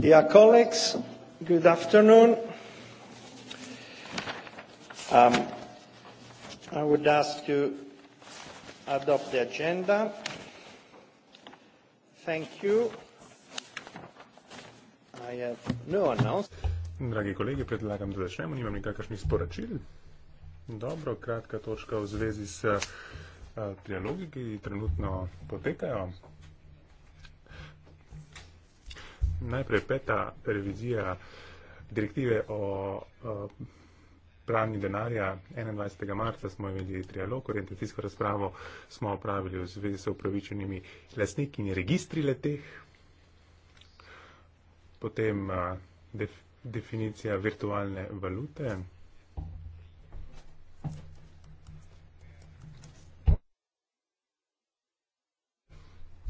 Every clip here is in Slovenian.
Dear colleagues, good afternoon. Um, I would ask to adopt the agenda. Thank you. I have no announcement. Dragi kolegi, predlagam, da začnemo, nimam nikakršnih sporočil. Dobro, kratka točka v zvezi s uh, trialogi, ki trenutno potekajo. najprej peta revizija direktive o pravni denarja 21. marca smo imeli trialog, orientacijsko razpravo smo opravili v zvezi s upravičenimi lasniki in registri leteh, potem def, definicija virtualne valute.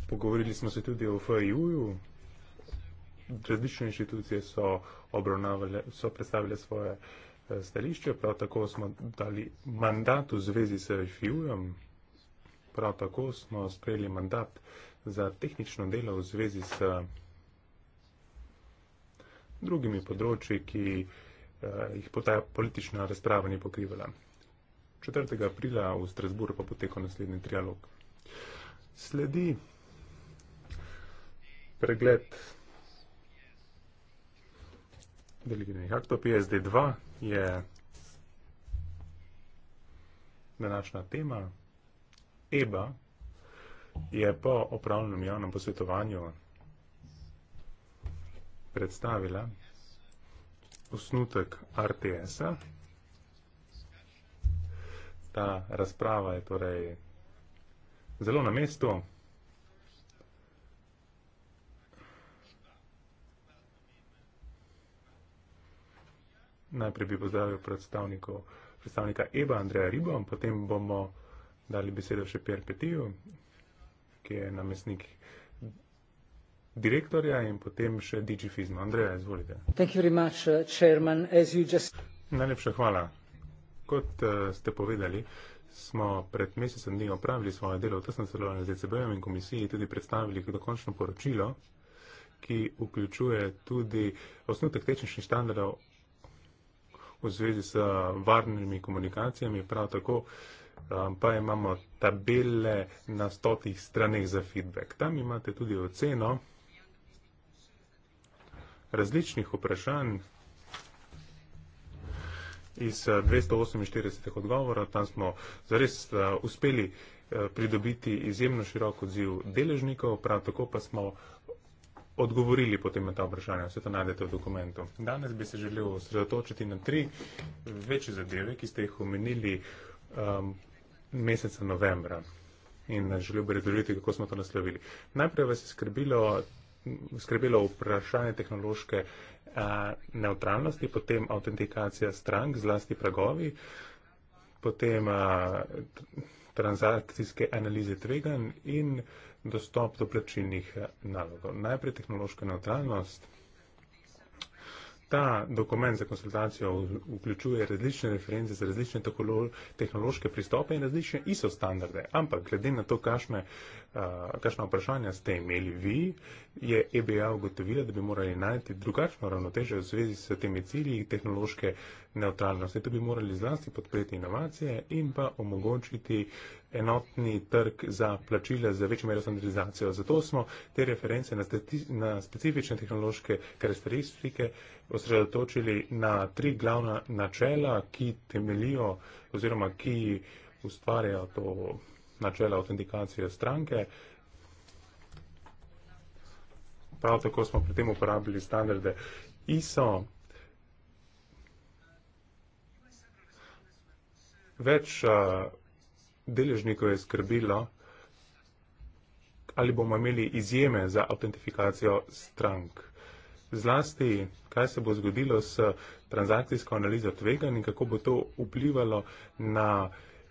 Pogovorili smo se tudi o FIU-ju, različne inštitucije so obravnavale, so predstavile svoje eh, stališče, prav tako smo dali mandat v zvezi s FIU-jem, prav tako smo sprejeli mandat za tehnično delo v zvezi s eh, drugimi področji, ki eh, jih pa ta politična razprava ni pokrivala. 4. aprila v Strasburu pa potekal naslednji trialog. Sledi pregled delegiranih aktov. PSD2 je današnja tema. EBA je po opravljenem javnem posvetovanju predstavila osnutek RTS-a. Ta razprava je torej zelo na mestu. Najprej bi pozdravil predstavnika Eba Andreja Ribo, potem bomo dali besedo še Pierre Petiju, ki je namestnik direktorja in potem še Digifizmo. Andreja, izvolite. Much, uh, just... Najlepša hvala. Kot uh, ste povedali, smo pred mesecem dni opravili svoje delo v tesnem sodelovanju z ECB-jem in komisiji tudi predstavili dokončno poročilo, ki vključuje tudi osnutek tehničnih standardov v zvezi z varnimi komunikacijami, prav tako um, pa imamo tabele na stotih straneh za feedback. Tam imate tudi oceno različnih vprašanj iz 248 eh, odgovora. Tam smo zares eh, uspeli eh, pridobiti izjemno širok odziv deležnikov, prav tako pa smo odgovorili potem na ta vprašanja. Vse to najdete v dokumentu. Danes bi se želel sredotočiti na tri večje zadeve, ki ste jih omenili um, meseca novembra. In želel bi razložiti, kako smo to naslovili. Najprej vas je skrbilo, skrbilo vprašanje tehnološke a, neutralnosti, potem autentikacija strank, zlasti pragovi, potem a, transakcijske analize tvegan in a, dostop do plačilnih eh, nalogov. Najprej tehnološka neutralnost. Ta dokument za konsultacijo vključuje različne reference za različne tehnološke pristope in različne ISO standarde, ampak glede na to, kakšne uh, kakšno vprašanje ste imeli vi, je EBA ugotovila, da bi morali najti drugačno ravnoteže v zvezi s temi cilji tehnološke neutralnosti. To bi morali zlasti podpreti inovacije in pa omogočiti enotni trg za plačila za večjo mero standardizacijo. Zato smo te reference na, stati, na specifične tehnološke karakteristike osredotočili na tri glavna načela, ki temelijo oziroma ki ustvarjajo to načela autentikacije stranke. Prav tako smo pri tem uporabili standarde ISO. Več a, eh, deležnikov je skrbilo, ali bomo imeli izjeme za autentifikacijo strank. Zlasti, kaj se bo zgodilo s transakcijsko analizo tveganj in kako bo to vplivalo na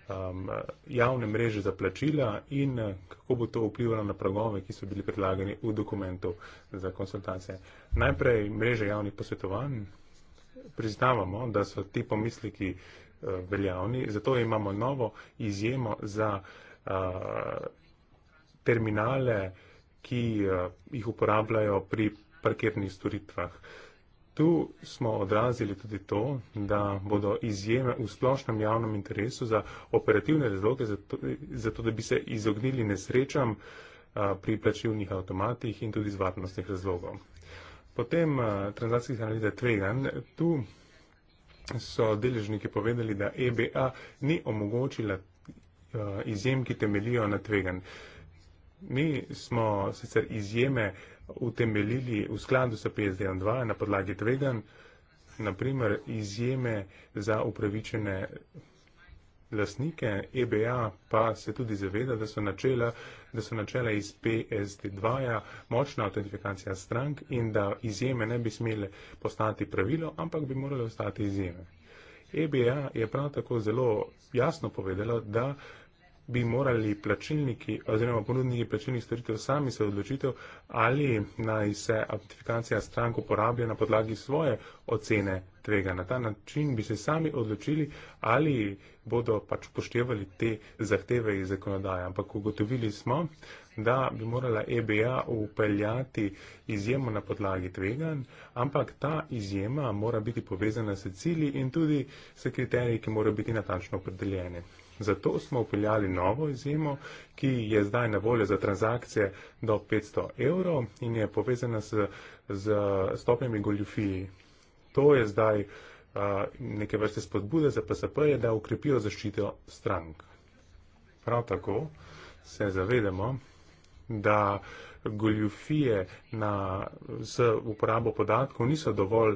um, javne mreže za plačila in eh, kako bo to vplivalo na pragove, ki so bili predlagani v dokumentu za konsultacije. Najprej mreže javnih posvetovanj. Priznavamo, da so ti pomisliki uh, eh, veljavni, zato imamo novo izjemo za uh, terminale, ki uh, jih uporabljajo pri parkirnih storitvah. Uh, Tu smo odrazili tudi to, da bodo izjeme v splošnem javnem interesu za operativne razloge, zato, zato da bi se izognili nesrečam pri plačilnih avtomatih in tudi iz varnostnih razlogov. Potem transakcijske analize tveganj. Tu so deležniki povedali, da EBA ni omogočila izjem, ki temelijo na tveganj. Mi smo sicer izjeme uh, utemeljili v skladu s PSD-2 na podlagi tvegan, naprimer izjeme za upravičene lasnike, EBA pa se tudi zaveda, da so načela, da so načela iz PSD-2 -ja, močna autentifikacija strank in da izjeme ne bi smele postati pravilo, ampak bi morale ostati izjeme. EBA je prav tako zelo jasno povedala, da bi morali plačilniki oziroma ponudniki plačilnih storitev sami se odločitev, ali naj se autentifikacija strank uporablja na podlagi svoje ocene tvega. Na ta način bi se sami odločili, ali bodo pač upoštevali te zahteve iz zakonodaje. Ampak ugotovili smo, da bi morala EBA upeljati izjemo na podlagi tvegan, ampak ta izjema mora biti povezana s cilji in tudi s kriteriji, ki morajo biti natančno opredeljeni. Zato smo upeljali novo izjemo, ki je zdaj na voljo za transakcije do 500 evrov in je povezana s, s stopnjami goljufiji. To je zdaj neke vrste spodbude za PSP je, da ukrepijo zaščito strank. Prav tako se zavedamo, da goljufije na, z uporabo podatkov niso dovolj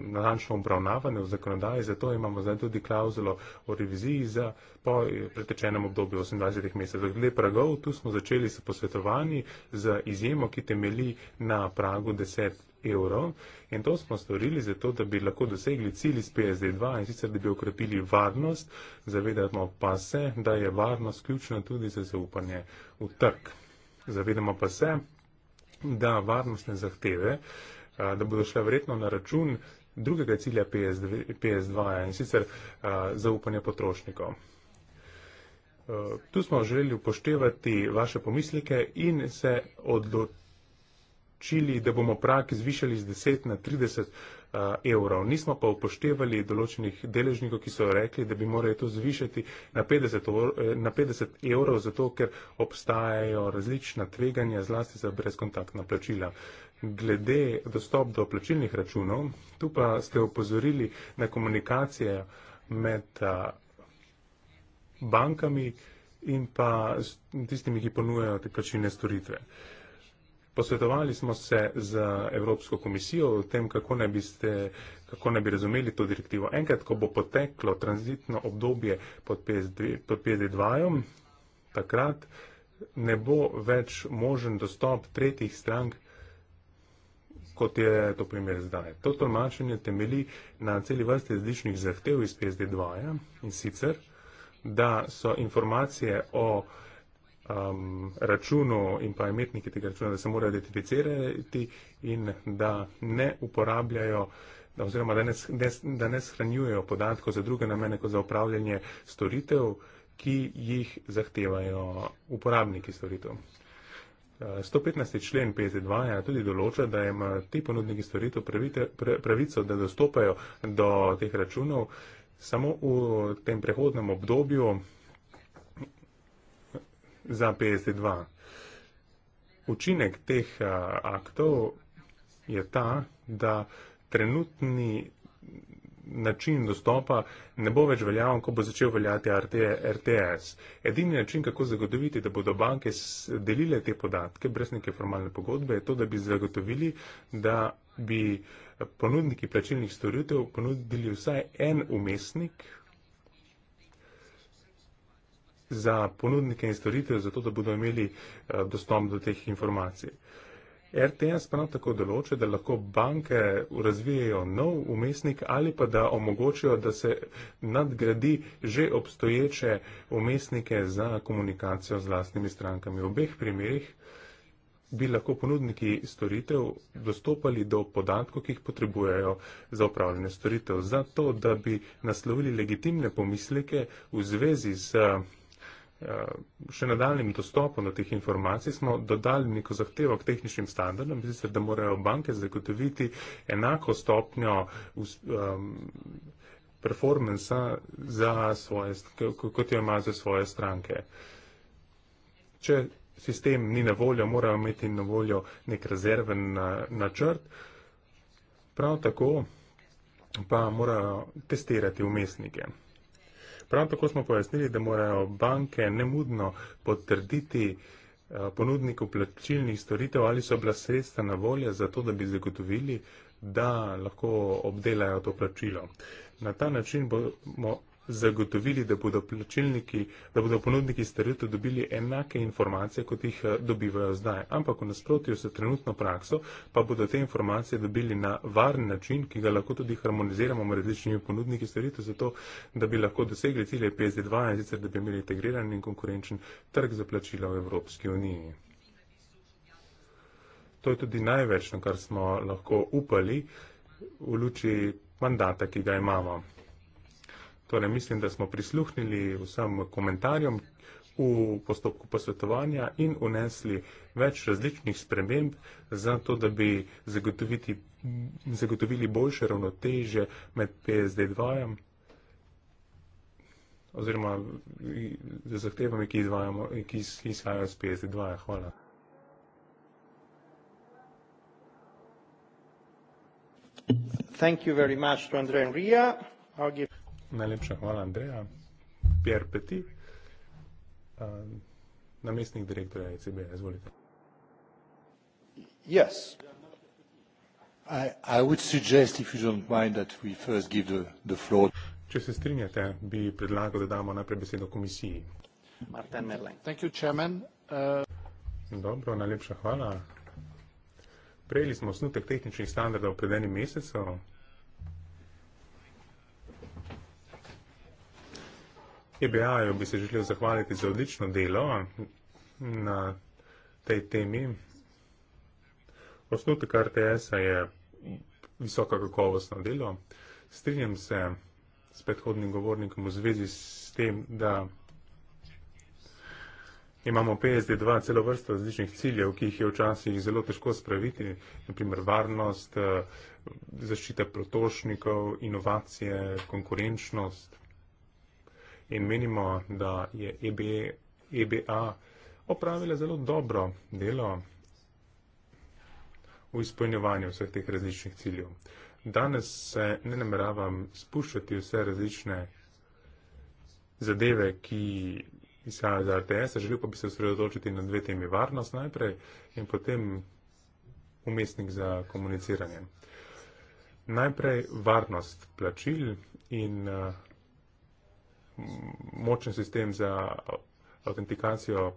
natančno obravnavane v zakonodaji, zato imamo zdaj tudi klauzulo o reviziji za po pretečenem obdobju 28 mesecev. Glede pragov, tu smo začeli s posvetovanji z izjemo, ki temeli na pragu 10 evrov in to smo storili zato, da bi lahko dosegli cilj iz PSD2 in sicer, da bi okrepili varnost, zavedamo pa se, da je varnost ključna tudi za zaupanje v trg. Zavedamo pa se, da varnostne zahteve, da bodo šle verjetno na račun drugega cilja PS2, PS2 in sicer zaupanje potrošnikov. Tu smo želeli upoštevati vaše pomislike in se odločiti odločili, da bomo prak zvišali z 10 na 30 eh, evrov. Nismo pa upoštevali določenih deležnikov, ki so rekli, da bi morali to zvišati na 50, eh, na 50 evrov, zato ker obstajajo različna tveganja, zlasti za brezkontaktna plačila. Glede dostop do plačilnih računov, tu pa ste upozorili na komunikacije med eh, bankami in pa tistimi, ki ponujejo te plačilne storitve. Posvetovali smo se z Evropsko komisijo o tem, kako ne bi, ste, kako ne bi razumeli to direktivo. Enkrat, ko bo poteklo tranzitno obdobje pod PSD2, takrat ne bo več možen dostop tretjih strank, kot je to primer zdaj. To tolmačenje temeli na celi vrsti različnih zahtev iz PSD2 in sicer, da so informacije o um, računu in pa imetniki tega računa, da se morajo identificirati in da ne uporabljajo oziroma da ne, da ne shranjujejo podatkov za druge namene, kot za upravljanje storitev, ki jih zahtevajo uporabniki storitev. 115. Uh, člen PZ2 ja, tudi določa, da ima ti ponudniki storitev pravico, da dostopajo do teh računov samo v tem prehodnem obdobju, za 52. Učinek teh aktov je ta, da trenutni način dostopa ne bo več veljaven, ko bo začel veljati RTS. Edini način, kako zagotoviti, da bodo banke delile te podatke brez neke formalne pogodbe, je to, da bi zagotovili, da bi ponudniki plačilnih storitev ponudili vsaj en umestnik, za ponudnike in storitev, zato da bodo imeli eh, dostop do teh informacij. RTS pa nam tako določa, da lahko banke razvijajo nov umestnik ali pa da omogočijo, da se nadgradi že obstoječe umestnike za komunikacijo z lastnimi strankami. V obeh primerih bi lahko ponudniki storitev dostopali do podatkov, ki jih potrebujejo za upravljanje storitev, zato da bi naslovili legitimne pomisleke v zvezi s Eh, še nadaljnim dostopom do teh informacij smo dodali neko zahtevo k tehničnim standardom, sicer da morajo banke zagotoviti enako stopnjo performansa za svoje, kot jo ima za svoje stranke. Če sistem ni na voljo, morajo imeti na voljo nek rezerven eh, načrt, prav tako pa morajo testirati umestnike. Prav tako smo pojasnili, da morajo banke nemudno potrditi eh, ponudniku plačilnih storitev ali so bila sredstva na voljo za to, da bi zagotovili, da lahko obdelajo to plačilo. Na ta način bomo zagotovili, da bodo plačilniki, da bodo ponudniki storitev dobili enake informacije, kot jih eh, dobivajo zdaj. Ampak v nasprotju s trenutno prakso, pa bodo te informacije dobili na varen način, ki ga lahko tudi harmoniziramo med različnimi ponudniki storitev, zato da bi lahko dosegli cilje PSD2 in sicer da bi imeli integriran in konkurenčen trg za plačila v Evropski uniji. To je tudi največ, na kar smo lahko upali v luči mandata, ki ga imamo. Torej, mislim, da smo prisluhnili vsem komentarjem v postopku posvetovanja in unesli več različnih sprememb za to, da bi zagotovili boljše ravnoteže med PSD-2 oziroma zahtevami, ki, ki izhajajo iz PSD-2. Hvala. Thank you very much to Andrej Enrija. Najlepša hvala, Andreja. Pierre Peti, namestnik direktorja ECB, izvolite. Yes. I, I would suggest, if you don't mind, that we first give the, the floor. Če se strinjate, bi predlagal, da damo najprej besedo komisiji. Martin Merlin. Thank you, chairman. Uh... Dobro, najlepša hvala. Prejeli smo snutek tehničnih standardov pred enim mesecem. EBA-ju bi se želel zahvaliti za odlično delo na tej temi. Osnutek RTS-a je visoka kakovostno delo. Strinjam se s predhodnim govornikom v zvezi s tem, da imamo PSD 2 celo vrsto različnih ciljev, ki jih je včasih zelo težko spraviti, naprimer varnost, eh, zaščita protošnikov, inovacije, konkurenčnost in menimo, da je EBA, e, e EBA opravila zelo dobro delo v izpolnjevanju vseh teh različnih ciljev. Danes se ne nameravam spuščati vse različne zadeve, ki izhajajo za RTS, želel pa bi se osredotočiti na dve temi varnost najprej in potem umestnik za komuniciranje. Najprej varnost plačil in eh, močen sistem za autentikacijo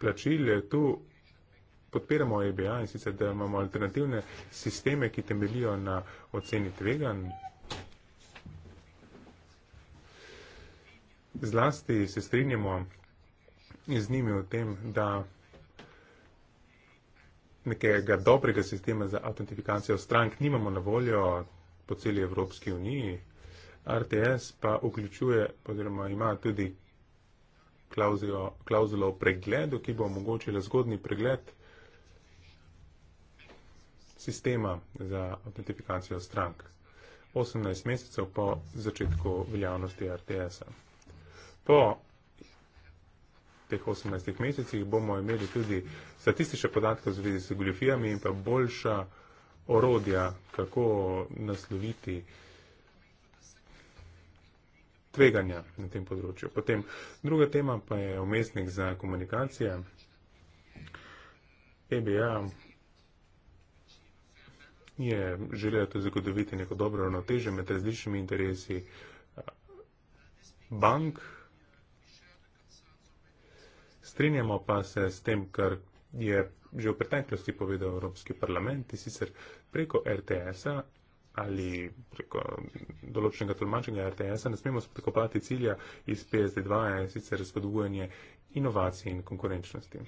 plačil, je tu podpiramo EBA in sicer, da imamo alternativne sisteme, ki temelijo na oceni tvegan. Zlasti se strinjamo z njimi o tem, da nekega dobrega sistema za autentifikacijo strank nimamo na voljo po celi Evropski uniji. RTS pa vključuje oziroma ima tudi klauzijo, klauzulo o pregledu, ki bo omogočila zgodni pregled sistema za autentifikacijo strank 18 mesecev po začetku veljavnosti RTS-a. Po teh 18 mesecih bomo imeli tudi statistične podatke v zvezi s goljofijami in pa boljša orodja, kako nasloviti uh, tveganja na tem področju. Potem druga tema pa je omestnik za komunikacije, EBA. Je želela tudi zagotoviti neko dobro ravnoteže med različnimi interesi eh, bank. Strinjamo pa se s tem, kar je že v preteklosti povedal Evropski parlament, in sicer preko RTS-a ali preko določenega tolmačenja RTS-a ne smemo spodkopati cilja iz PSD2, in sicer razpodbujanje inovacij in konkurenčnosti.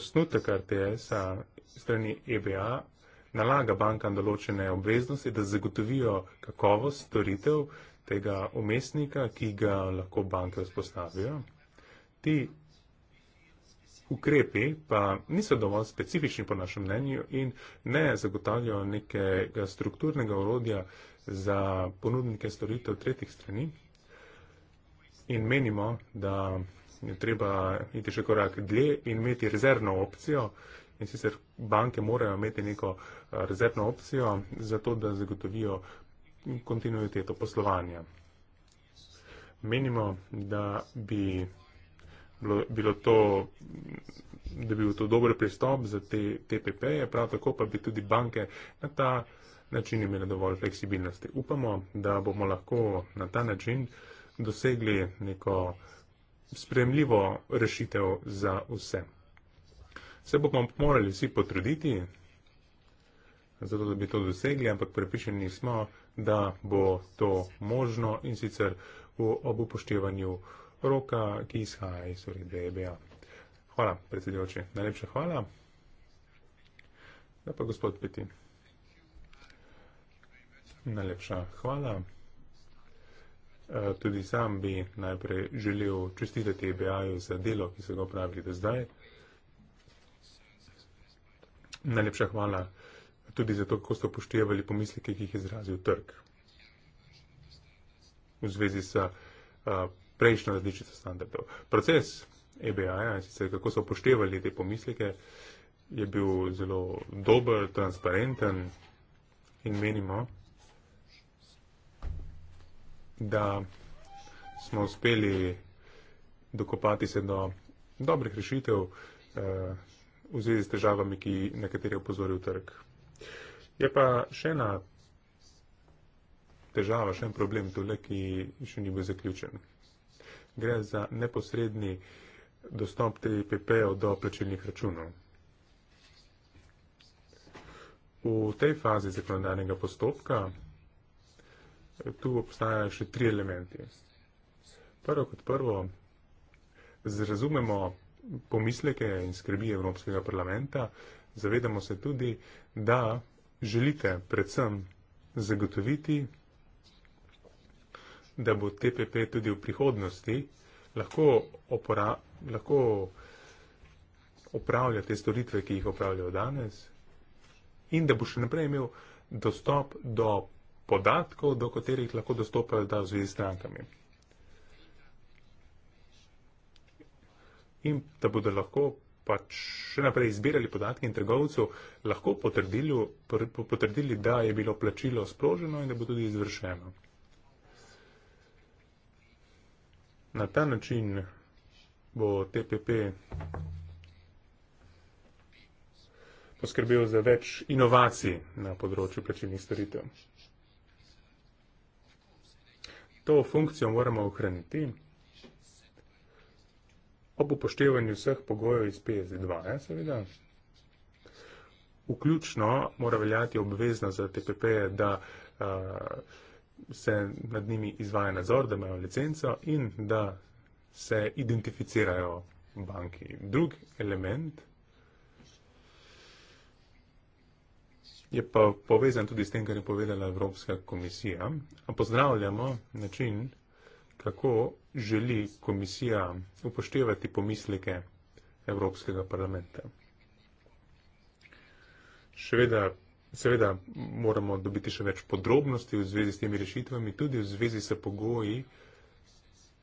Osnutek RTS-a strani EBA nalaga bankam določene obveznosti, da zagotovijo kakovost storitev tega umestnika, ki ga lahko banke vzpostavijo. Ti ukrepi pa niso dovolj specifični po našem mnenju in ne zagotavljajo nekega strukturnega urodja za ponudnike storitev tretjih strani. In menimo, da je treba iti še korak dlje in imeti rezervno opcijo. In sicer banke morajo imeti neko eh, rezervno opcijo, zato da zagotovijo kontinuiteto poslovanja. Menimo, da bi bilo, bilo to, da bi bil to dober pristop za te TPP-je, prav tako pa bi tudi banke na ta način imele dovolj fleksibilnosti. Upamo, da bomo lahko na ta način dosegli neko spremljivo rešitev za vse. Se bomo morali vsi potruditi, zato da bi to dosegli, ampak prepišeni smo, da bo to možno in sicer v, ob upoštevanju uh, roka, ki izhaja iz uredbe torej EBA. Hvala, predsedujoči. Najlepša hvala. Da pa gospod Petin. Najlepša hvala. E, tudi sam bi najprej želel čestitati EBA-ju za delo, ki so ga opravili do zdaj. Najlepša hvala tudi za to, kako ste upoštevali pomisleke, ki jih je izrazil trg. V zvezi sa e, prejšnjo različico standardov. Proces EBA, sicer kako so upoštevali te pomisleke, je bil zelo dober, transparenten in menimo, da smo uspeli dokopati se do dobrih rešitev eh, v zvezi s težavami, ki na katere je upozoril trg. Je pa še ena težava, še en problem tole, ki še ni bil zaključen gre za neposredni dostop TPP-jev e do plačilnih računov. V tej fazi zakonodajnega postopka tu obstajajo še tri elementi. Prvo kot prvo, zrazumemo pomisleke in skrbi Evropskega parlamenta, zavedamo se tudi, da želite predvsem zagotoviti da bo TPP tudi v prihodnosti lahko, opora, lahko opravlja te storitve, ki jih opravljajo danes in da bo še naprej imel dostop do podatkov, do katerih lahko dostopajo da v zvezi s strankami. In da bodo lahko pač še naprej izbirali podatke in trgovcu lahko potrdili, potrdili, da je bilo plačilo sproženo in da bo tudi izvršeno. na ta način bo TPP poskrbel za več inovacij na področju plačilnih storitev. To funkcijo moramo ohraniti ob upoštevanju vseh pogojev iz PSD2, ja, seveda. Vključno mora veljati obvezno za TPP, da uh, se nad njimi izvaja nadzor, da imajo licenco in da se identificirajo banki. Drug element je pa povezan tudi s tem, kar je povedala Evropska komisija. Pozdravljamo način, kako želi komisija upoštevati pomisleke Evropskega parlamenta. Še vedno Seveda moramo dobiti še več podrobnosti v zvezi s temi rešitvami, tudi v zvezi s pogoji,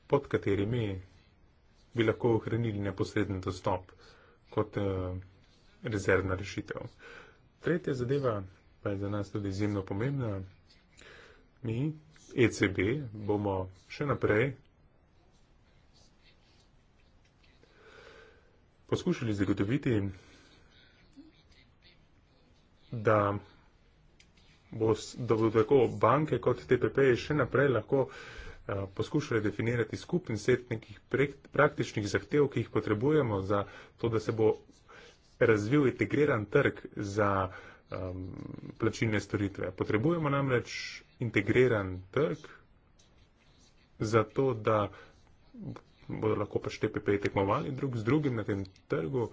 pod katerimi bi lahko ohranili neposreden dostop kot eh, rezervna rešitev. Tretja zadeva pa je za nas tudi izjemno pomembna. Mi, ECB, bomo še naprej poskušali zagotoviti da, bos, da bodo tako banke kot TPP še naprej lahko eh, poskušali definirati skupen set nekih praktičnih zahtev, ki jih potrebujemo za to, da se bo razvil integriran trg za um, plačilne storitve. Potrebujemo namreč integriran trg za to, da bodo lahko pač TPP tekmovali drug z drugim na tem trgu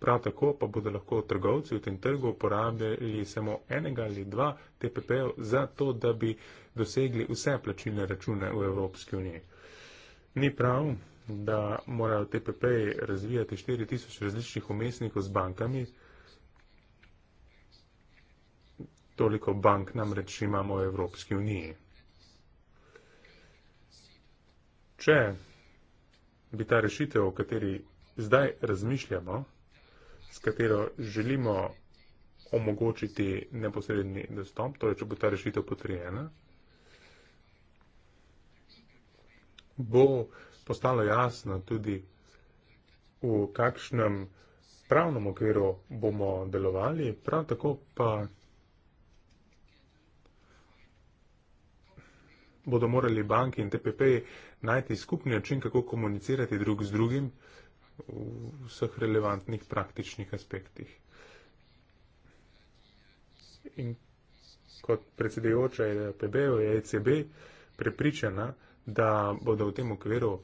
Prav tako pa bodo lahko trgovci v tem trgu uporabljali samo enega ali dva TPP-ja za to, da bi dosegli vse plačilne račune v Evropski uniji. Ni prav, da morajo TPP-ji razvijati 4000 različnih umestnikov z bankami. Toliko bank namreč imamo v Evropski uniji. Če bi ta rešitev, o kateri zdaj razmišljamo, s katero želimo omogočiti neposredni dostop, torej če bo ta rešitev potrjena, bo postalo jasno tudi, v kakšnem pravnem okviru bomo delovali, prav tako pa bodo morali banki in TPP najti skupni način, kako komunicirati drug z drugim, v vseh relevantnih praktičnih aspektih. In kot predsedejoča EPB, je ECB prepričana, da bodo v tem okviru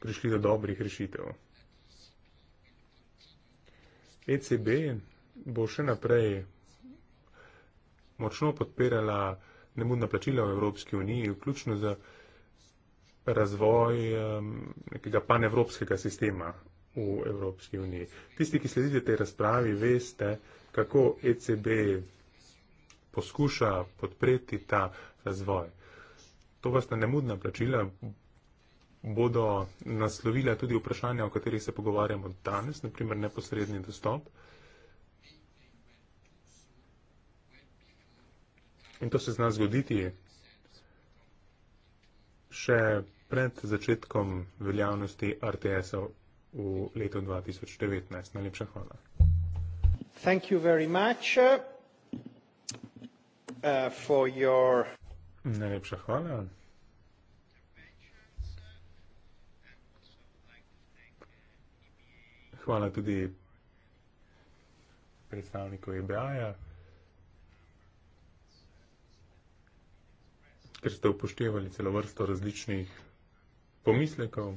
prišli do dobrih rešitev. ECB bo še naprej močno podpirala nemudna plačila v Evropski uniji, vključno za razvoj um, nekega panevropskega sistema v Evropski uniji. Tisti, ki sledite tej razpravi, veste, kako ECB poskuša podpreti ta razvoj. To vrstna nemudna plačila bodo naslovila tudi vprašanja, o katerih se pogovarjamo danes, naprimer neposredni dostop. In to se zna zgoditi še pred začetkom veljavnosti RTS-a v letu 2019. Najlepša hvala. Thank you very much, uh, for your... Najlepša hvala. Hvala tudi predstavniku EBA-ja, ker ste upoštevali celo vrsto različnih pomislekov.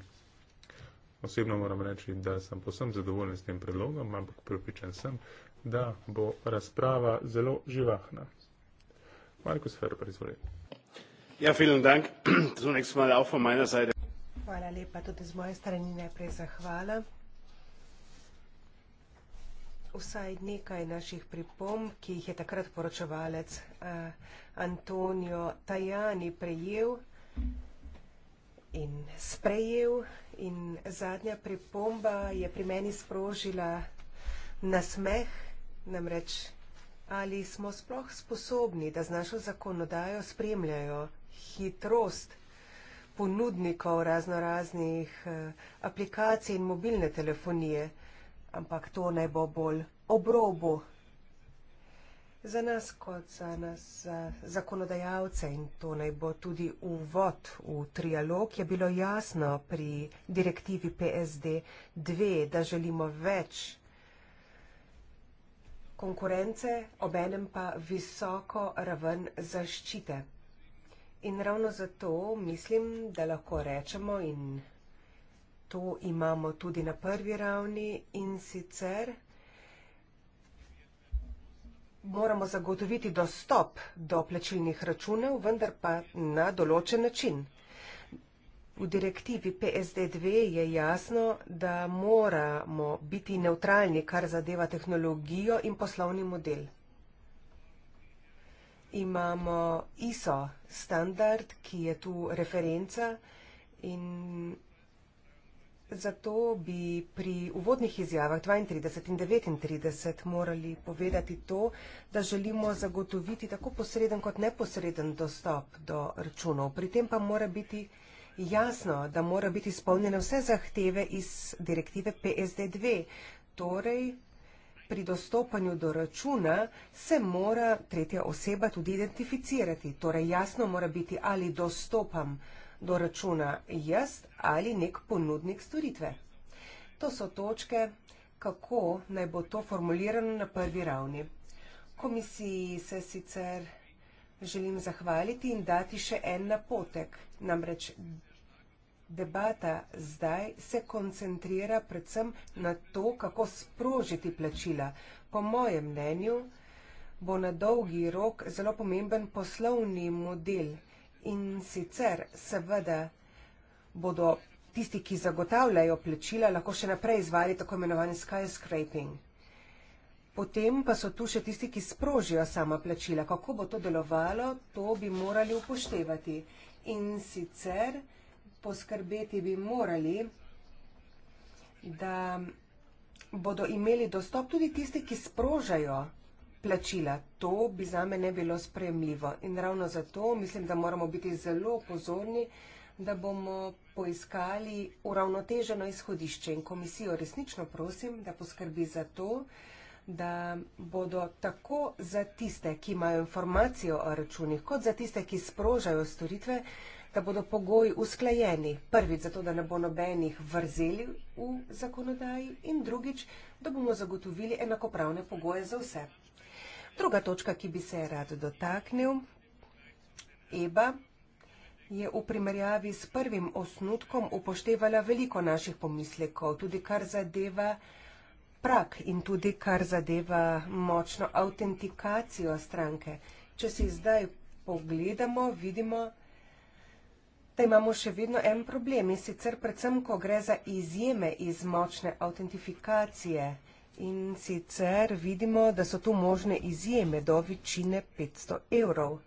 Osebno moram reči, da sem posebno zadovoljen s tem predlogom, ampak pripričan sem, da bo razprava zelo živahna. Markus Ferber, izvoli. Ja, filmen dank. Zunek smo malo avfa majna zajde. Hvala lepa tudi z moje strani najprej za hvala. Vsaj nekaj naših pripomb, ki jih je takrat poročevalec uh, Antonio Tajani prejel in sprejel. In zadnja pripomba je pri meni sprožila nasmeh, namreč ali smo sploh sposobni, da z našo zakonodajo spremljajo hitrost ponudnikov razno raznih eh, aplikacij in mobilne telefonije, ampak to naj bo bolj obrobo Za nas, kot za nas zakonodajalce, in to naj bo tudi uvod v trialog, je bilo jasno pri direktivi PSD 2, da želimo več konkurence, obenem pa visoko raven zaščite. In ravno zato mislim, da lahko rečemo, in to imamo tudi na prvi ravni, in sicer moramo zagotoviti dostop do plačilnih računov, vendar pa na določen način. V direktivi PSD2 je jasno, da moramo biti neutralni, kar zadeva tehnologijo in poslovni model. Imamo ISO standard, ki je tu referenca in Zato bi pri uvodnih izjavah 32 in 39 morali povedati to, da želimo zagotoviti tako posreden kot neposreden dostop do računov. Pri tem pa mora biti jasno, da mora biti izpolnjene vse zahteve iz direktive PSD2. Torej, pri dostopanju do računa se mora tretja oseba tudi identificirati. Torej, jasno mora biti, ali dostopam računa do računa jaz ali nek ponudnik storitve. To so točke, kako naj bo to formulirano na prvi ravni. Komisiji se sicer želim zahvaliti in dati še en napotek, namreč debata zdaj se koncentrira predvsem na to, kako sprožiti plačila. Po mojem mnenju bo na dolgi rok zelo pomemben poslovni model In sicer seveda bodo tisti, ki zagotavljajo plačila, lahko še naprej izvali tako imenovani skyscraping. Potem pa so tu še tisti, ki sprožijo sama plačila. Kako bo to delovalo, to bi morali upoštevati. In sicer poskrbeti bi morali, da bodo imeli dostop tudi tisti, ki sprožajo plačila plačila. To bi za me ne bilo sprejemljivo. In ravno zato mislim, da moramo biti zelo pozorni, da bomo poiskali uravnoteženo izhodišče in komisijo resnično prosim, da poskrbi za to, da bodo tako za tiste, ki imajo informacijo o računih, kot za tiste, ki sprožajo storitve, da bodo pogoji usklajeni. Prvič, zato da ne bo nobenih vrzeli v zakonodaji in drugič, da bomo zagotovili enakopravne pogoje za vse. Druga točka, ki bi se je rad dotaknil, EBA je v primerjavi s prvim osnutkom upoštevala veliko naših pomislekov, tudi kar zadeva prak in tudi kar zadeva močno autentikacijo stranke. Če si zdaj pogledamo, vidimo, da imamo še vedno en problem in sicer predvsem, ko gre za izjeme iz močne autentifikacije. In sicer vidimo, da so tu možne izjeme do večine 500 evrov.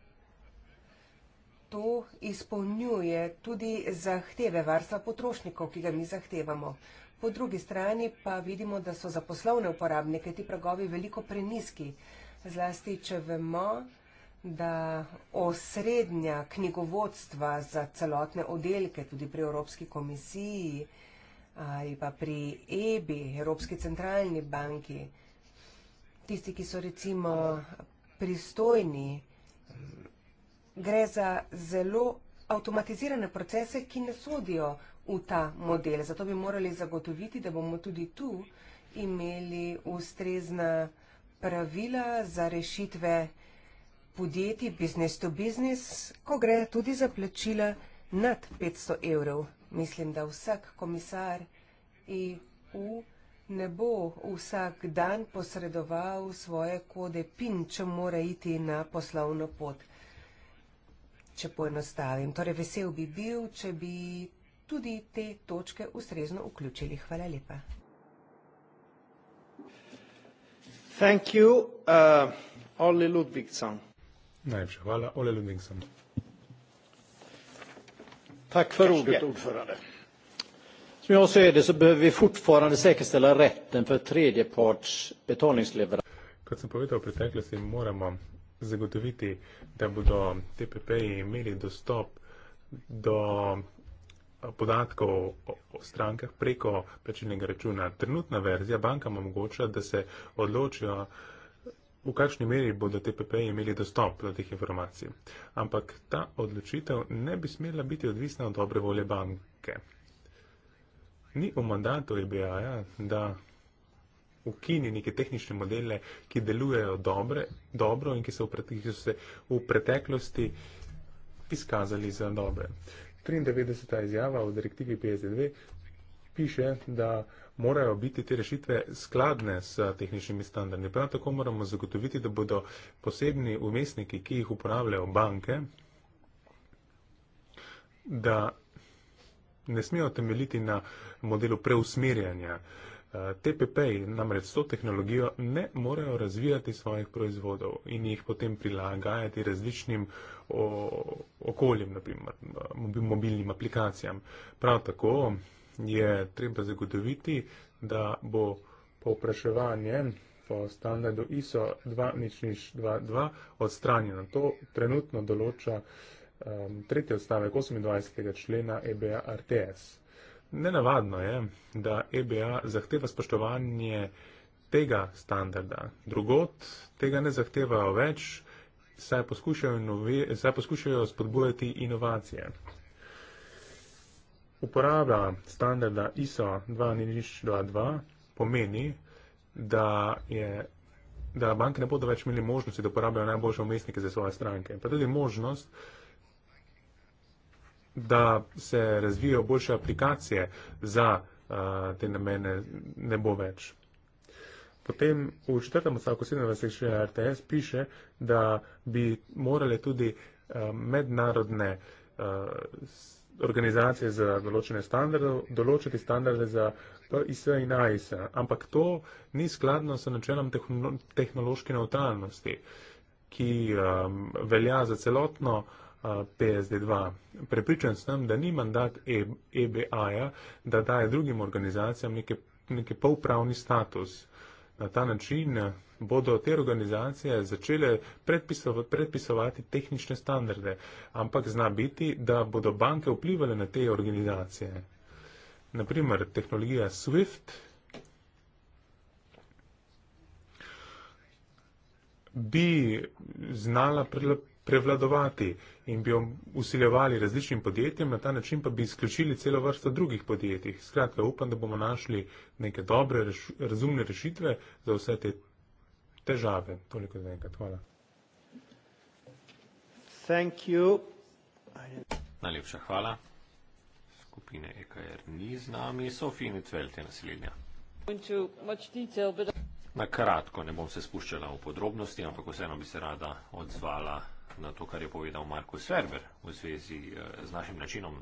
To izpolnjuje tudi zahteve varstva potrošnikov, ki ga mi zahtevamo. Po drugi strani pa vidimo, da so za poslovne uporabnike ti pragovi veliko preniski. Zlasti, če vemo, da osrednja knjigovodstva za celotne oddelke, tudi pri Evropski komisiji, ali pa pri EBI, Evropski centralni banki, tisti, ki so recimo pristojni, gre za zelo avtomatizirane procese, ki ne sodijo v ta model. Zato bi morali zagotoviti, da bomo tudi tu imeli ustrezna pravila za rešitve podjetij business to business, ko gre tudi za plačila nad 500 evrov Mislim, da vsak komisar EU ne bo vsak dan posredoval svoje kode PIN, če mora iti na poslovno pot. Če poenostavim, torej vesel bi bil, če bi tudi te točke ustrezno vključili. Hvala lepa. Thank you, uh, Olli Ludvigsson. Najlepša hvala, Olli Ludvigsson. Tack för Kanske ordet, det. ordförande. Som jag ser det så behöver vi fortfarande säkerställa rätten för tredjeparts betalningsleverans. Kot sem povedal v preteklosti, moramo zagotoviti, da bodo TPP-ji imeli dostop do eh, podatkov o strankah preko plačilnega računa. Trenutna verzija bankam omogoča, da se odločijo, v kakšni meri bodo TPP e imeli dostop do teh informacij. Ampak ta odločitev ne bi smela biti odvisna od dobre volje banke. Ni v mandatu EBA-ja, da ukini neke tehnične modele, ki delujejo dobre, dobro in ki so, v ki so se v preteklosti izkazali za dobre. 93. izjava o direktivi PSD2 piše, da morajo biti te rešitve skladne s tehničnimi standardi. Prav tako moramo zagotoviti, da bodo posebni umestniki, ki jih uporabljajo banke, da ne smejo temeljiti na modelu preusmerjanja. TPP namreč s to tehnologijo ne morejo razvijati svojih proizvodov in jih potem prilagajati različnim okoljem, naprimer mobilnim aplikacijam. Prav tako je treba zagotoviti, da bo povpraševanje po standardu ISO 20022 odstranjeno. To trenutno določa um, tretji odstavek 28. člena EBA RTS. Nenavadno je, da EBA zahteva spoštovanje tega standarda. Drugot tega ne zahtevajo več, saj poskušajo, inovi, saj poskušajo spodbujati inovacije uporaba standarda ISO 2022 pomeni, da, je, da banke ne bodo več imeli možnosti, da uporabljajo najboljše umestnike za svoje stranke. Pa tudi možnost, da se razvijajo boljše aplikacije za uh, te namene, ne bo več. Potem v četrtem odstavku 27. RTS piše, da bi morale tudi uh, mednarodne uh, organizacije za določene standarde, določiti standarde za PIS in AIS, ampak to ni skladno s načelom tehnološke neutralnosti, ki um, velja za celotno uh, PSD2. Prepričan sem, da ni mandat e EBA-ja, da daje drugim organizacijam neke, neke polpravni status. Na ta način bodo te organizacije začele predpiso, predpisovati tehnične standarde, ampak zna biti, da bodo banke vplivali na te organizacije. Naprimer, tehnologija SWIFT bi znala prevladovati in bi jo usiljevali različnim podjetjem, na ta način pa bi izključili celo vrsto drugih podjetij. Skratka, upam, da bomo našli neke dobre, razumne rešitve za vse te težave. Toliko za enkrat. Hvala. Thank you. Najlepša hvala. Skupine EKR ni z nami. Sofija Nitvelt je naslednja. Na kratko, ne bom se spuščala v podrobnosti, ampak vseeno bi se rada odzvala na to, kar je povedal Marko Sverber v zvezi eh, z našim načinom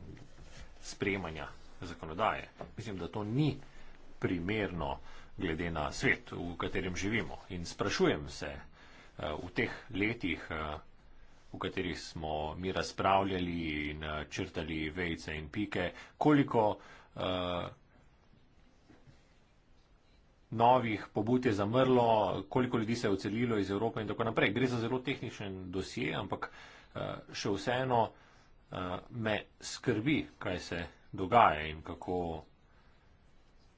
sprejemanja zakonodaje. Mislim, da to ni primerno glede na svet, v katerem živimo. In sprašujem se eh, v teh letih, eh, v katerih smo mi razpravljali in eh, črtali vejce in pike, koliko uh, novih pobud je zamrlo, koliko ljudi se je ocelilo iz Evrope in tako naprej. Gre za zelo tehničen dosje, ampak uh, še vseeno uh, me skrbi, kaj se dogaja in kako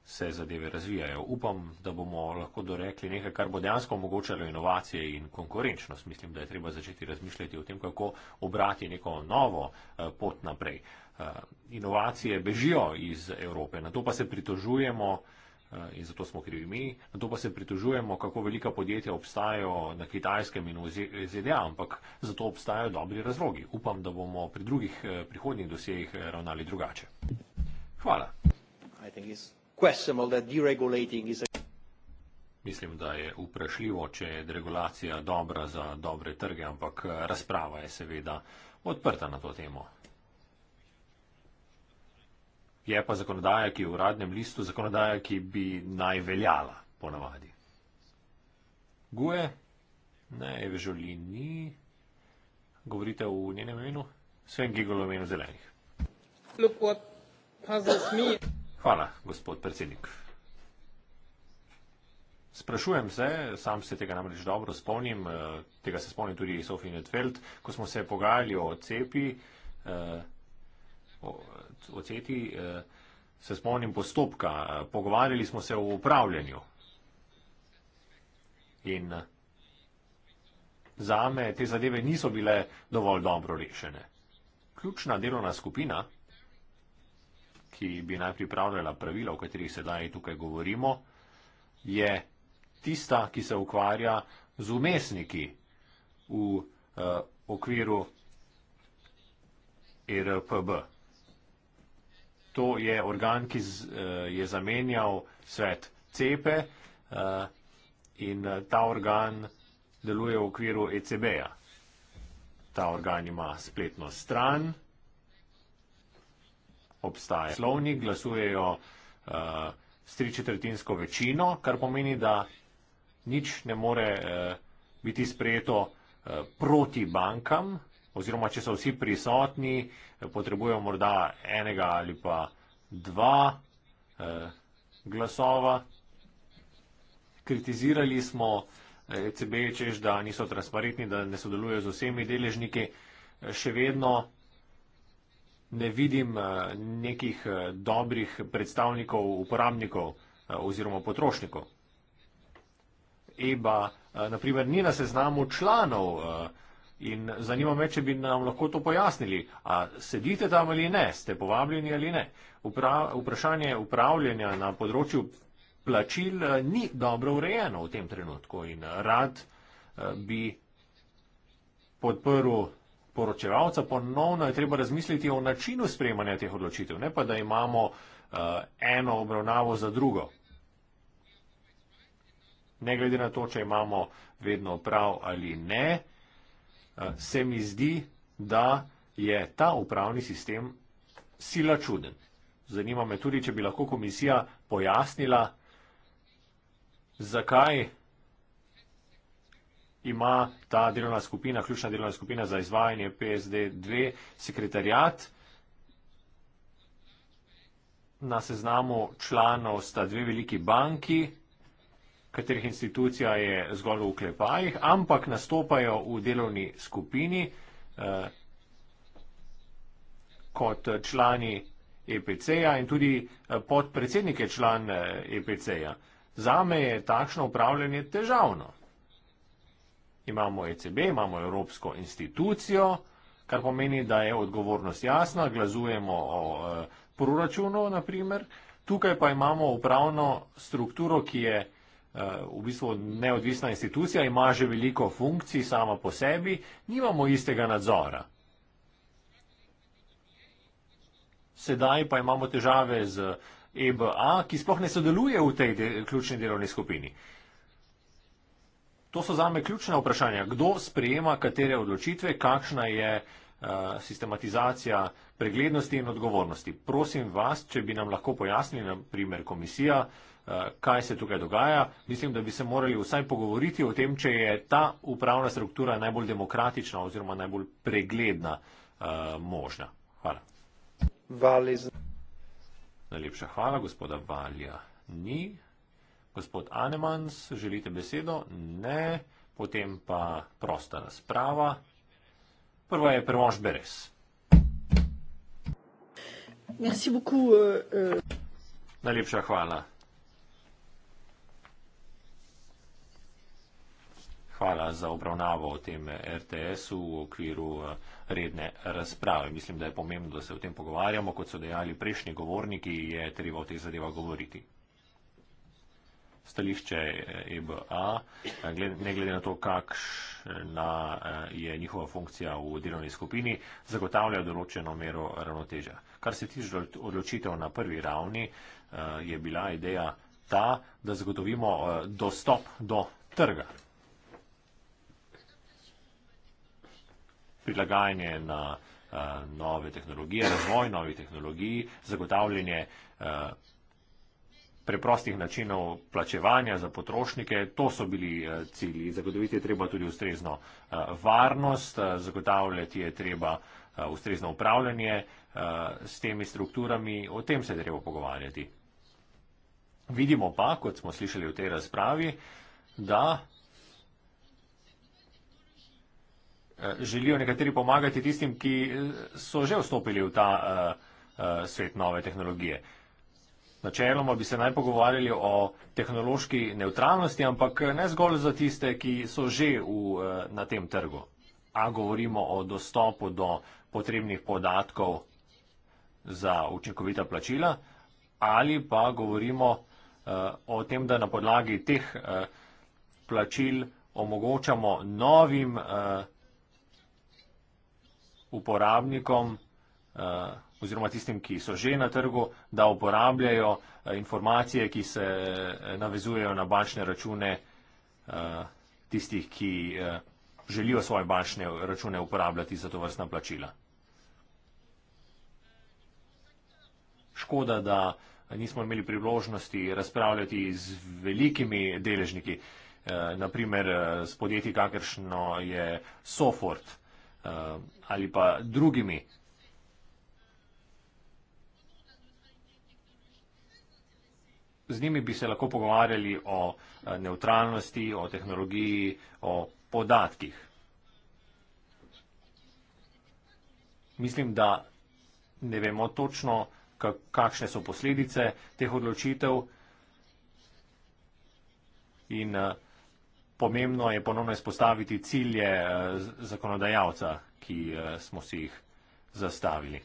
se zadeve razvijajo. Upam, da bomo lahko dorekli nekaj, kar bo dejansko omogočalo inovacije in konkurenčnost. Mislim, da je treba začeti razmišljati o tem, kako obrati neko novo eh, pot naprej. Eh, inovacije bežijo iz Evrope, na to pa se pritožujemo eh, in zato smo krivi mi, na to pa se pritožujemo, kako velika podjetja obstajajo na Kitajskem in v ZDA, ampak za to obstajajo dobri razlogi. Upam, da bomo pri drugih prihodnjih dosejih ravnali drugače. Hvala. I think he's... Mislim, da je vprašljivo, če je deregulacija dobra za dobre trge, ampak razprava je seveda odprta na to temo. Je pa zakonodaja, ki je v radnem listu, zakonodaja, ki bi naj veljala ponavadi. Guje, ne, Eve Žolini, govorite v njenem imenu, Sven Gigolo imenu zelenih. Look what puzzles me. Hvala, gospod predsednik. Sprašujem se, sam se tega namreč dobro spomnim, eh, tega se spomnim tudi Sofi Netfeld, ko smo se pogajali o cepi, eh, o, o ceti, eh, se spomnim postopka, pogovarjali smo se o upravljanju. In zame te zadeve niso bile dovolj dobro rešene. Ključna delovna skupina ki bi naj pripravljala pravila, o katerih sedaj tukaj govorimo, je tista, ki se ukvarja z umestniki v uh, okviru e RPB. To je organ, ki z, uh, je zamenjal svet CEPE uh, in ta organ deluje v okviru ECB-ja. Ta organ ima spletno stran obstaja. Slovni glasujejo uh, s tričetrtinsko večino, kar pomeni, da nič ne more uh, biti sprejeto uh, proti bankam, oziroma če so vsi prisotni, potrebujejo morda enega ali pa dva uh, glasova. Kritizirali smo ECB, e češ, da niso transparentni, da ne sodelujejo z vsemi deležniki. Še vedno ne vidim eh, nekih eh, dobrih predstavnikov, uporabnikov eh, oziroma potrošnikov. EBA, naprimer, ni na seznamu članov in zanima me, če bi nam lahko to pojasnili. A sedite tam ali ne, ste povabljeni ali ne. Upra vprašanje upravljanja na področju plačil ni dobro urejeno v tem trenutku in rad bi podporil poročevalca, ponovno je treba razmisliti o načinu sprejemanja teh odločitev, ne pa da imamo uh, eno obravnavo za drugo. Ne glede na to, če imamo vedno prav ali ne, uh, se mi zdi, da je ta upravni sistem sila čuden. Zanima me tudi, če bi lahko komisija pojasnila, zakaj ima ta delovna skupina, ključna delovna skupina za izvajanje PSD 2, sekretarjat. Na seznamu članov sta dve veliki banki, katerih institucija je zgolj v klepajih, ampak nastopajo v delovni skupini eh, kot člani EPC-ja in tudi eh, podpredsednik je član eh, EPC-ja. Zame je takšno upravljanje težavno imamo ECB, imamo Evropsko institucijo, kar pomeni, da je odgovornost jasna, glazujemo o eh, proračunu, naprimer. Tukaj pa imamo upravno strukturo, ki je eh, v bistvu neodvisna institucija, ima že veliko funkcij sama po sebi, nimamo istega nadzora. Sedaj pa imamo težave z EBA, ki sploh ne sodeluje v tej de ključni delovni skupini. Uh, To so zame ključna vprašanja. Kdo sprejema katere odločitve, kakšna je eh, sistematizacija preglednosti in odgovornosti. Prosim vas, če bi nam lahko pojasnili, naprimer komisija, eh, kaj se tukaj dogaja. Mislim, da bi se morali vsaj pogovoriti o tem, če je ta upravna struktura najbolj demokratična oziroma najbolj pregledna eh, možna. Hvala. Valizn. Najlepša hvala, gospoda Valja. Ni. Gospod Anemans, želite besedo? Ne. Potem pa prosta razprava. Prva je Primož Beres. Merci beaucoup, uh, uh. Najlepša hvala. Hvala za obravnavo o tem RTS-u v okviru uh, redne razprave. Mislim, da je pomembno, da se o tem pogovarjamo. Kot so dejali prejšnji govorniki, je treba o teh zadevah govoriti stališče EBA, ne glede na to, kakšna eh, je njihova funkcija v delovni skupini, zagotavlja določeno mero ravnoteža. Kar se tiče odločitev na prvi ravni, eh, je bila ideja ta, da zagotovimo eh, dostop do trga. Prilagajanje na nove tehnologije, razvoj novih tehnologij, zagotavljanje preprostih načinov plačevanja za potrošnike. To so bili eh, cilji. Zagotoviti je treba tudi ustrezno eh, varnost, eh, zagotavljati je treba ustrezno upravljanje s temi strukturami. O tem se je treba pogovarjati. Vidimo pa, kot smo slišali v tej razpravi, da želijo nekateri pomagati tistim, ki so že vstopili v ta uh, uh, svet nove tehnologije. Uh, Načeloma bi se naj pogovarjali o tehnološki neutralnosti, ampak ne zgolj za tiste, ki so že v, eh, na tem trgu. A govorimo o dostopu do potrebnih podatkov za učinkovita plačila, ali pa govorimo eh, o tem, da na podlagi teh eh, plačil omogočamo novim uporabnikom oziroma tistim, ki so že na trgu, da uporabljajo eh, informacije, ki se eh, navezujejo na bančne račune eh, tistih, ki želijo svoje bančne račune uporabljati za to vrstna plačila. Škoda, da nismo imeli priložnosti razpravljati z velikimi deležniki, naprimer s podjetji, kakršno je Sofort ali pa drugimi z njimi bi se lahko pogovarjali o eh, neutralnosti, o tehnologiji, o podatkih. Mislim, da ne vemo točno, kakšne so posledice teh odločitev in eh, pomembno je ponovno izpostaviti cilje eh, zakonodajalca, ki smo si jih zastavili.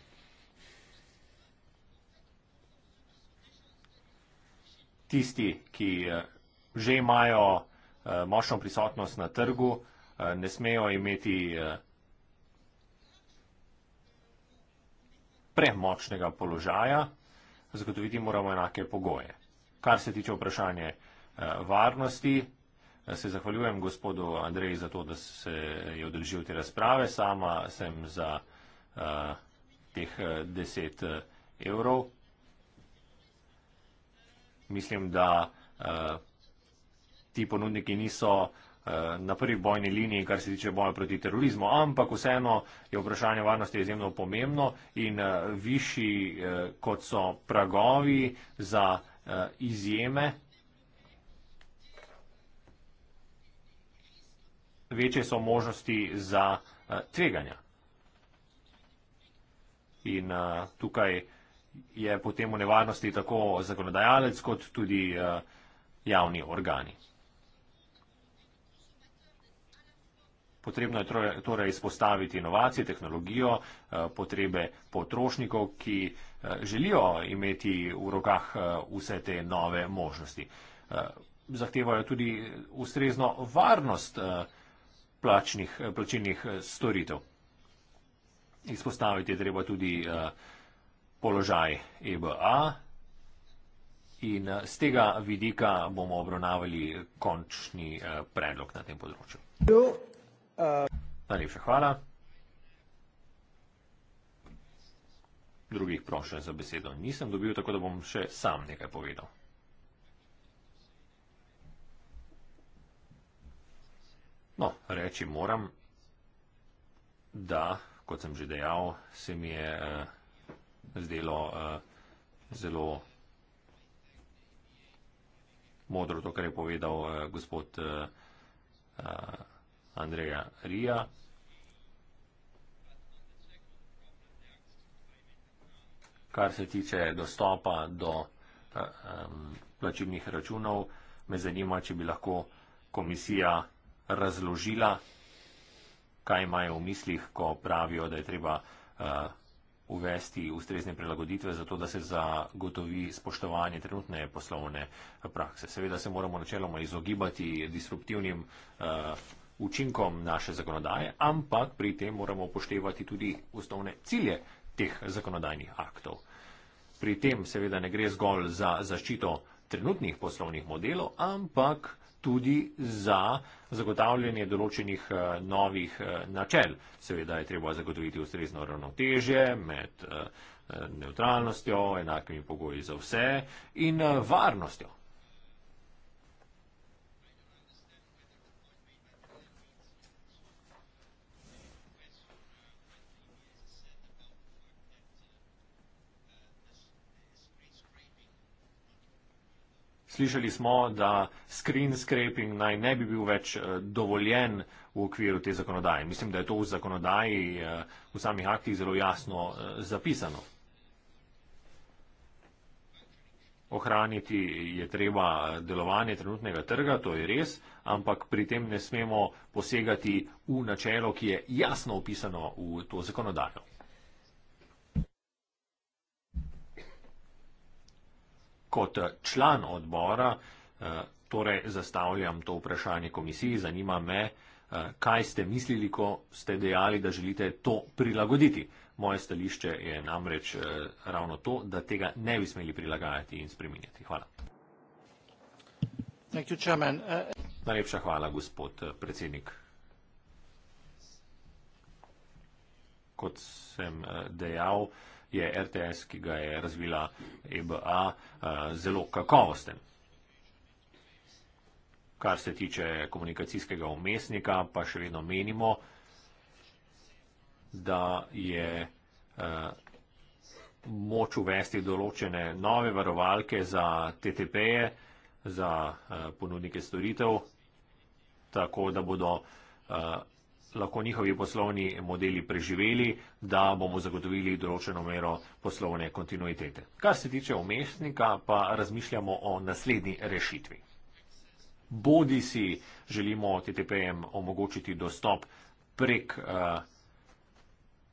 tisti, ki eh, že imajo eh, močno prisotnost na trgu, eh, ne smejo imeti premočnega položaja, zagotoviti moramo enake pogoje. Kar se tiče vprašanja varnosti, se zahvaljujem gospodu Andreji za to, da se je odrežil te razprave. Sama sem za uh, teh deset evrov mislim, da eh, ti ponudniki niso eh, na prvi bojni liniji, kar se tiče boja proti terorizmu, ampak vseeno je vprašanje varnosti izjemno pomembno in eh, višji, kot so pragovi za izjeme, večje so možnosti za tveganja. In tukaj je je potem v nevarnosti tako zakonodajalec kot tudi eh, javni organi. Potrebno je torej izpostaviti inovacije, tehnologijo, eh, potrebe potrošnikov, ki eh, želijo imeti v rokah vse te nove možnosti. Zahtevajo tudi ustrezno varnost plačnih, plačilnih storitev. Izpostaviti je treba tudi uh, položaj EBA. In z eh, tega vidika bomo obravnavali končni eh, predlog na tem področju. Eh. Najlepša hvala. Drugih prošen za besedo nisem dobil, tako da bom še sam nekaj povedal. No, reči moram, da, kot sem že dejal, se mi je. Uh, zdelo uh, zelo modro to, kar je povedal uh, gospod uh, Andreja Rija. Kar se tiče dostopa do uh, um, plačilnih računov, me zanima, če bi lahko komisija razložila, kaj imajo v mislih, ko pravijo, da je treba uh, uvesti ustrezne prilagoditve za to, da se zagotovi spoštovanje trenutne poslovne prakse. Seveda se moramo načeloma izogibati disruptivnim uh, učinkom naše zakonodaje, ampak pri tem moramo upoštevati tudi osnovne cilje teh zakonodajnih aktov. Pri tem seveda ne gre zgolj za zaščito trenutnih poslovnih modelov, ampak tudi za zagotavljanje določenih eh, novih eh, načel. Seveda je treba zagotoviti ustrezno ravnoteže med eh, neutralnostjo, enakimi pogoji za vse in varnostjo. Slišali smo, da screen scraping naj ne bi bil več eh, dovoljen v okviru te zakonodaje. Mislim, da je to v zakonodaji, eh, v samih aktih zelo jasno eh, zapisano. Ohraniti je treba delovanje trenutnega trga, to je res, ampak pri tem ne smemo posegati v načelo, ki je jasno opisano v to zakonodajo. kot član odbora eh, torej zastavljam to vprašanje komisiji. Zanima me, eh, kaj ste mislili, ko ste dejali, da želite to prilagoditi. Moje stališče je namreč eh, ravno to, da tega ne bi smeli prilagajati in spreminjati. Hvala. You, uh, Najlepša hvala, gospod predsednik. Kot sem dejal, uh, je RTS, ki ga je razvila EBA, eh, zelo kakovosten. Kar se tiče komunikacijskega umestnika, pa še vedno menimo, da je eh, moč uvesti določene nove varovalke za TTP-je, za eh, ponudnike storitev, tako da bodo lahko njihovi poslovni modeli preživeli, da bomo zagotovili določeno mero poslovne kontinuitete. Kar se tiče omestnika, pa razmišljamo o naslednji rešitvi. Bodi si želimo TTP-jem omogočiti dostop prek uh,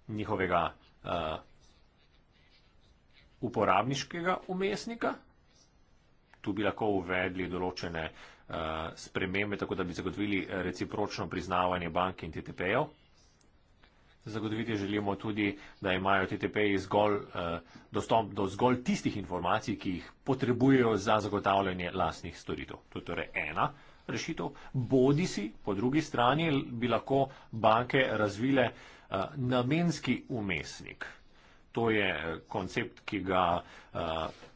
njihovega uh, uporabniškega umestnika, tu bi lahko uvedli določene uh, spremembe, tako da bi zagotovili eh, recipročno priznavanje bank in TTP-jev. Zagotoviti želimo tudi, da imajo TTP-ji zgolj uh, dostop do zgolj tistih informacij, ki jih potrebujejo za zagotavljanje lastnih storitev. To je torej ena rešitev. Bodi si, po drugi strani, bi lahko banke razvile uh, namenski umestnik. To je koncept, ki ga. Uh,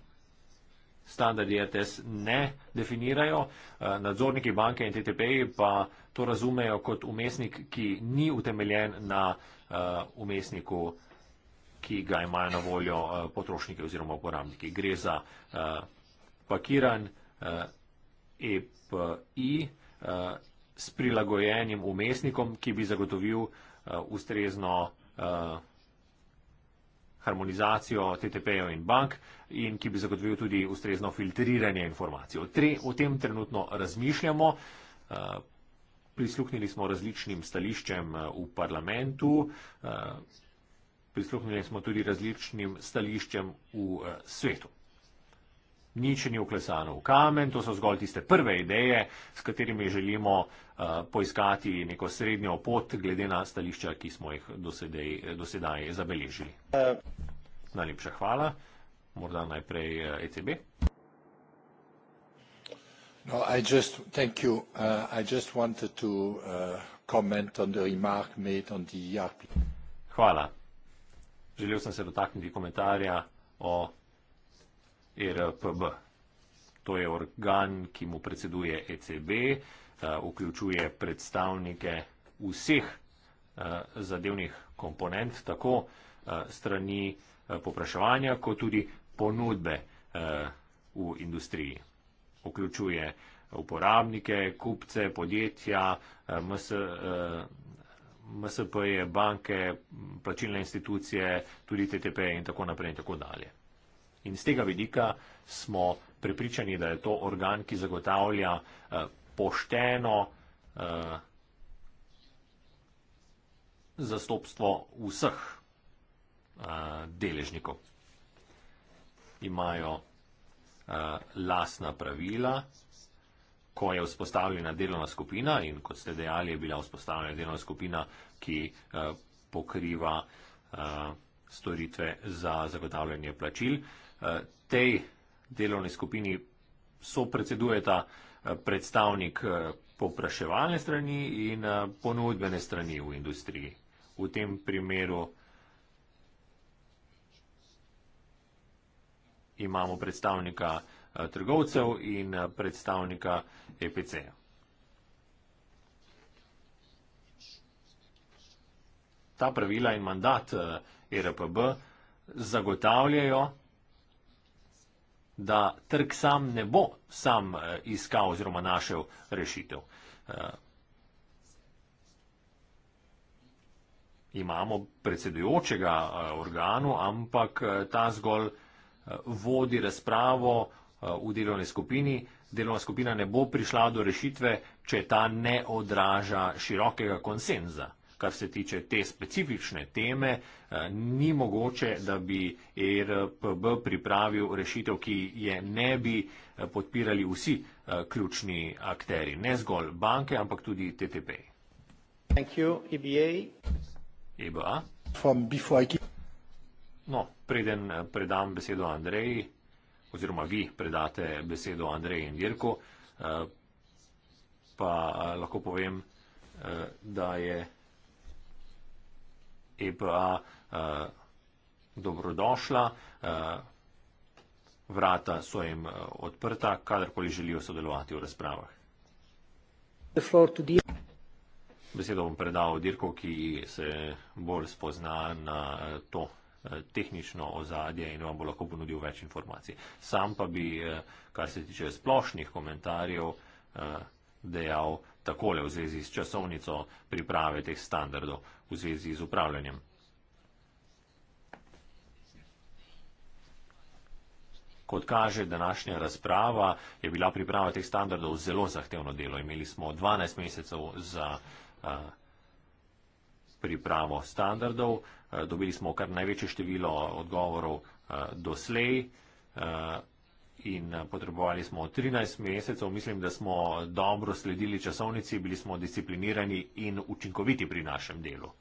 standardi RTS e ne definirajo, eh, nadzorniki banke in TTP-ji pa to razumejo kot umestnik, ki ni utemeljen na eh, umestniku, ki ga imajo na voljo eh, potrošniki oziroma uporabniki. Gre za pakiran EPI e s prilagojenim umestnikom, ki bi zagotovil ustrezno harmonizacijo TTP-jev in bank in ki bi zagotovil tudi ustrezno filtriranje informacij. O, tre, o tem trenutno razmišljamo. Eh, prisluhnili smo različnim stališčem eh, v parlamentu, eh, prisluhnili smo tudi različnim stališčem v svetu nič ni uklesano v kamen, to so zgolj tiste prve ideje, s katerimi želimo uh, poiskati neko srednjo pot, glede na stališča, ki smo jih dosedaj, dosedaj zabeležili. Eh. Najlepša hvala. Morda najprej ECB. Eh, e no, I just thank you. Uh, I just wanted to uh, comment on the remark made on the ERP. Hvala. Želel sem se dotakniti komentarja o ERPB. To je organ, ki mu predseduje ECB, eh, vključuje predstavnike vseh eh, zadevnih komponent, tako eh, strani popraševanja, kot tudi ponudbe v industriji. Vključuje uporabnike, kupce, podjetja, MS, MSP-je, banke, plačilne institucije, tudi TTP in tako naprej in tako dalje. In z tega vidika smo prepričani, da je to organ, ki zagotavlja eh, pošteno eh, zastopstvo vseh eh, deležnikov. Imajo eh, lasna pravila. Ko je vzpostavljena delovna skupina, in kot ste dejali, je bila vzpostavljena delovna skupina, ki eh, pokriva eh, storitve za zagotavljanje plačil. Eh, Eh, tej delovni skupini sopredsedujeta eh, predstavnik eh, popraševalne strani in ponudbene strani v industriji. V tem primeru imamo predstavnika trgovcev in predstavnika EPC-ja. Ta pravila in mandat ERPB e zagotavljajo, da je da trg sam ne bo sam eh, iskal oziroma našel rešitev. Eh, imamo predsedujočega eh, organu, ampak ta zgolj vodi razpravo v delovni skupini. Delovna skupina ne bo prišla do rešitve, če ta ne odraža širokega konsenza kar se tiče te specifične teme, eh, ni mogoče, da bi ERPB pripravil rešitev, ki je ne bi eh, podpirali vsi eh, ključni akteri, ne zgolj banke, ampak tudi TTP. EBA. E no, preden predam besedo Andreji, oziroma vi predate besedo Andreji in Dirku, pa lahko povem, da je EPA uh, eh, dobrodošla, uh, vrata so jim uh, odprta, kadarkoli želijo sodelovati v razpravah. Besedo bom predal Dirko, ki se bolj spozna na to tehnično ozadje in vam bo lahko ponudil več informacij. Sam pa bi, kar se tiče splošnih komentarjev, dejal takole v zvezi s časovnico priprave teh standardov v zvezi z upravljanjem. Kot kaže današnja razprava, je bila priprava teh standardov zelo zahtevno delo. Imeli smo 12 mesecev za a, pripravo standardov, a, dobili smo kar največje število odgovorov a, doslej. A, in eh, potrebovali smo 13 mesecev. Mislim, da smo dobro sledili časovnici, bili smo disciplinirani in učinkoviti pri našem delu.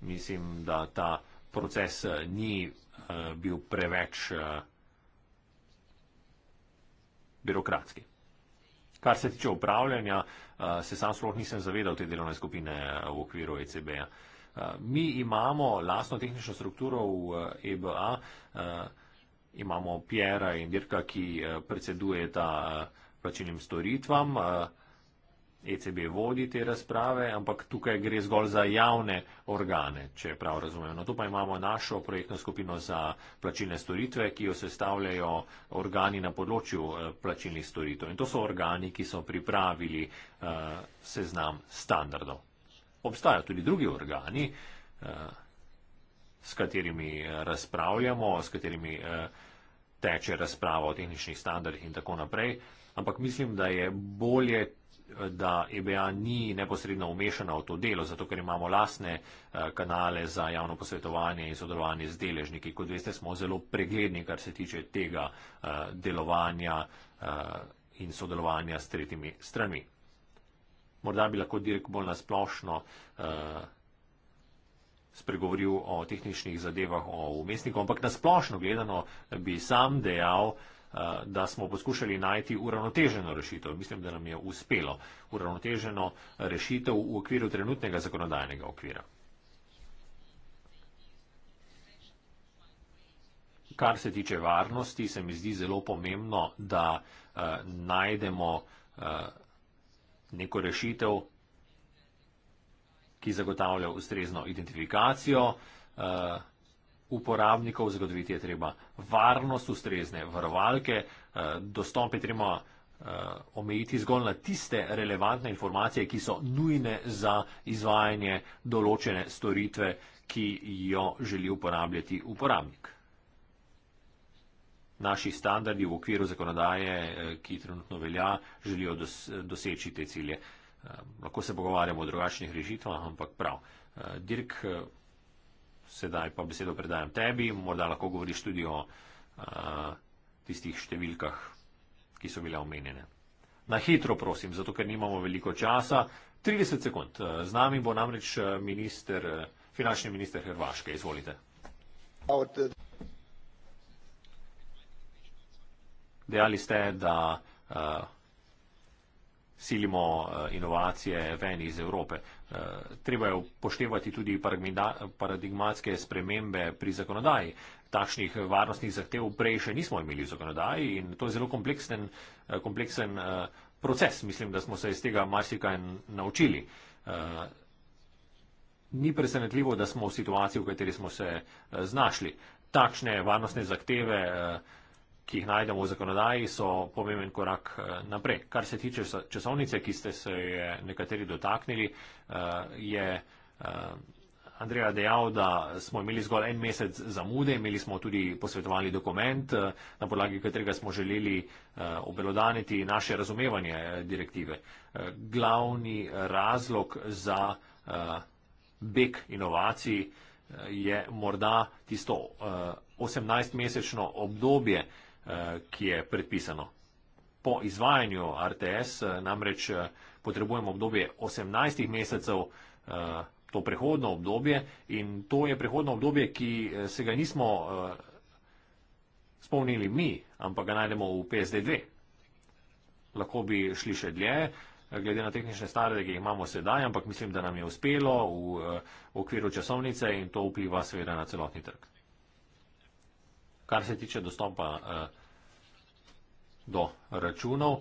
Mislim, da ta proces eh, ni eh, bil preveč birokratski. Kar se tiče upravljanja, se sam sploh nisem zavedal te delovne skupine v okviru ECB-ja. Mi imamo lastno tehnično strukturo v EBA, e imamo Pjera in Dirka, ki eh, predsedujeta eh, plačilnim storitvam. ECB eh, e vodi te razprave, ampak tukaj gre zgolj za javne organe, če prav razumem. No, tu pa imamo našo projektno skupino za plačilne storitve, ki jo sestavljajo organi na področju plačilnih storitev. In to so organi, ki so pripravili uh, seznam standardov. Obstajajo tudi drugi organi, uh, s katerimi razpravljamo, s katerimi. Uh, teče razprava o tehničnih standardih in tako naprej. Ampak mislim, da je bolje, da EBA ni neposredno umešana v to delo, zato ker imamo lasne eh, kanale za javno posvetovanje in sodelovanje z deležniki. Kot veste, smo zelo pregledni, kar se tiče tega eh, delovanja eh, in sodelovanja s tretjimi strani. Morda bi lahko direkt bolj nasplošno spregovoril o tehničnih zadevah, o umestniku, ampak nasplošno gledano bi sam dejal, eh, da smo poskušali najti uravnoteženo rešitev. Mislim, da nam je uspelo uravnoteženo rešitev v okviru trenutnega zakonodajnega okvira. Kar se tiče varnosti, se mi zdi zelo pomembno, da uh, najdemo uh, neko rešitev, ki zagotavlja ustrezno identifikacijo eh, uporabnikov, zagotoviti je treba varnost, ustrezne varovalke, eh, dostop je treba eh, omejiti zgolj na tiste relevantne informacije, ki so nujne za izvajanje določene storitve, ki jo želi uporabljati uporabnik. Naši standardi v okviru zakonodaje, ki trenutno velja, želijo doseči te cilje. Eh, lahko se pogovarjamo o drugačnih rešitvah, ampak prav. Eh, Dirk, eh, sedaj pa besedo predajam tebi, morda lahko govoriš tudi o tistih številkah, ki so bile omenjene. Na hitro, prosim, zato ker nimamo veliko časa. 30 sekund. Z nami bo namreč minister, finančni minister Hrvaške. Izvolite. Dejali ste, da uh, silimo eh, inovacije ven iz Evrope. Eh, treba je upoštevati tudi paradigmatske spremembe pri zakonodaji. Takšnih varnostnih zahtev prej še nismo imeli v zakonodaji in to je zelo kompleksen, eh, kompleksen proces. Mislim, da smo se iz tega marsikaj naučili. Ni presenetljivo, da smo v situaciji, v kateri smo se znašli. Takšne varnostne zahteve ki jih najdemo v zakonodaji, so pomemben korak eh, naprej. Kar se tiče časovnice, ki ste se je nekateri dotaknili, eh, je eh, Andreja dejal, da smo imeli zgolj en mesec zamude, imeli smo tudi posvetovalni dokument, na podlagi katerega smo želeli obelodaniti naše razumevanje direktive. Glavni razlog za beg inovacij je morda tisto 18-mesečno obdobje, Eh, ki je predpisano. Po izvajanju RTS eh, namreč eh, potrebujemo obdobje 18 mesecev, to prehodno obdobje in to je prehodno obdobje, ki se ga nismo spomnili mi, ampak ga najdemo v PSD2. Lahko bi šli še dlje, glede na tehnične stare, ki jih imamo sedaj, ampak mislim, da nam je uspelo v, v okviru časovnice in to vpliva seveda na celotni trg. Kar se tiče dostopa eh, do računov,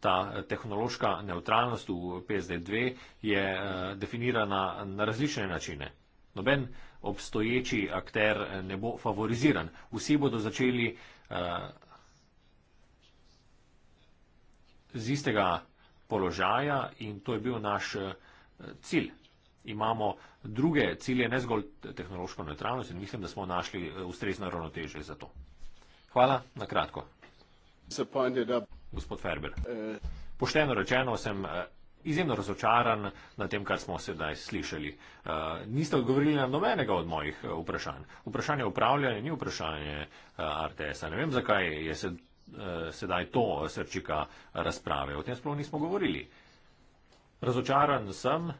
ta tehnološka neutralnost v PSD2 je eh, definirana na različne načine. Noben obstoječi akter ne bo favoriziran. Vsi bodo začeli eh, z istega položaja in to je bil naš cilj imamo druge cilje, ne zgolj tehnološko neutralnost in mislim, da smo našli eh, ustrezno ravnotežje za to. Hvala, na kratko. Gospod Ferber, eh. pošteno rečeno sem eh, izjemno razočaran na tem, kar smo sedaj slišali. Niste odgovorili na nobenega od mojih vprašanj. Vprašanje upravljanja ni vprašanje RTS-a. Ne vem, zakaj je sedaj to srčika razprave. O tem sploh nismo govorili. Razočaran sem,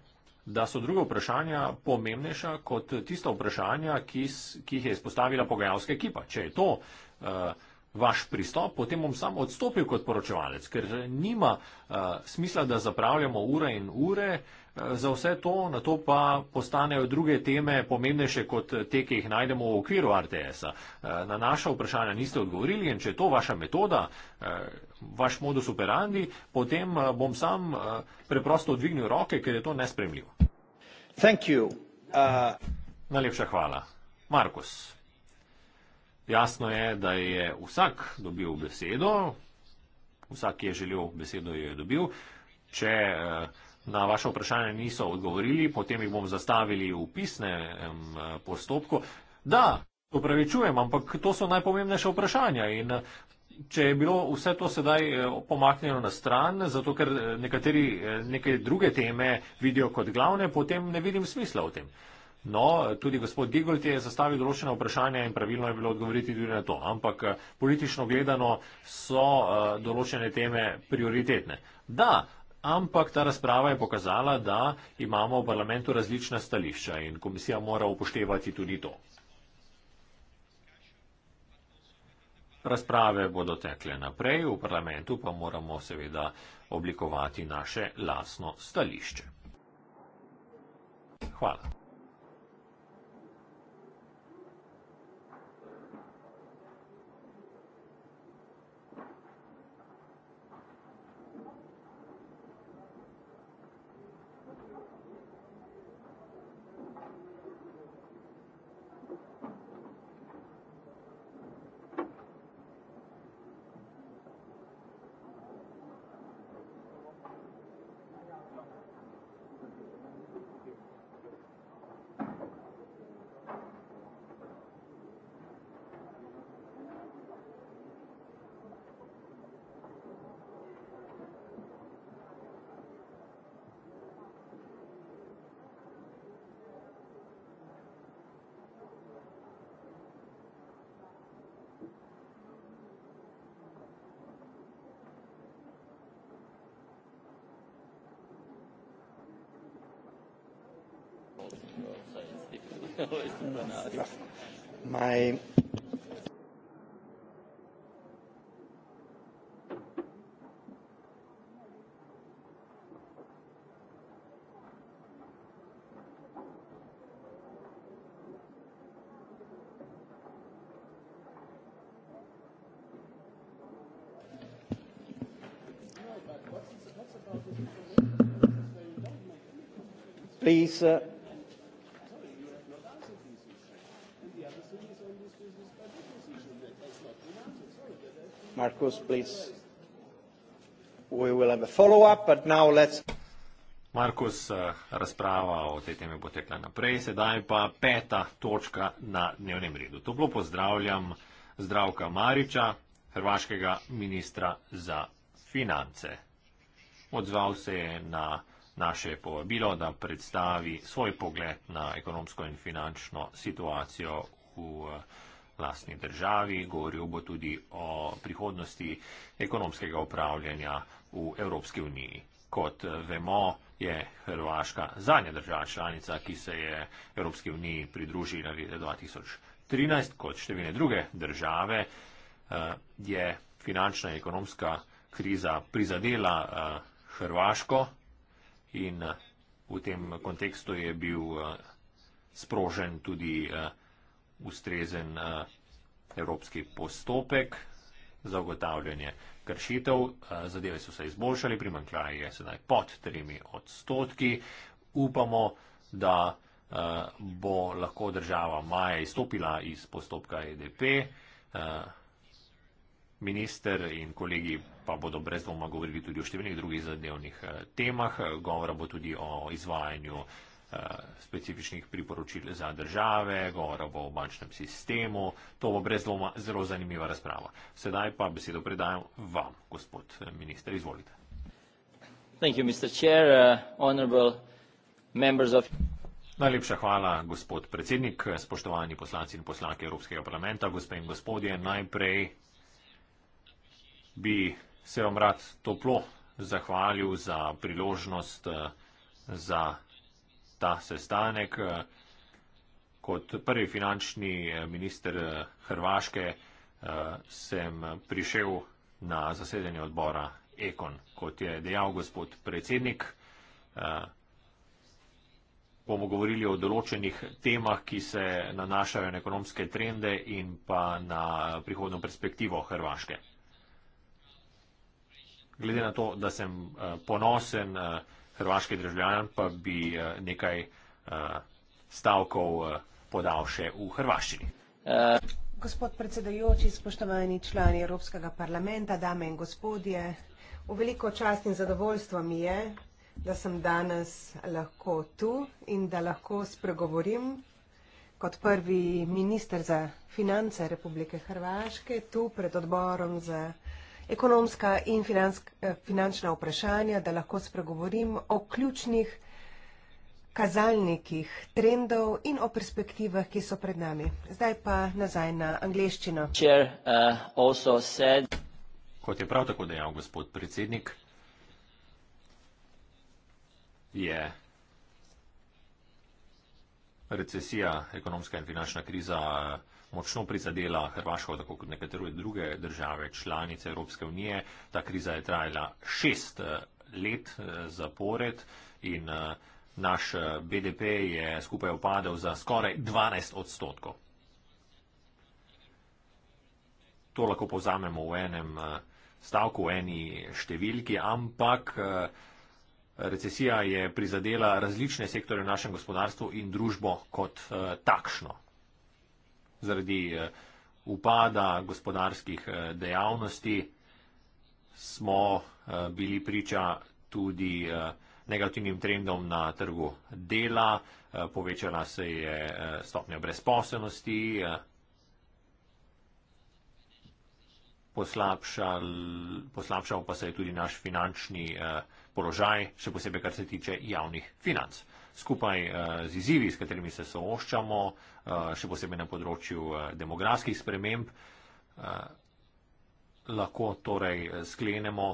da so druga vprašanja pomembnejša kot tista vprašanja, ki, ki jih je izpostavila pogajalska ekipa. Če je to uh, vaš pristop, potem bom sam odstopil kot poročevalec, ker nima uh, smisla, da zapravljamo ure in ure uh, Za vse to, na to pa postanejo druge teme pomembnejše kot te, ki jih najdemo v okviru RTS-a. Eh, na naša vprašanja niste odgovorili in če je to vaša metoda, eh, vaš modus operandi, potem eh, bom sam preprosto odvignil roke, ker je to nespremljivo. Uh... Najlepša hvala. Markus, jasno je, da je vsak dobil besedo, vsak, ki je želel besedo, jo je dobil. Če, uh, na vaše vprašanje niso odgovorili, potem jih bom zastavili v pisnem eh, postopku. Da, upravičujem, ampak to so najpomembnejše vprašanja in eh, če je bilo vse to sedaj eh, pomaknjeno na stran, zato ker nekateri neke druge teme vidijo kot glavne, potem ne vidim smisla v tem. No, tudi gospod Gigolt je zastavil določena vprašanja in pravilno je bilo odgovoriti tudi na to. Ampak politično gledano so uh, določene teme prioritetne. Da, uh, Ampak ta razprava je pokazala, da imamo v parlamentu različna stališča in komisija mora upoštevati tudi to. Razprave bodo tekle naprej, v parlamentu pa moramo seveda oblikovati naše lasno stališče. Hvala. Mai. Please uh, speakers, please. We will have a follow-up, but now let's. Markus, eh, razprava o tej temi bo tekla naprej, sedaj pa peta točka na dnevnem redu. Toplo pozdravljam zdravka Mariča, hrvaškega ministra za finance. Odzval se je na naše povabilo, da predstavi svoj pogled na ekonomsko in finančno situacijo v Hrvaški. Eh, vlastni državi. Govoril bo tudi o prihodnosti ekonomskega upravljanja v Evropski uniji. Kot eh, vemo, je Hrvaška zadnja država članica, ki se je Evropski uniji pridružila leta 2013, kot številne druge države, eh, je finančna in ekonomska kriza prizadela eh, Hrvaško in v tem kontekstu je bil sprožen tudi ustrezen eh, evropski postopek za ugotavljanje kršitev. Eh, zadeve so se izboljšali, primankljaj je sedaj pod tremi odstotki. Upamo, da eh, bo lahko država maja izstopila iz postopka EDP. Minister in kolegi pa bodo brez dvoma govorili tudi o številnih drugih zadevnih temah. Govora bo tudi o izvajanju Eh, specifičnih priporočil za države, govora bo o bančnem sistemu. To bo brez dvoma zelo zanimiva razprava. Sedaj pa besedo predajam vam, gospod eh, minister. Izvolite. You, Chair, eh, of... Najlepša hvala, gospod predsednik, spoštovani poslanci in poslanke Evropskega parlamenta, gospe in gospodje. Najprej bi se vam rad toplo zahvalil za priložnost za ta sestanek, eh, kot prvi finančni eh, minister eh, Hrvaške sem prišel na zasedanje odbora Ekon, kot je dejal gospod predsednik. Bomo govorili o določenih temah, ki se nanašajo na ekonomske trende in pa na prihodno perspektivo Hrvaške. Glede na to, da sem ponosen, hrvaški državljan, pa bi eh, nekaj eh, stavkov eh, podal še v hrvaščini. Gospod predsedajoči, spoštovani člani Evropskega parlamenta, dame in gospodje, v veliko čast in zadovoljstvo mi je, da sem danes lahko tu in da lahko spregovorim kot prvi minister za finance Republike Hrvaške tu pred odborom za ekonomska in finansk, eh, finančna vprašanja, da lahko spregovorim o ključnih kazalnikih, trendov in o perspektivah, ki so pred nami. Zdaj pa nazaj na angliščino. Uh, Kot je prav tako dejal gospod predsednik, je recesija, ekonomska in finančna kriza močno prizadela Hrvaško, tako kot nekatere druge države članice Evropske unije. Ta kriza je trajala šest eh, let eh, zapored in eh, naš BDP je skupaj upadel za skoraj 12 odstotkov. To lahko povzamemo v enem stavku, v eni številki, ampak recesija je prizadela različne sektore v našem gospodarstvu in družbo kot takšno zaradi eh, upada gospodarskih eh, dejavnosti smo eh, bili priča tudi negativnim trendom na trgu dela, povečala se je stopnja brezposobnosti, poslabšal pa se je tudi naš finančni položaj, še posebej kar se tiče javnih financ skupaj eh, z izzivi, s katerimi se soočamo, eh, še posebej na področju eh, demografskih sprememb, lahko torej sklenemo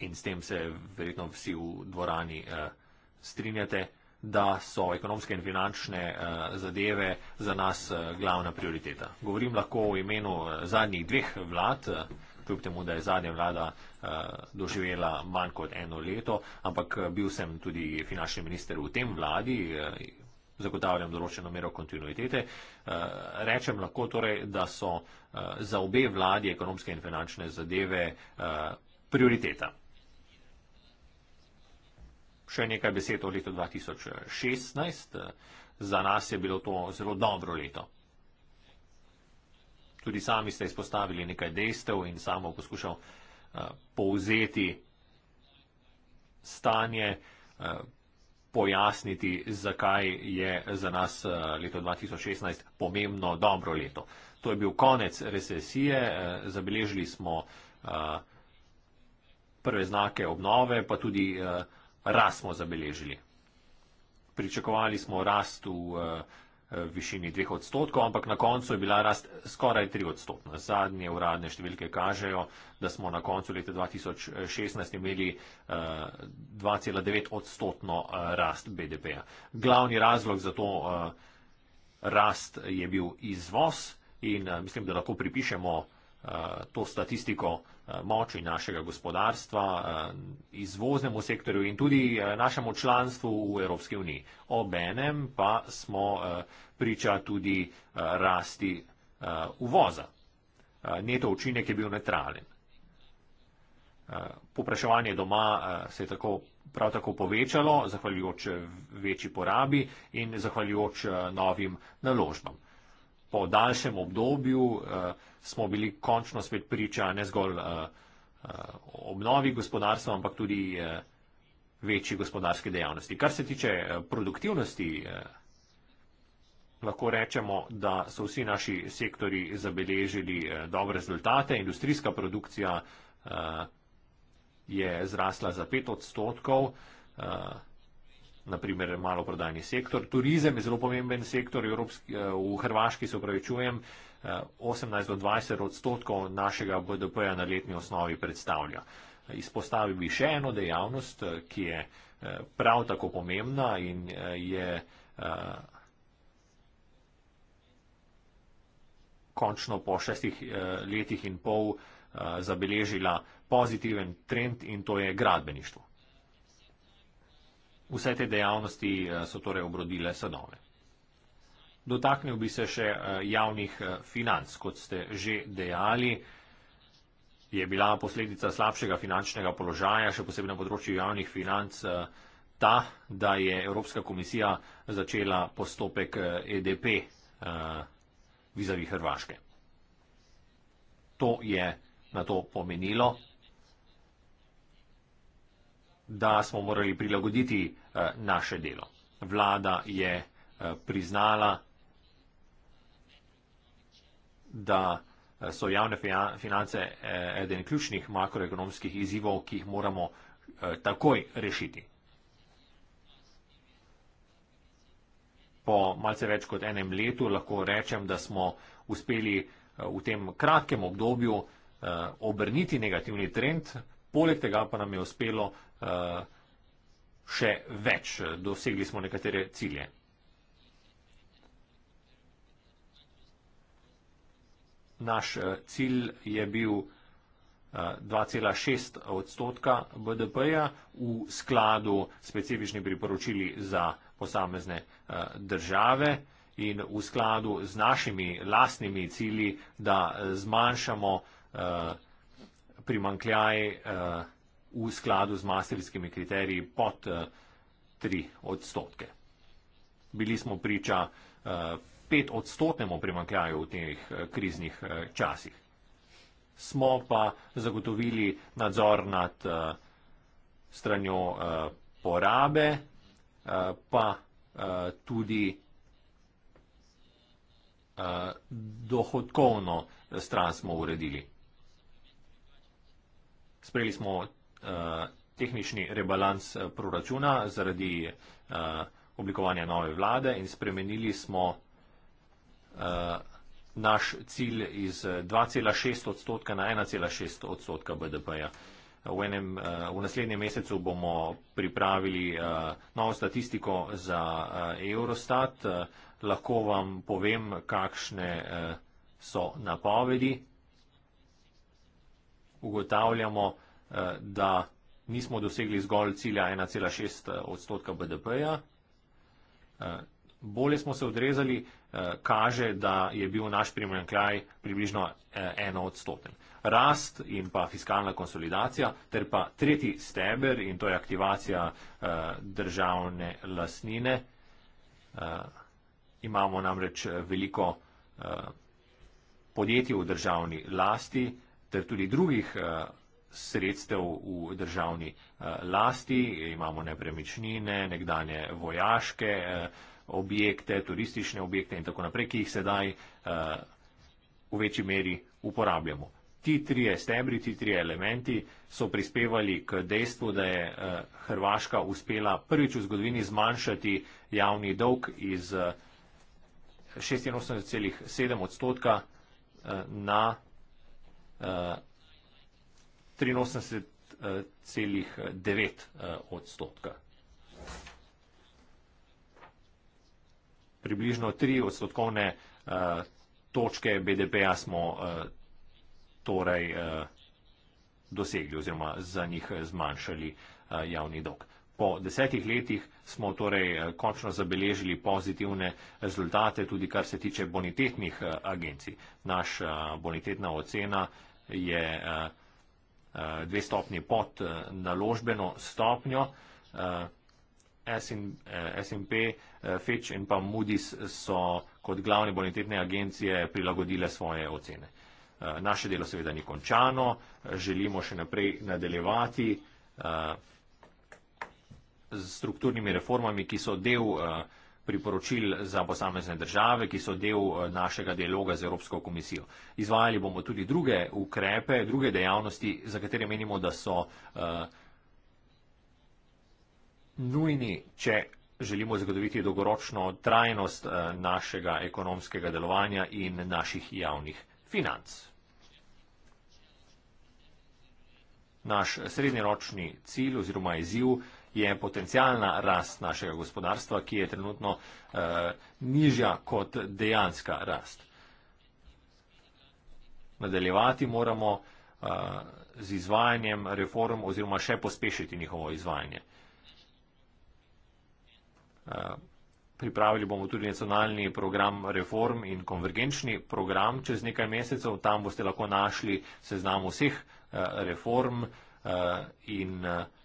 in s tem se verjetno vsi v dvorani strinjate, da so ekonomske in finančne zadeve za nas glavna prioriteta. Govorim lahko v imenu zadnjih dveh vlad kljub temu, da je zadnja vlada eh, doživela manj kot eno leto, ampak eh, bil sem tudi finančni minister v tem vladi, eh, zagotavljam določeno mero kontinuitete. Rečem lahko torej, da so za obe vladi ekonomske in finančne zadeve prioriteta. Še nekaj besed o letu 2016. Za nas je bilo to zelo dobro leto. Tudi sami ste izpostavili nekaj dejstev in samo poskušal uh, povzeti stanje, uh, pojasniti, zakaj je za nas uh, leto 2016 pomembno dobro leto. To je bil konec recesije, uh, zabeležili smo uh, prve znake obnove, pa tudi uh, rast smo zabeležili. Pričakovali smo rast v. Uh, v eh, višini dveh odstotkov, ampak na koncu je bila rast skoraj tri odstotna. Zadnje uradne številke kažejo, da smo na koncu leta 2016 imeli 2,9 eh, odstotno eh, rast BDP-ja. Glavni razlog za to rast je bil izvoz in mislim, da lahko pripišemo Eh, to statistiko eh, moči našega gospodarstva, eh, izvoznemu sektorju in tudi našemu članstvu v Evropski uniji. Obenem pa smo priča tudi rasti uvoza. Neto učinek je bil neutralen. Popraševanje doma se je tako, prav tako povečalo, zahvaljujoč večji porabi in zahvaljujoč novim naložbam po daljšem obdobju uh, smo bili končno spet priča ne zgolj uh, uh, obnovi gospodarstva, ampak tudi uh, večji gospodarski dejavnosti. Kar se tiče produktivnosti, uh, lahko rečemo, da so vsi naši sektori zabeležili uh, dobre rezultate. Industrijska produkcija uh, je zrasla za pet odstotkov. Uh, naprimer maloprodajni sektor. Turizem je zelo pomemben sektor, Evropski, eh, v Hrvaški se upravičujem, 18 eh, do 20 odstotkov našega BDP-ja na letni osnovi predstavlja. Izpostavil bi še eno dejavnost, eh, ki je prav tako pomembna in je končno po šestih letih in pol zabeležila pozitiven trend in to je gradbeništvo. Vse te dejavnosti eh, so torej obrodile sadove. Dotaknil bi se še eh, javnih eh, financ. Kot ste že dejali, je bila posledica slabšega finančnega položaja, še posebej na področju javnih financ, ta, da je Evropska komisija začela postopek EDP e vizavi Hrvaške. To je na to pomenilo, da smo morali prilagoditi eh, naše delo. Vlada je eh, priznala, da eh, so javne finance eden ključnih makroekonomskih izzivov, ki jih moramo takoj rešiti. Po malce več kot enem letu lahko rečem, da smo uspeli v tem kratkem obdobju obrniti negativni trend, Poleg tega pa nam je uspelo uh, še več, dosegli smo nekatere cilje. Naš uh, cilj je bil uh, eh, 2,6 odstotka BDP-ja v skladu specifični priporočili za posamezne uh, države in v skladu z našimi lastnimi cilji, da zmanjšamo uh, primankljaj eh, v skladu z masterskimi kriteriji pod 3 eh, odstotke. Bili smo priča 5 eh, odstotnemu primankljaju v teh kriznih časih. Smo pa zagotovili nadzor nad stranjo porabe, pa tudi dohodkovno stran smo uredili. Sprejeli smo uh, tehnični rebalans eh, proračuna zaradi uh, oblikovanja nove vlade in spremenili smo uh, naš cilj iz 2,6 odstotka na 1,6 odstotka BDP-ja. V, enem, v naslednjem mesecu bomo pripravili uh, novo statistiko za uh, Eurostat. Uh, lahko vam povem, kakšne uh, so napovedi ugotavljamo, eh, da nismo dosegli zgolj cilja 1,6 eh, odstotka BDP-ja. Eh, bolje smo se odrezali, kaže, da je bil naš primankljaj približno eno odstoten. Rast in pa fiskalna konsolidacija, ter pa tretji steber in to je aktivacija državne lasnine. Imamo namreč veliko podjetij v državni lasti, ter tudi drugih eh, sredstev v državni eh, lasti. Imamo nepremičnine, nekdanje vojaške eh, objekte, turistične objekte in tako naprej, ki jih sedaj v večji meri uporabljamo. Ti trije stebri, ti trije elementi so prispevali k dejstvu, da je Hrvaška uspela prvič v zgodovini zmanjšati javni dolg iz 86,7 odstotka na 83,9 eh, eh, eh, odstotka. Približno tri odstotkovne točke BDP-ja smo torej dosegli oziroma za njih zmanjšali javni dolg. Po desetih letih smo torej končno zabeležili pozitivne rezultate, tudi kar se tiče bonitetnih agencij. Naša bonitetna ocena je je eh, eh, dve stopnje pod eh, naložbeno stopnjo. SMP, Fitch in pa Moody's so kot glavne bonitetne agencije prilagodile svoje ocene. Naše delo seveda ni končano, želimo še naprej nadaljevati z strukturnimi reformami, ki so del priporočil za posamezne države, ki so del eh, našega dialoga z Evropsko komisijo. Izvajali bomo tudi druge ukrepe, druge dejavnosti, za katere menimo, da so uh, nujni, če želimo zagotoviti dolgoročno trajnost uh, našega ekonomskega delovanja in naših javnih financ. Naš srednjeročni cilj oziroma izziv uh, je potencijalna rast našega gospodarstva, ki je trenutno eh, nižja kot dejanska rast. Nadaljevati moramo eh, z izvajanjem reform oziroma še pospešiti njihovo izvajanje. Eh, Pripravili bomo tudi nacionalni program reform in konvergenčni program čez nekaj mesecev. Tam boste lahko našli seznam vseh eh, reform eh, in reform. Eh,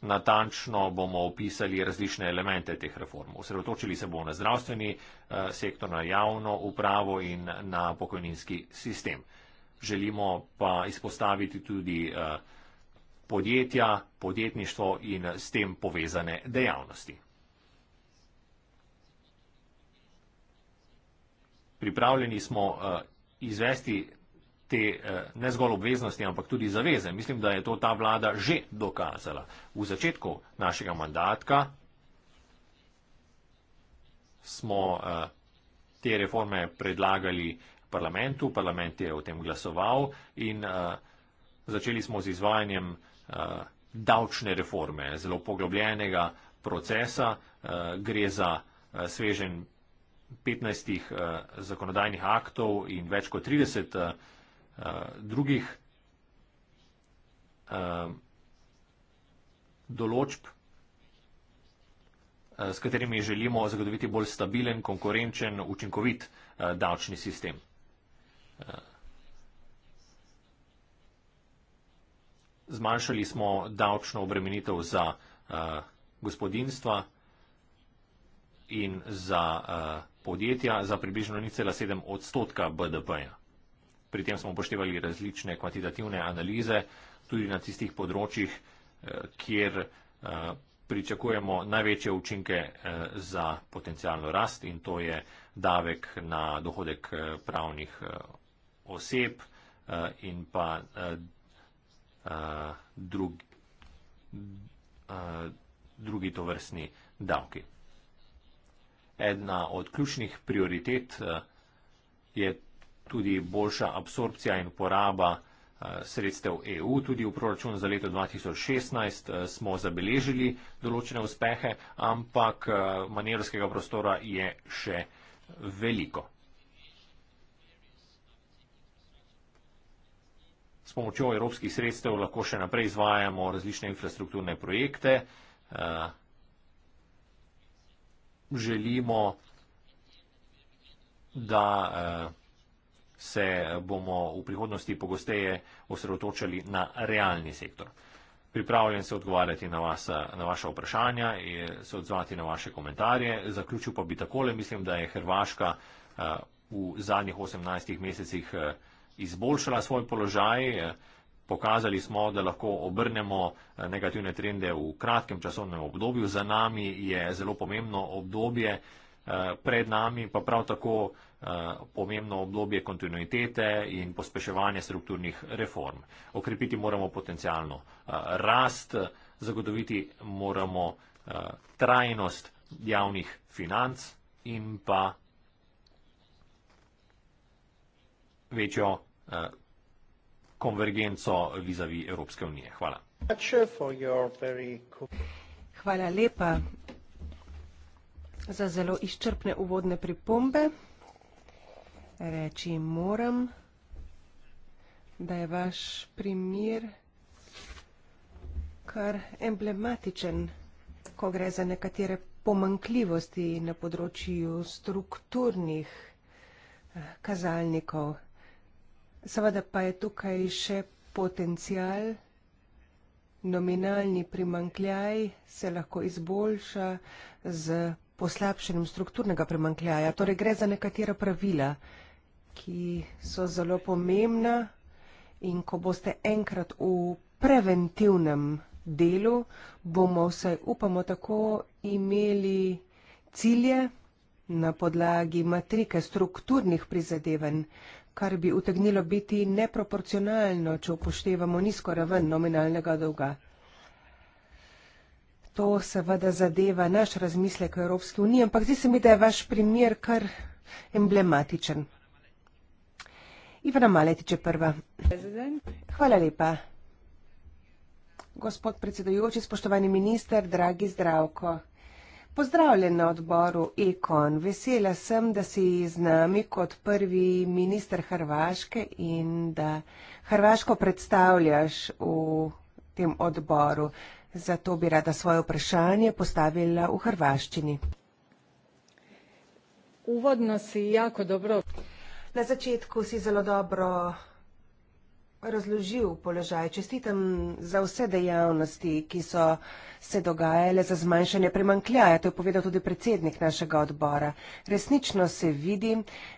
natančno bomo opisali različne elemente teh reform. Osredotočili se bomo na zdravstveni eh, sektor, na javno upravo in na pokojninski sistem. Želimo pa izpostaviti tudi eh, podjetja, podjetništvo in s tem povezane dejavnosti. Pripravljeni smo eh, izvesti te eh, ne zgolj obveznosti, ampak tudi zaveze. Mislim, da je to ta vlada že dokazala. V začetku našega mandatka smo eh, te reforme predlagali parlamentu, parlament je o tem glasoval in eh, začeli smo z izvajanjem davčne reforme, zelo poglobljenega procesa. Gre za svežen 15 zakonodajnih aktov in več kot 30 Eh, drugih eh, določb, eh, s katerimi želimo zagotoviti bolj stabilen, konkurenčen, učinkovit davčni sistem. Zmanjšali smo davčno obremenitev za gospodinstva in za podjetja za približno 0,7 odstotka BDP-ja. Pri tem smo upoštevali različne kvantitativne analize, tudi na tistih področjih, eh, kjer eh, pričakujemo največje učinke eh, za potencijalno rast in to je davek na dohodek pravnih oseb in pa drugi, drugi tovrstni davki. Edna od ključnih prioritet je tudi boljša absorpcija in poraba eh, sredstev EU. Tudi v proračun za leto 2016 eh, smo zabeležili določene uspehe, ampak eh, manevrskega prostora je še veliko. S pomočjo evropskih sredstev lahko še naprej izvajamo različne infrastrukturne projekte. Želimo, da se bomo v prihodnosti pogosteje osredotočali na realni sektor. Pripravljen se odgovarjati na, vas, na vaše vprašanja in se odzvati na vaše komentarje. Zaključil pa bi takole, mislim, da je Hrvaška eh, v zadnjih 18 mesecih eh, izboljšala svoj položaj. Pokazali smo, da lahko obrnemo eh, negativne trende v kratkem časovnem obdobju. Za nami je zelo pomembno obdobje, pred nami pa prav tako Eh, pomembno obdobje kontinuitete in pospeševanje strukturnih reform. Okrepiti moramo potencijalno eh, rast, zagotoviti moramo eh, trajnost javnih financ in pa večjo konvergenco vizavi Evropske unije. Hvala. Hvala lepa za zelo izčrpne uvodne pripombe reči moram, da je vaš primer kar emblematičen, ko gre za nekatere pomankljivosti na področju strukturnih eh, kazalnikov. Seveda pa je tukaj še potencial, nominalni primankljaj se lahko izboljša z poslabšenjem strukturnega primankljaja, torej gre za nekatera pravila, ki so zelo pomembna in ko boste enkrat v preventivnem delu, bomo vsaj upamo tako imeli cilje na podlagi matrike strukturnih prizadevanj, kar bi utegnilo biti neproporcionalno, če upoštevamo nizko raven nominalnega dolga. To seveda zadeva naš razmislek v Evropski uniji, ampak zdi se mi, da je vaš primer kar emblematičen. Ivana Maletiče prva. Hvala lepa. Gospod predsedujoči, spoštovani minister, dragi zdravko. Pozdravljen na odboru Ekon. Vesela sem, da si z nami kot prvi minister Hrvaške in da Hrvaško predstavljaš v tem odboru. Zato bi rada svoje vprašanje postavila v hrvaščini. Uvodno si jako dobro. Na začetku si zelo dobro razložil položaj. Čestitam za vse dejavnosti, ki so se dogajale za zmanjšanje premankljaja. To je povedal tudi predsednik našega odbora. Resnično se vidi,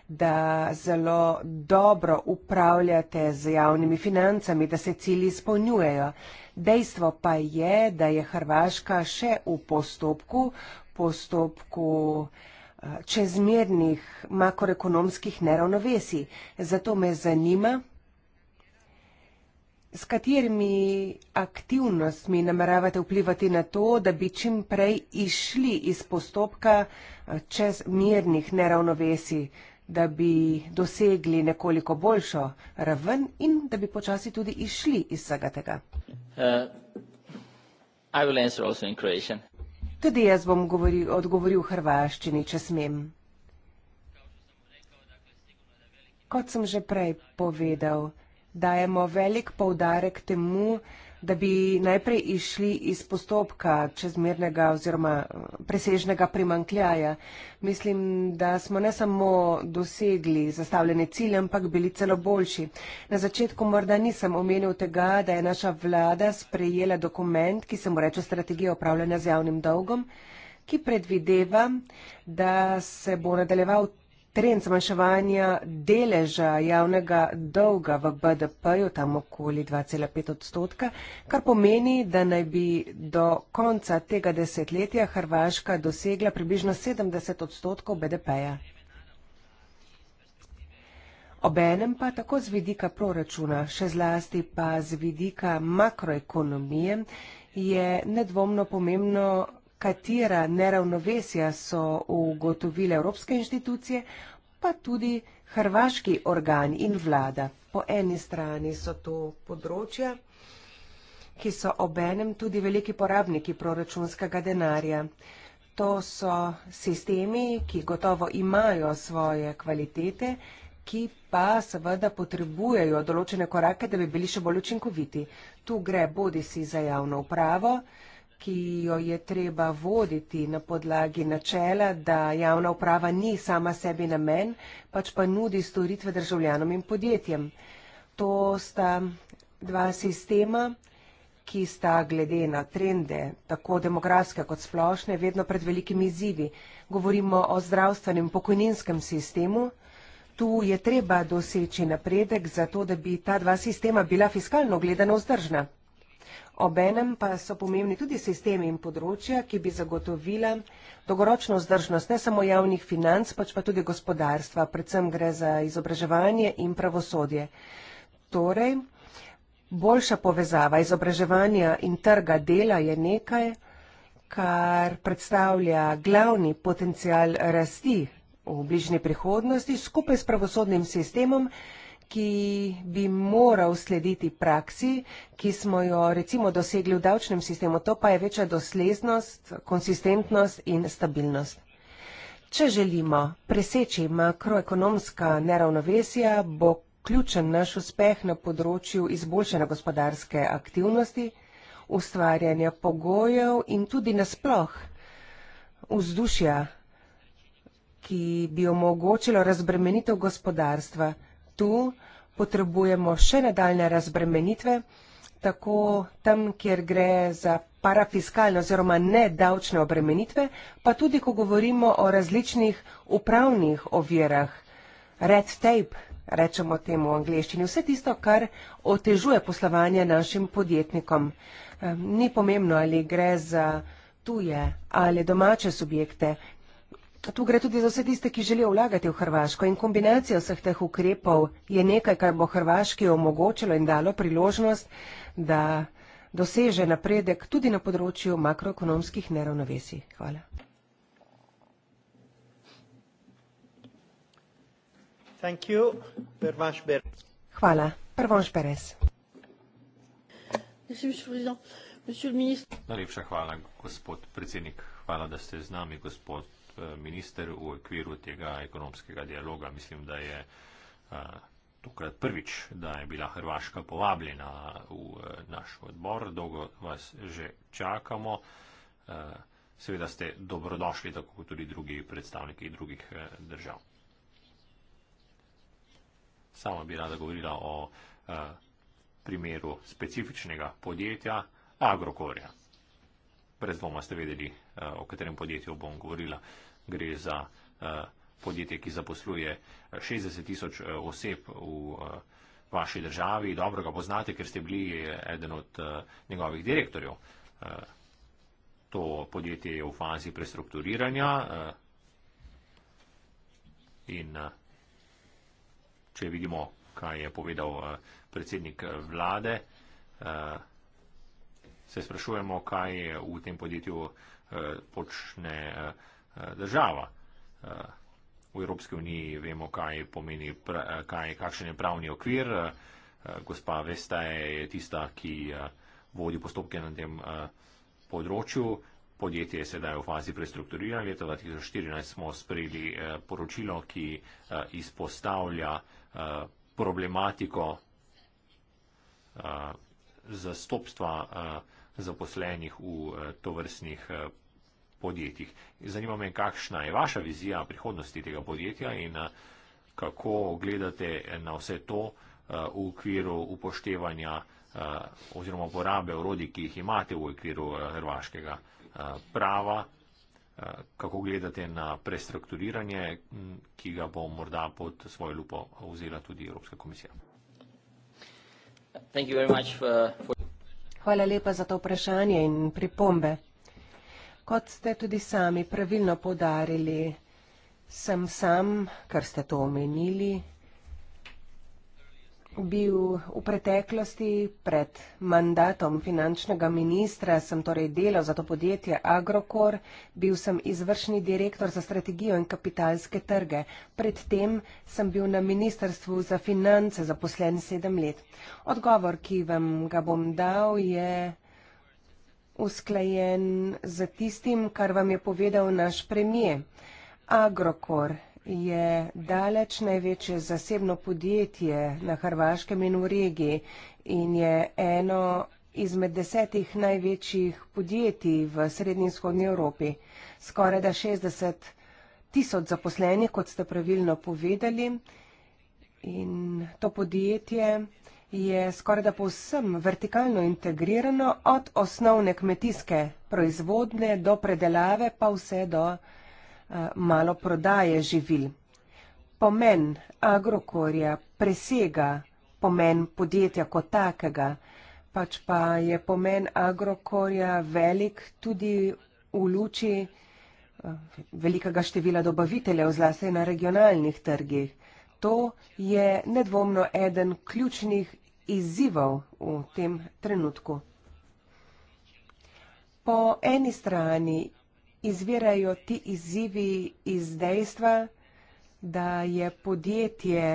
da zelo dobro upravljate z javnimi financami, da se cilji izpolnjujejo. Dejstvo pa je, da je Hrvaška še v postopku, postopku čezmernih makroekonomskih neravnovesij. Zato me zanima, s katerimi aktivnostmi nameravate vplivati na to, da bi čim prej išli iz postopka eh, čezmernih neravnovesij, da bi dosegli nekoliko boljšo raven in da bi počasi tudi išli iz vsega tega. Uh, Tudi jaz bom govori, odgovoril v hrvaščini, če smem. Kot sem že prej povedal, dajemo velik poudarek temu, da bi najprej išli iz postopka čezmernega oziroma eh, presežnega primankljaja. Mislim, da smo ne samo dosegli zastavljene cilje, ampak bili celo boljši. Na začetku morda nisem omenil tega, da je naša vlada sprejela dokument, ki se mu reče strategija upravljanja z javnim dolgom, ki predvideva, da se bo nadaljeval trend zmanjševanja deleža javnega dolga v BDP-ju, tam okoli 2,5 odstotka, kar pomeni, da naj bi do konca tega desetletja Hrvaška dosegla približno 70 odstotkov BDP-ja. Obenem pa tako z vidika proračuna, še zlasti pa z vidika makroekonomije, je nedvomno pomembno katera neravnovesja so ugotovile evropske inštitucije, pa tudi hrvaški organ in vlada. Po eni strani so to področja, ki so obenem tudi veliki porabniki proračunskega denarja. To so sistemi, ki gotovo imajo svoje kvalitete, ki pa seveda potrebujejo določene korake, da bi bili še bolj učinkoviti. Tu gre bodi si za javno upravo, ki jo je treba voditi na podlagi načela, da javna uprava ni sama sebi namen, pač pa nudi storitve državljanom in podjetjem. To sta dva sistema, ki sta glede na trende, tako demografske kot splošne, vedno pred velikimi izzivi. Govorimo o zdravstvenem pokojninskem sistemu. Tu je treba doseči napredek, zato da bi ta dva sistema bila fiskalno gledano vzdržna. Obenem pa so pomembni tudi sistemi in področja, ki bi zagotovila dolgoročno vzdržnost ne samo javnih financ, pač pa tudi gospodarstva, predvsem gre za izobraževanje in pravosodje. Torej, boljša povezava izobraževanja in trga dela je nekaj, kar predstavlja glavni potencial rasti v bližnji prihodnosti skupaj s pravosodnim sistemom, ki bi moral slediti praksi, ki smo jo recimo dosegli v davčnem sistemu. To pa je večja doslednost, konsistentnost in stabilnost. Če želimo preseči makroekonomska neravnovesja, bo ključen naš uspeh na področju izboljšanja gospodarske aktivnosti, ustvarjanja pogojev in tudi nasploh vzdušja, ki bi omogočilo razbremenitev gospodarstva tu potrebujemo še nadaljne razbremenitve, tako tam, kjer gre za parafiskalne oziroma nedavčne obremenitve, pa tudi, ko govorimo o različnih upravnih ovirah, red tape, rečemo temu v angleščini, vse tisto, kar otežuje poslovanje našim podjetnikom. Ehm, ni pomembno, ali gre za tuje ali domače subjekte, Tu gre tudi za vse tiste, ki želijo vlagati v Hrvaško in kombinacija vseh teh ukrepov je nekaj, kar bo Hrvaški omogočilo in dalo priložnost, da doseže napredek tudi na področju makroekonomskih neravnovesij. Hvala. Hvala. Prvonš Perez. Najlepša hvala, gospod predsednik. Hvala, da ste z nami, gospod Eh, minister v okviru tega ekonomskega dialoga. Mislim, da je eh, tokrat prvič, da je bila Hrvaška povabljena v eh, naš odbor. Dolgo vas že čakamo. Seveda ste dobrodošli, tako kot tudi drugi predstavniki drugih držav. Sama bi rada govorila o primeru specifičnega podjetja Agrokorja. Brez dvoma ste vedeli, Eh, o katerem podjetju bom govorila. Gre za eh, podjetje, ki zaposluje 60 eh, tisoč oseb v vaši državi. Dobro ga poznate, ker ste bili eden od njegovih direktorjev. To podjetje je v fazi prestrukturiranja in če vidimo, kaj je povedal predsednik vlade, se sprašujemo, kaj je v tem podjetju počne eh, eh, država. Eh, v Evropski uniji vemo, kaj pomeni, kaj, kakšen je pravni okvir. Gospa Vesta je tista, ki vodi postopke na tem področju. Podjetje je sedaj v fazi prestrukturiranja. Leta 2014 smo sprejeli poročilo, ki izpostavlja problematiko zastopstva zaposlenih v tovrstnih podjetjih. Zanima me, kakšna je vaša vizija prihodnosti tega podjetja in eh, kako gledate na vse to eh, v okviru upoštevanja eh, oziroma uporabe urodij, ki jih imate v okviru hrvaškega prava, kako gledate na prestrukturiranje, ki ga bo morda pod svojo lupo vzela tudi Evropska komisija. Hvala lepa za to vprašanje in pripombe. Kot ste tudi sami pravilno podarili, sem sam, kar ste to omenili, bil v preteklosti pred mandatom finančnega ministra, sem torej delal za to podjetje Agrokor, bil sem izvršni direktor za strategijo in kapitalske trge. Predtem sem bil na ministrstvu za finance zaposlen sedem let. Odgovor, ki vam ga bom dal, je usklajen z tistim, kar vam je povedal naš premije. Agrokor je daleč največje zasebno podjetje na Hrvaškem in v regiji in je eno izmed desetih največjih podjetij v srednji in vzhodnji Evropi. Skoraj da 60 tisoč zaposlenih, kot ste pravilno povedali. In to podjetje je skoraj da povsem vertikalno integrirano od osnovne kmetijske proizvodne do predelave pa vse do eh, malo prodaje živil. Pomen agrokorja presega pomen podjetja kot takega, pač pa je pomen agrokorja velik tudi v luči eh, velikega števila dobaviteljev, zlasti na regionalnih trgih to je nedvomno eden ključnih izzivov v tem trenutku. Po eni strani izvirajo ti izzivi iz dejstva, da je podjetje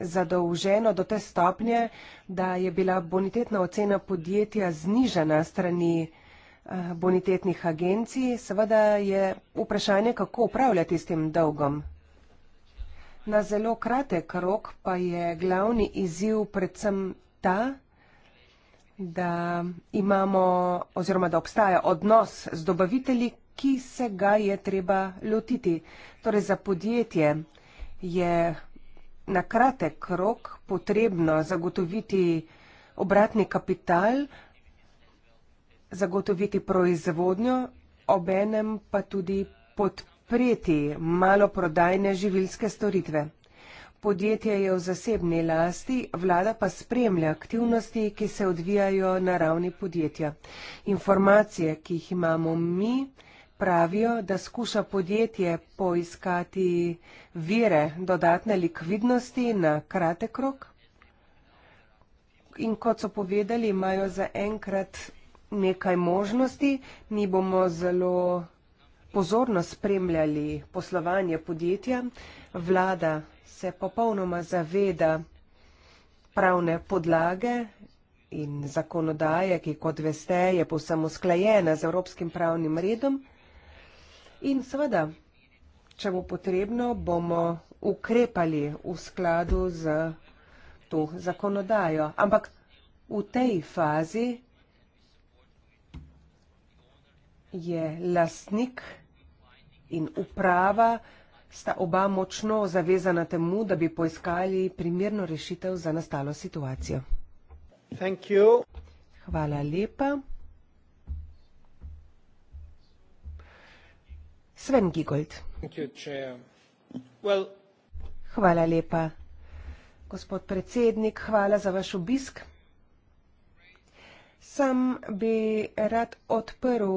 zadolženo do te stopnje, da je bila bonitetna ocena podjetja znižana strani eh, bonitetnih agencij. Seveda je vprašanje, kako upravljati s tem dolgom. Na zelo kratek rok pa je glavni izziv predvsem ta, da imamo oziroma da obstaja odnos z dobavitelji, ki se ga je treba lotiti. Torej za podjetje je na kratek rok potrebno zagotoviti obratni kapital, zagotoviti proizvodnjo, obenem pa tudi podpisati podpreti maloprodajne živilske storitve. Podjetje je v zasebni lasti, vlada pa spremlja aktivnosti, ki se odvijajo na ravni podjetja. Informacije, ki jih imamo mi, pravijo, da skuša podjetje poiskati vire dodatne likvidnosti na kratek rok. In kot so povedali, imajo za enkrat nekaj možnosti. Mi bomo zelo pozorno spremljali poslovanje podjetja. Vlada se popolnoma zaveda pravne podlage in zakonodaje, ki kot veste je povsem usklajena z evropskim pravnim redom. In seveda, če bo potrebno, bomo ukrepali v skladu z to zakonodajo. Ampak v tej fazi je lastnik in uprava sta oba močno zavezana temu, da bi poiskali primerno rešitev za nastalo situacijo. Hvala lepa. Sven Gigold. Hvala lepa. Gospod predsednik, hvala za vaš obisk. Sam bi rad odprl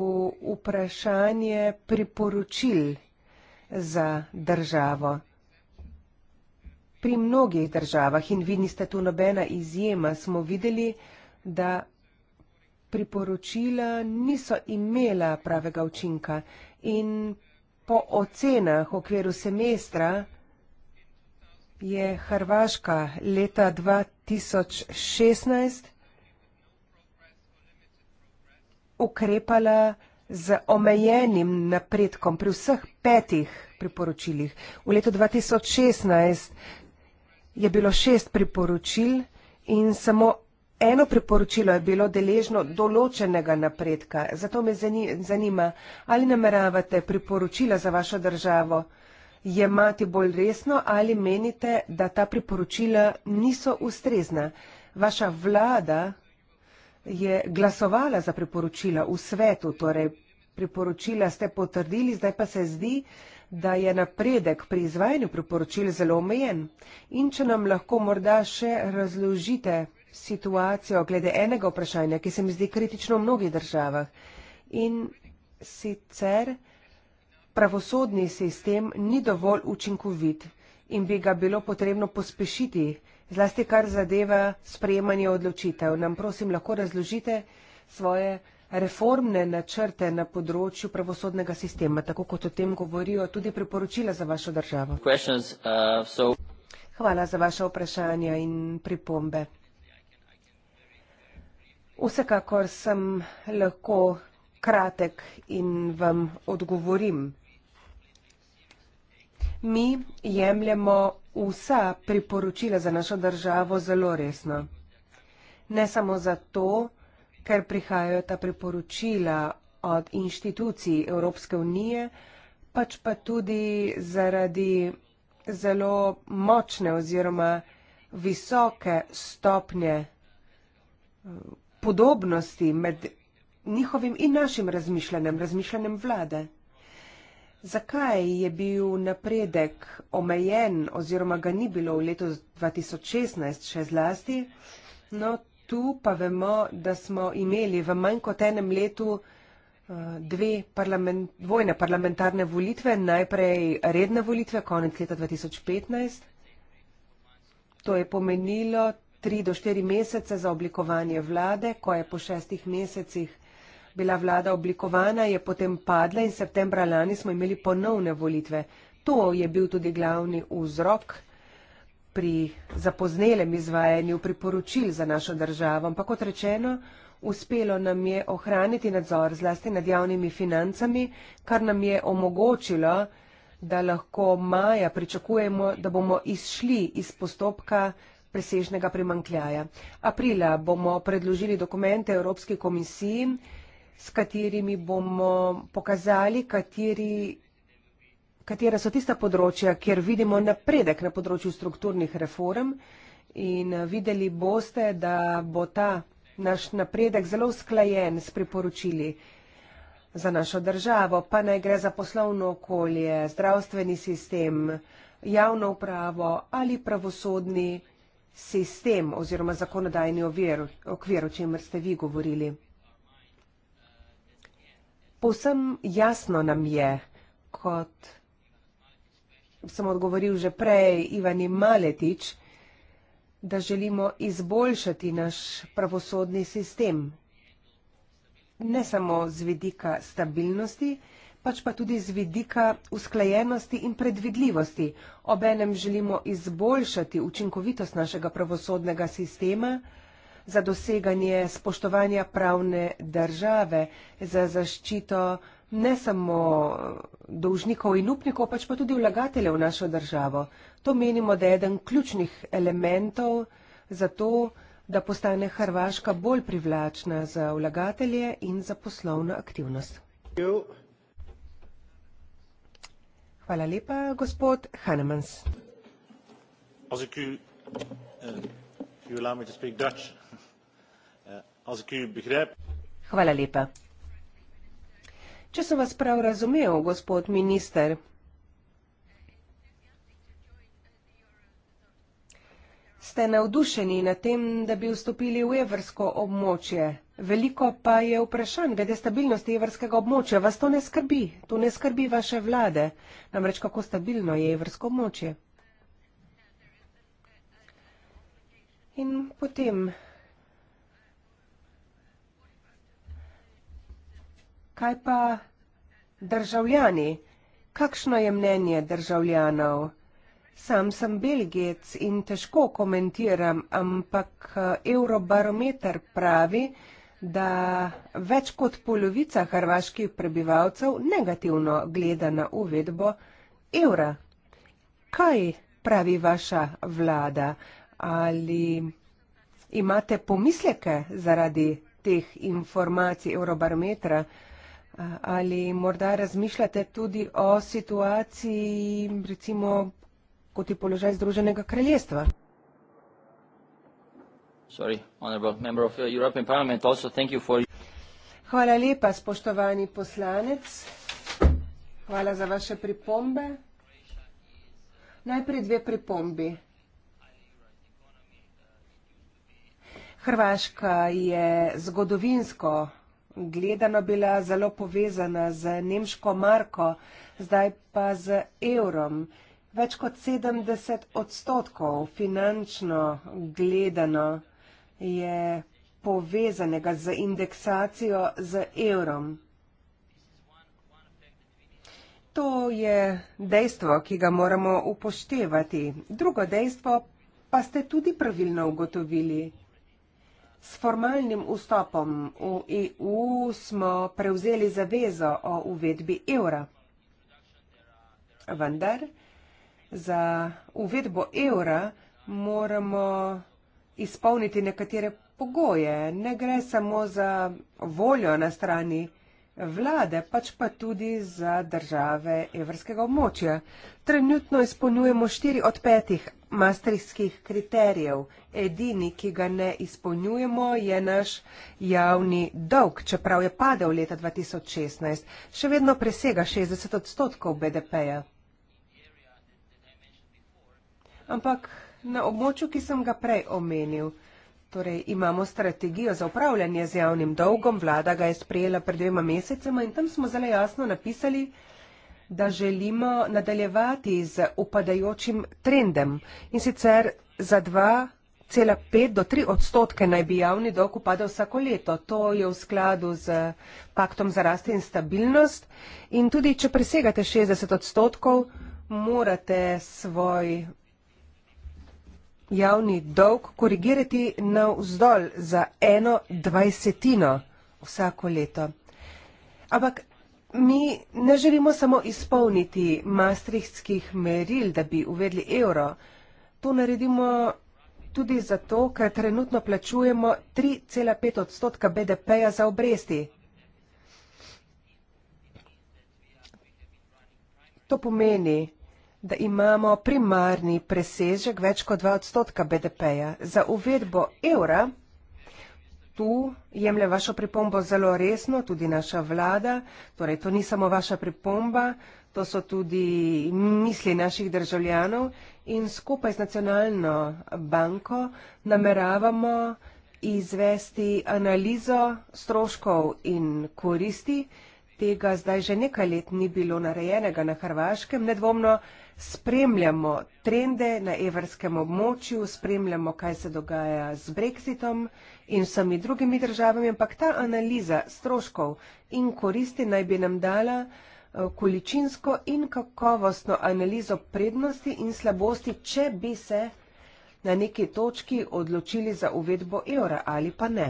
vprašanje priporočil za državo. Pri mnogih državah in vi niste tu nobena izjema, smo videli, da priporočila niso imela pravega učinka in po ocenah v okviru semestra je Hrvaška leta 2016 ukrepala z omejenim napredkom pri vseh petih priporočilih. V letu 2016 je bilo šest priporočil in samo eno priporočilo je bilo deležno določenega napredka. Zato me zanima, ali nameravate priporočila za vašo državo jemati bolj resno ali menite, da ta priporočila niso ustrezna. Vaša vlada je glasovala za priporočila v svetu, torej priporočila ste potrdili, zdaj pa se zdi, da je napredek pri izvajanju priporočil zelo omejen. In če nam lahko morda še razložite situacijo glede enega vprašanja, ki se mi zdi kritično v mnogih državah. In sicer pravosodni sistem ni dovolj učinkovit in bi ga bilo potrebno pospešiti zlasti kar zadeva sprejemanje odločitev. Nam prosim lahko razložite svoje reformne načrte na področju pravosodnega sistema, tako kot o tem govorijo tudi priporočila za vašo državo. Uh, Hvala za vaše vprašanja in pripombe. Vsekakor sem lahko kratek in vam odgovorim. Mi jemljemo vsa priporočila za našo državo zelo resno. Ne samo zato, ker prihajajo ta priporočila od inštitucij Evropske unije, pač pa tudi zaradi zelo močne oziroma visoke stopnje eh, podobnosti med njihovim in našim razmišljanjem, razmišljanjem vlade. Zakaj je bil napredek omejen oziroma ga ni bilo v letu 2016 še zlasti? No, tu pa vemo, da smo imeli v manj kot enem letu eh, dve parlament, vojne parlamentarne volitve, najprej redne volitve konec leta 2015. To je pomenilo tri do štiri mesece za oblikovanje vlade, ko je po šestih mesecih bila vlada oblikovana, je potem padla in septembra lani smo imeli ponovne volitve. To je bil tudi glavni vzrok pri zapoznelem izvajanju priporočil za našo državo. Ampak kot rečeno, uspelo nam je ohraniti nadzor zlasti nad javnimi financami, kar nam je omogočilo, da lahko maja pričakujemo, da bomo izšli iz postopka presežnega primankljaja. Aprila bomo predložili dokumente Evropski komisiji, s katerimi bomo pokazali, kateri, katera so tista področja, kjer vidimo napredek na področju strukturnih reform in eh, videli boste, da bo ta naš napredek zelo usklajen s priporočili za našo državo, pa naj gre za poslovno okolje, zdravstveni sistem, javno upravo ali pravosodni sistem oziroma zakonodajni okvir, o čemer ste vi govorili. Povsem jasno nam je, kot sem odgovoril že prej Ivani Maletič, da želimo izboljšati naš pravosodni sistem. Ne samo z vidika stabilnosti, pač pa tudi z vidika usklajenosti in predvidljivosti. Obenem želimo izboljšati učinkovitost našega pravosodnega sistema, za doseganje spoštovanja pravne države, za zaščito ne samo dolžnikov in upnikov, pač pa tudi vlagateljev v našo državo. To menimo, da je eden ključnih elementov za to, da postane Hrvaška bolj privlačna za vlagatelje in za poslovno aktivnost. Hvala lepa, gospod Hanemans. Als ik u begrijp. Hvala lepa. Če sem vas prav razumel, gospod minister, ste navdušeni nad tem, da bi vstopili v evrsko območje. Veliko pa je vprašanj glede stabilnosti evrskega območja. Vas to ne skrbi? To ne skrbi vaše vlade. Namreč, kako stabilno je evrsko območje? In potem Kaj pa državljani? Kakšno je mnenje državljanov? Sam sem belgijec in težko komentiram, ampak eh, eurobarometer pravi, da več kot polovica hrvaških prebivalcev negativno gleda na uvedbo evra. Kaj pravi vaša vlada? Ali imate pomisleke zaradi teh informacij eurobarometra? Ali morda razmišljate tudi o situaciji, recimo, kot je položaj Združenega kraljestva? Sorry, uh, for... Hvala lepa, spoštovani poslanec. Hvala za vaše pripombe. Najprej dve pripombi. Hrvaška je zgodovinsko gledano bila zelo povezana z nemško marko, zdaj pa z evrom. Več kot 70 odstotkov finančno gledano je povezanega z indeksacijo z evrom. To je dejstvo, ki ga moramo upoštevati. Drugo dejstvo pa ste tudi pravilno ugotovili. S formalnim vstopom v EU smo prevzeli zavezo o uvedbi evra. Vendar za uvedbo evra moramo izpolniti nekatere pogoje. Ne gre samo za voljo na strani vlade, pač pa tudi za države evrskega območja. Trenutno izpolnjujemo štiri od petih, mastrijskih kriterijev. Edini, ki ga ne izpolnjujemo, je naš javni dolg, čeprav je padel leta 2016. Še vedno presega 60 odstotkov BDP-ja. Ampak na območju, ki sem ga prej omenil, torej imamo strategijo za upravljanje z javnim dolgom, vlada ga je sprejela pred dvema mesecema in tam smo zelo jasno napisali, da želimo eh, nadaljevati z upadajočim trendom in sicer za 2,5 do 3 odstotke naj bi javni dolg upadal vsako leto. To je v skladu z paktom za rast in stabilnost in tudi, če presegate 60 odstotkov, morate svoj javni dolg korigirati na vzdolj za eno dvajsetino vsako leto. Ampak mi ne želimo samo izpolniti maastrichtskih meril, da bi uvedli evro. To naredimo tudi zato, ker trenutno plačujemo 3,5 odstotka BDP-ja za obresti. To pomeni, da imamo primarni presežek več kot 2 odstotka BDP-ja. Za uvedbo evra tu jemlje vašo pripombo zelo resno, tudi naša vlada. Torej, to ni samo vaša pripomba, to so tudi misli naših državljanov in skupaj z nacionalno banko nameravamo izvesti analizo stroškov in koristi. Tega zdaj že nekaj let ni bilo narejenega na Hrvaškem. Nedvomno spremljamo trende na evrskem območju, spremljamo, kaj se dogaja z brexitom in vsemi drugimi državami, ampak ta analiza stroškov in koristi naj bi nam dala eh, količinsko in kakovostno analizo prednosti in slabosti, če bi se na neki točki odločili za uvedbo evra ali pa ne.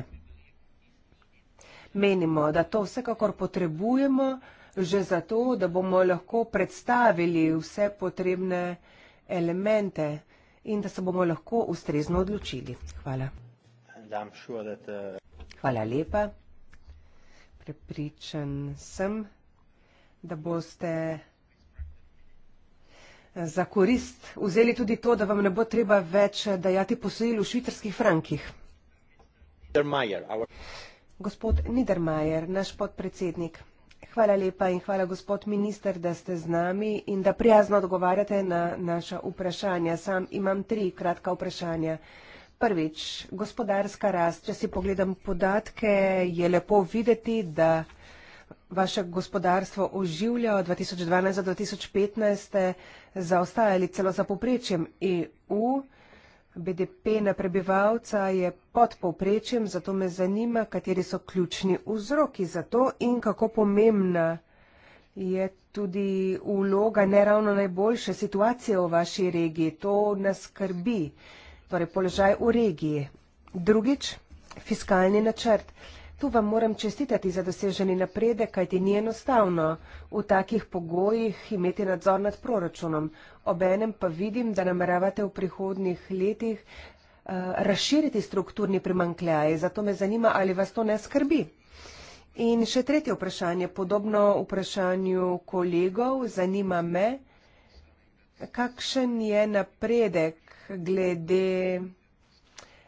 Menimo, da to vsekakor potrebujemo že zato, da bomo lahko predstavili vse potrebne elemente in da se bomo lahko ustrezno odločili. Hvala. Uh, hvala lepa. Prepričan sem, da boste eh, za korist vzeli tudi to, da vam ne bo treba več eh, dajati posojil v švicarskih frankih. Gospod Niedermayer, naš podpredsednik. Hvala lepa in hvala, gospod minister, da ste z nami in da prijazno odgovarjate na naša vprašanja. Sam imam tri kratka vprašanja. Prvič, gospodarska rast. Če si pogledam podatke, je lepo videti, da vaše gospodarstvo oživlja od 2012 do 2015, zaostajali celo za poprečjem EU. BDP na prebivalca je pod poprečjem, zato me zanima, kateri so ključni vzroki za to in kako pomembna je tudi vloga ne ravno najboljše situacije v vaši regiji. To nas skrbi torej položaj v regiji. Drugič, fiskalni načrt. Tu vam moram čestitati za doseženi napredek, kajti ni enostavno v takih pogojih imeti nadzor nad proračunom. Obenem pa vidim, da nameravate v prihodnih letih eh, razširiti strukturni primankljaj, zato me zanima, ali vas to ne skrbi. In še tretje vprašanje, podobno vprašanju kolegov, zanima me, kakšen je napredek glede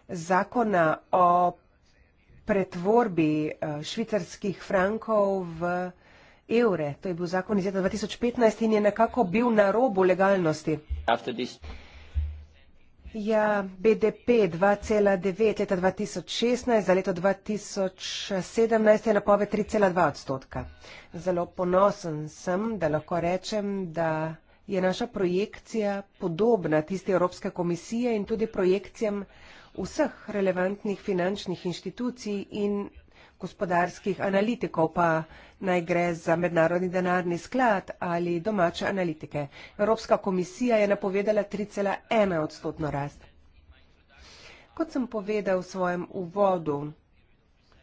zakona o pretvorbi eh, švicarskih frankov v evre. To je bil zakon iz leta 2015 in je nekako bil na robu legalnosti. Ja, BDP 2,9 leta 2016, za leto 2017 je napove 3,2 odstotka. Zelo ponosen sem, da lahko rečem, da je naša projekcija podobna tisti Evropske komisije in tudi projekcijam vseh relevantnih finančnih inštitucij in gospodarskih analitikov, pa naj gre za mednarodni denarni sklad ali domače analitike. Evropska komisija je napovedala 3,1 odstotno rast. Kot sem povedal v svojem uvodu,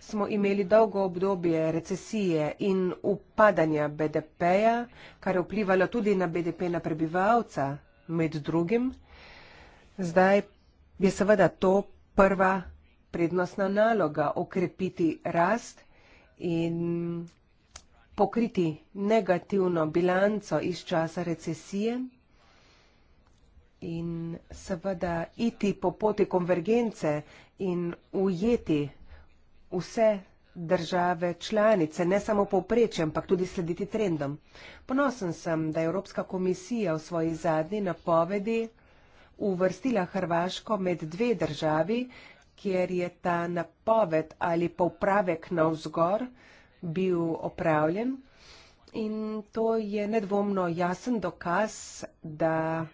smo imeli dolgo obdobje recesije in upadanja BDP-ja, kar je vplivalo tudi na BDP na prebivalca med drugim. Zdaj je seveda to prva prednostna naloga okrepiti rast in pokriti negativno bilanco iz časa recesije in seveda iti po poti konvergence in ujeti vse države članice, ne samo povprečje, ampak tudi slediti trendom. Ponosen sem, da je Evropska komisija v svoji zadnji napovedi uvrstila Hrvaško med dve državi, kjer je ta napoved ali popravek na vzgor bil opravljen. In to je nedvomno jasen dokaz, da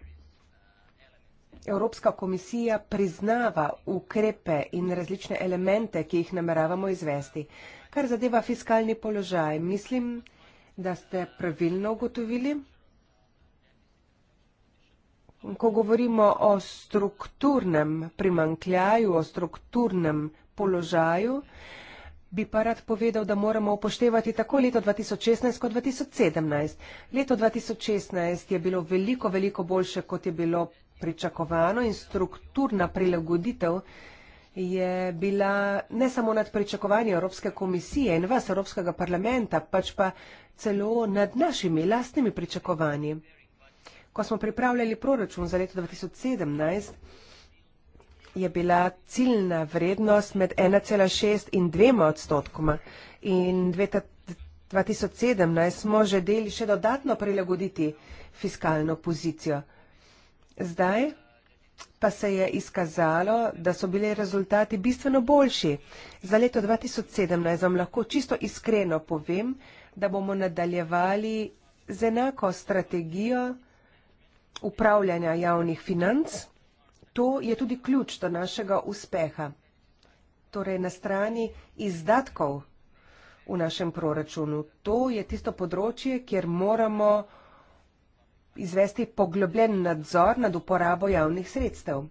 Evropska komisija priznava ukrepe in različne elemente, ki jih nameravamo izvesti. Kar zadeva fiskalni položaj, mislim, da ste pravilno ugotovili. Ko govorimo o strukturnem primankljaju, o strukturnem položaju, bi pa rad povedal, da moramo upoštevati tako leto 2016 kot 2017. Leto 2016 je bilo veliko, veliko boljše, kot je bilo pričakovano in strukturna prilagoditev je bila ne samo nad pričakovanjem Evropske komisije in vas Evropskega parlamenta, pač pa celo nad našimi lastnimi pričakovanji. Ko smo pripravljali proračun za leto 2017, je bila ciljna vrednost med 1,6 in 2 odstotkoma in 2017 smo že deli še dodatno prilagoditi fiskalno pozicijo. Zdaj pa se je izkazalo, da so bili rezultati bistveno boljši. Za leto 2017 vam lahko čisto iskreno povem, da bomo nadaljevali z enako strategijo upravljanja javnih financ. To je tudi ključ do našega uspeha. Torej na strani izdatkov v našem proračunu. To je tisto področje, kjer moramo izvesti poglobljen nadzor nad uporabo javnih sredstev.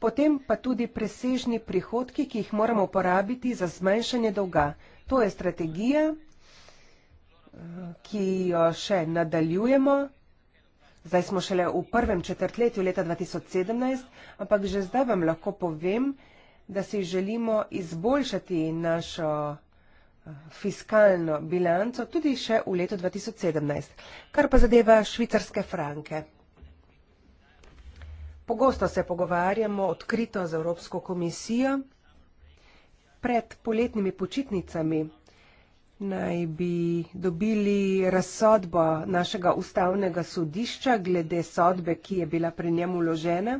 Potem pa tudi presežni prihodki, ki jih moramo uporabiti za zmanjšanje dolga. To je strategija, eh, ki jo še nadaljujemo. Zdaj smo šele v prvem četrtletju leta 2017, ampak že zdaj vam lahko povem, da si želimo izboljšati našo fiskalno bilanco tudi še v letu 2017. Kar pa zadeva švicarske franke. Pogosto se pogovarjamo odkrito z Evropsko komisijo. Pred poletnimi počitnicami naj bi dobili razsodbo našega ustavnega sodišča glede sodbe, ki je bila pri njem uložena.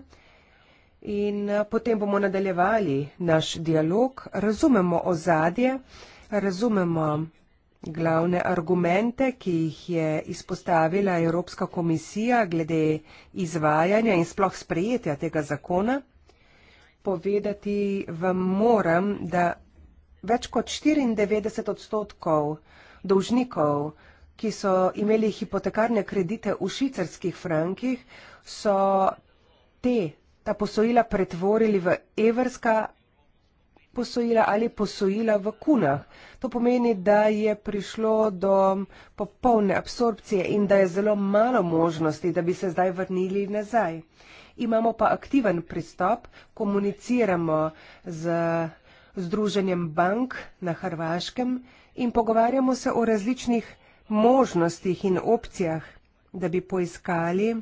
In potem bomo nadaljevali naš dialog. Razumemo ozadje. Razumemo glavne argumente, ki jih je izpostavila Evropska komisija glede izvajanja in sploh sprejetja tega zakona. Povedati vam moram, da več kot 94 odstotkov dolžnikov, ki so imeli hipotekarne kredite v švicarskih frankih, so te, ta posojila pretvorili v evrska posojila ali posojila v kunah. To pomeni, da je prišlo do popolne absorpcije in da je zelo malo možnosti, da bi se zdaj vrnili nazaj. Imamo pa aktiven pristop, komuniciramo z Združenjem bank na Hrvaškem in pogovarjamo se o različnih možnostih in opcijah, da bi poiskali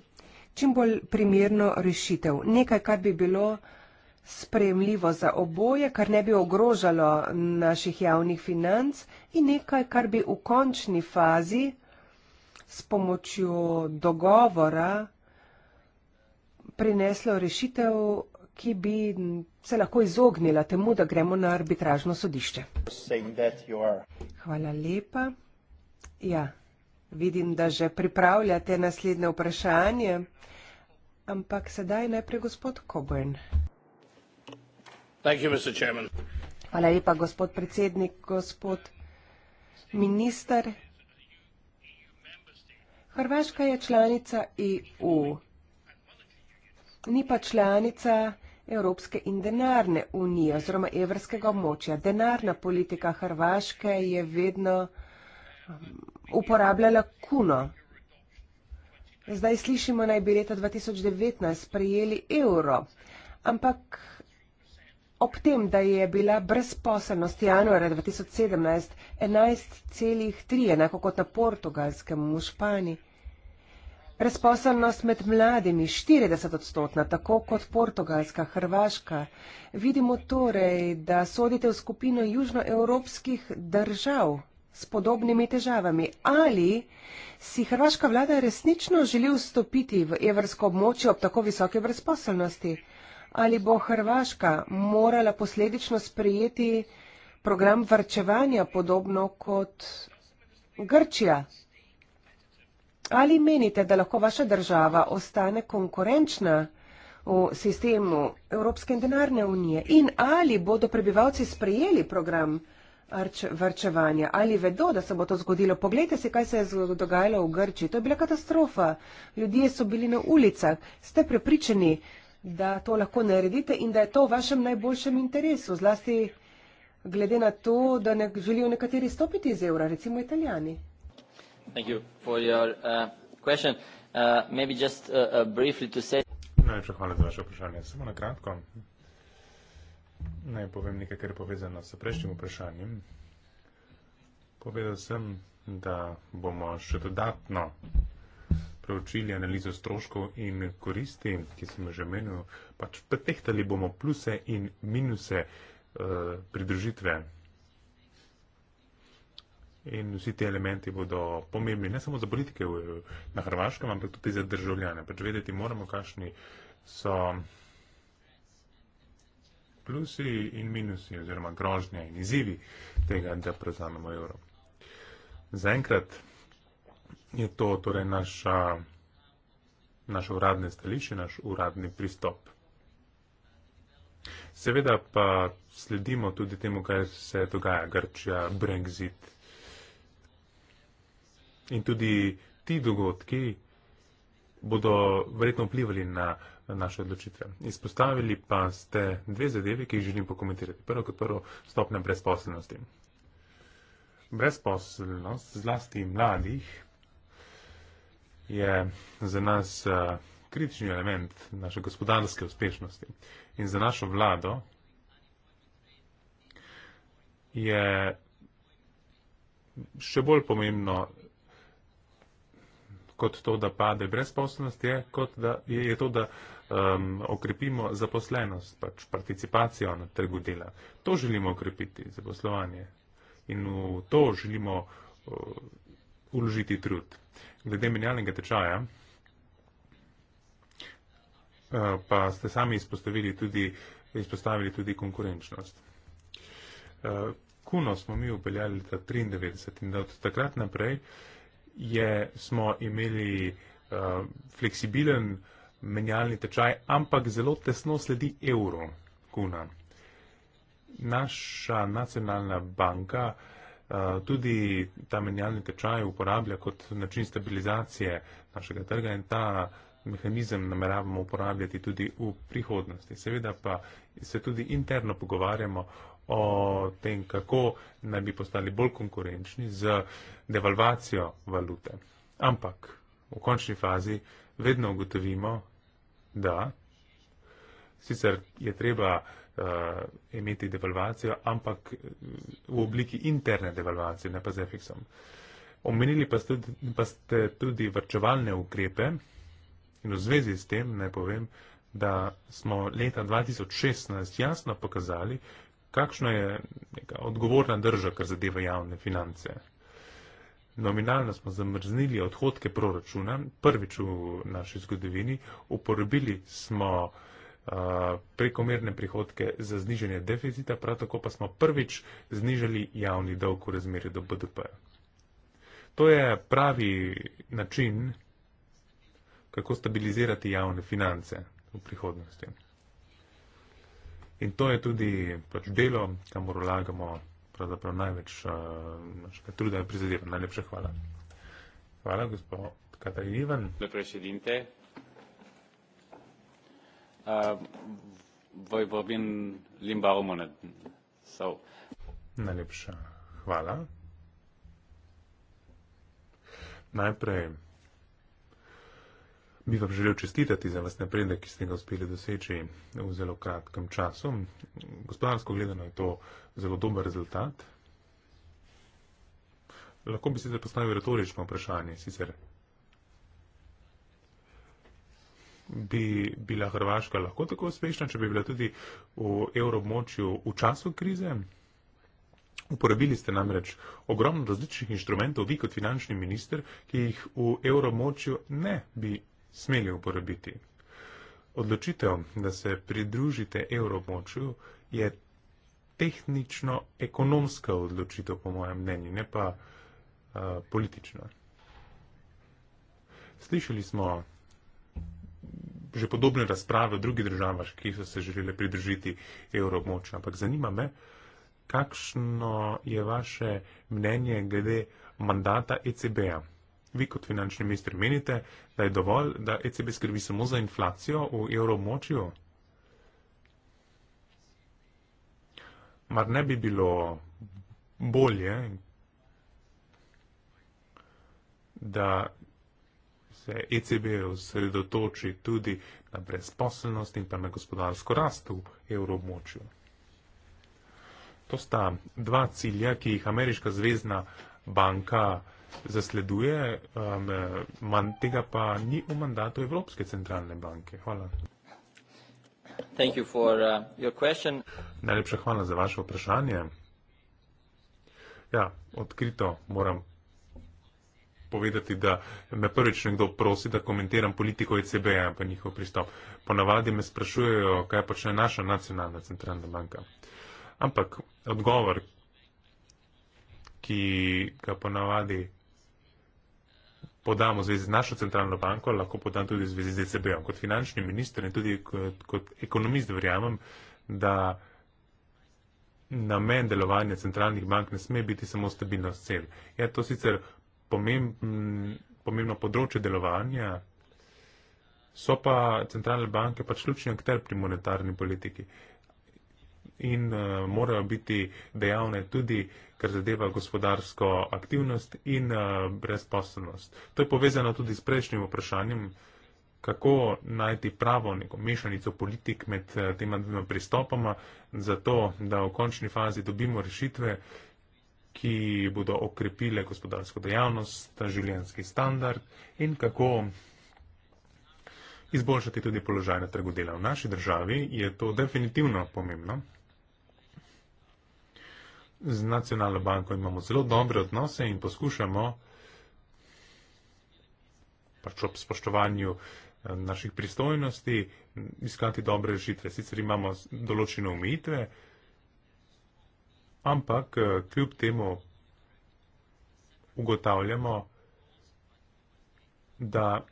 čim bolj primerno rešitev. Nekaj, kar bi bilo sprejemljivo za oboje, kar ne bi ogrožalo naših javnih financ in nekaj, kar bi v končni fazi s pomočjo dogovora prineslo rešitev, ki bi se lahko izognila temu, da gremo na arbitražno sodišče. Hvala lepa. Ja, vidim, da že pripravljate naslednje vprašanje, ampak sedaj najprej gospod Coburn. Hvala lepa, gospod predsednik. Gospod minister, Hrvaška je članica EU, ni pa članica Evropske in denarne unije oziroma evrskega območja. Denarna politika Hrvaške je vedno um, uporabljala kuno. Zdaj slišimo, naj bi leta 2019 prijeli evro, ampak Ob tem, da je bila brezposelnost januarja 2017 11,3, enako kot na portugalskem v Španiji. Brezposelnost med mladimi 40 odstotna, tako kot portugalska, hrvaška. Vidimo torej, da sodite v skupino južnoevropskih držav s podobnimi težavami. Ali si hrvaška vlada resnično želi vstopiti v evrsko območje ob tako visoke brezposelnosti? ali bo Hrvaška morala posledično sprejeti program varčevanja podobno kot Grčija? Ali menite, da lahko vaša država ostane konkurenčna v sistemu Evropske in denarne unije? In ali bodo prebivalci sprejeli program varčevanja? Ali vedo, da se bo to zgodilo? Poglejte si, kaj se je dogajalo v Grčiji. To je bila katastrofa. Ljudje so bili na ulicah. Ste prepričani, da to lahko naredite in da je to v vašem najboljšem interesu, zlasti glede na to, da ne želijo nekateri stopiti iz evra, recimo italijani. Uh, uh, uh, Najlepša hvala za vaše vprašanje. Samo na kratko. Naj povem nekaj, kar je povezano s prejšnjim vprašanjem. Povedal sem, da bomo še dodatno preučili analizo stroškov in koristi, ki sem že menil, pač pretehtali bomo pluse in minuse eh, pridružitve. In vsi ti elementi bodo pomembni ne samo za politike na Hrvaškem, ampak tudi za državljane. Pač vedeti moramo, kakšni so plusi in minusi oziroma grožnje in izzivi tega, da prezamemo evro. Zaenkrat je to torej naša, naše uradne stališče, naš uradni pristop. Seveda pa sledimo tudi temu, kaj se dogaja, Grčija, Brexit. In tudi ti dogodki bodo verjetno vplivali na naše odločitve. Izpostavili pa ste dve zadeve, ki jih želim pokomentirati. Prvo kot prvo stopne brezposelnosti. Brezposelnost zlasti mladih je za nas eh, kritični element naše gospodarske uspešnosti in za našo vlado je še bolj pomembno kot to, da pade brezposobnost, je, je, je to, da um, okrepimo zaposlenost, pač participacijo na trgu dela. To želimo okrepiti, zaposlovanje. In v to želimo uh, vložiti trud. Glede menjalnega tečaja eh, pa ste sami izpostavili tudi, izpostavili tudi konkurenčnost. Eh, kuno smo mi upeljali leta 1993 in da od takrat naprej je, smo imeli uh, fleksibilen menjalni tečaj, ampak zelo tesno sledi evro kuna. Naša nacionalna banka uh, Eh, tudi ta menjalni tečaj uporablja kot način stabilizacije našega trga in ta mehanizem nameravamo uporabljati tudi v prihodnosti. Seveda pa se tudi interno pogovarjamo o tem, kako naj bi postali bolj konkurenčni z devalvacijo valute. Ampak v končni fazi vedno ugotovimo, da sicer je treba uh, uh, imeti devalvacijo, ampak eh, v obliki interne devalvacije, ne pa z efiksom. Omenili pa ste, pa ste tudi vrčevalne ukrepe in v zvezi s tem naj povem, da smo leta 2016 jasno pokazali, kakšno je neka odgovorna drža, kar zadeva javne finance. Nominalno smo zamrznili odhodke proračuna, prvič v naši zgodovini, uporabili smo uh, prekomerne prihodke za zniženje deficita, prav tako pa smo prvič znižali javni dolg v razmerju do BDP. To je pravi način, kako stabilizirati javne finance v prihodnosti. In to je tudi pač delo, kamor vlagamo pravzaprav največ uh, truda in prizadevanja. Najlepša hvala. Hvala, gospod Katarin Ivan. Lepo se vidite. Uh, voi vorbi în limba română. Sau... Najlepša hvala. Najprej bi vam želel čestitati za vas napredek, ki ste ga uspeli doseči v zelo kratkem času. Gospodarsko gledano je to zelo dober rezultat. Lahko bi se postavil retorično vprašanje, sicer bi bila Hrvaška lahko tako uspešna, če bi bila tudi v evroobmočju v času krize? Uporabili ste namreč ogromno različnih inštrumentov, vi kot finančni minister, ki jih v evroobmočju ne bi smeli uporabiti. Odločitev, da se pridružite evroobmočju, je tehnično-ekonomska odločitev, po mojem mnenju, ne pa uh, politična. Slišali smo že podobne razprave v drugih državah, ki so se želeli pridružiti evroobmočju. Ampak zanima me, kakšno je vaše mnenje glede mandata ECB-ja. Vi kot finančni minister menite, da je dovolj, da ECB skrbi samo za inflacijo v evroobmočju? Mar ne bi bilo bolje, da se ECB osredotoči tudi na brezposelnost in pa na gospodarsko rast v evromočju. To sta dva cilja, ki jih Ameriška zvezdna banka zasleduje, um, man, tega pa ni v mandatu Evropske centralne banke. Hvala. For, uh, Najlepša hvala za vaše vprašanje. Ja, odkrito moram povedati, da me prvič nekdo prosi, da komentiram politiko ECB in ja, pa njihov pristop. Ponavadi me sprašujejo, kaj počne naša nacionalna centralna banka. Ampak odgovor, ki ga ponavadi podam v zvezi z našo centralno banko, lahko podam tudi v zvezi z ECB. Kot finančni minister in tudi kot, kot ekonomist verjamem, da namen delovanja centralnih bank ne sme biti samo stabilnost cen. Je ja, to sicer Mm, pomembno področje delovanja, so pa centralne banke pač ključni akter pri monetarni politiki in uh, morajo biti dejavne tudi, kar zadeva gospodarsko aktivnost in uh, eh, brezposobnost. To je povezano tudi s prejšnjim vprašanjem, kako najti pravo neko mešanico politik med uh, tema dvima pristopoma, zato da v končni fazi dobimo rešitve, uh, ki bodo okrepile gospodarsko dejavnost, življenski standard in kako izboljšati tudi položaj na trgu dela. V naši državi je to definitivno pomembno. Z nacionalno banko imamo zelo dobre odnose in poskušamo pač ob spoštovanju eh, naših pristojnosti iskati dobre rešitve. Sicer imamo določene omejitve, Ampak eh, kljub temu ugotavljamo, da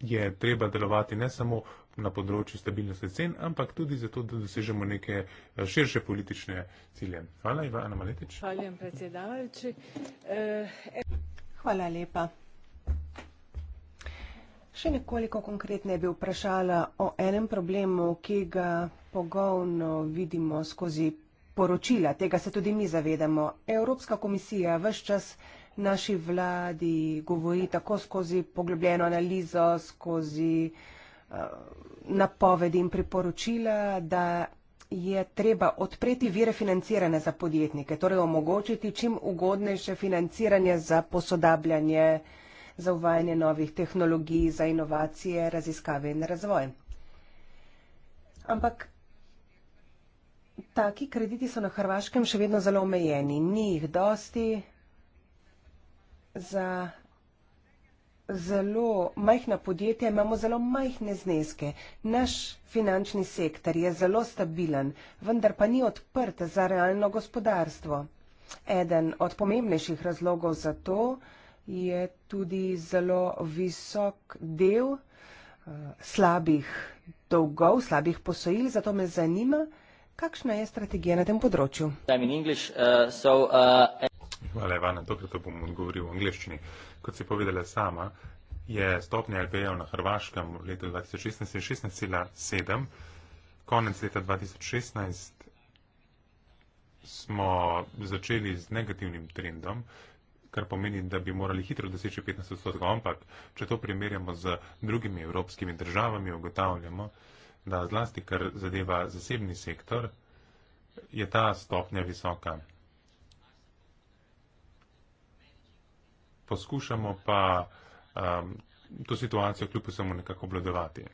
je treba delovati ne samo na področju stabilnosti cen, ampak tudi zato, da dosežemo neke eh, širše politične cilje. Hvala, Ivana Maletič. Hvala, predsedavajoči. Eh, e- Hvala lepa. Še nekoliko konkretneje bi vprašala o enem problemu, ki ga pogovno vidimo skozi poročila, tega se tudi mi zavedamo. Evropska komisija vse čas naši vladi govori tako skozi poglobljeno analizo, skozi uh, napovedi in priporočila, da je treba odpreti vire financiranja za podjetnike, torej omogočiti čim ugodnejše financiranje za posodabljanje, za uvajanje novih tehnologij, za inovacije, raziskave in razvoj. Ampak Taki krediti so na Hrvaškem še vedno zelo omejeni. Ni jih dosti za zelo majhna podjetja, imamo zelo majhne zneske. Naš finančni sektor je zelo stabilen, vendar pa ni odprt za realno gospodarstvo. Eden od pomembnejših razlogov za to je tudi zelo visok del uh, slabih dolgov, slabih posojil, zato me zanima, Kakšna je strategija na tem področju? English, uh, so, uh, Hvala, Ivana, tokrat to bom odgovoril v angliščini. Kot si povedala sama, je stopnja LPO na Hrvaškem v letu 2016 16,7, konec leta 2016 smo začeli z negativnim trendom, kar pomeni, da bi morali hitro doseči 15 odstotkov, ampak če to primerjamo z drugimi evropskimi državami, ugotavljamo, da zlasti, kar zadeva zasebni sektor, je ta stopnja visoka. Poskušamo pa um, to situacijo kljub vsemu nekako obladovati.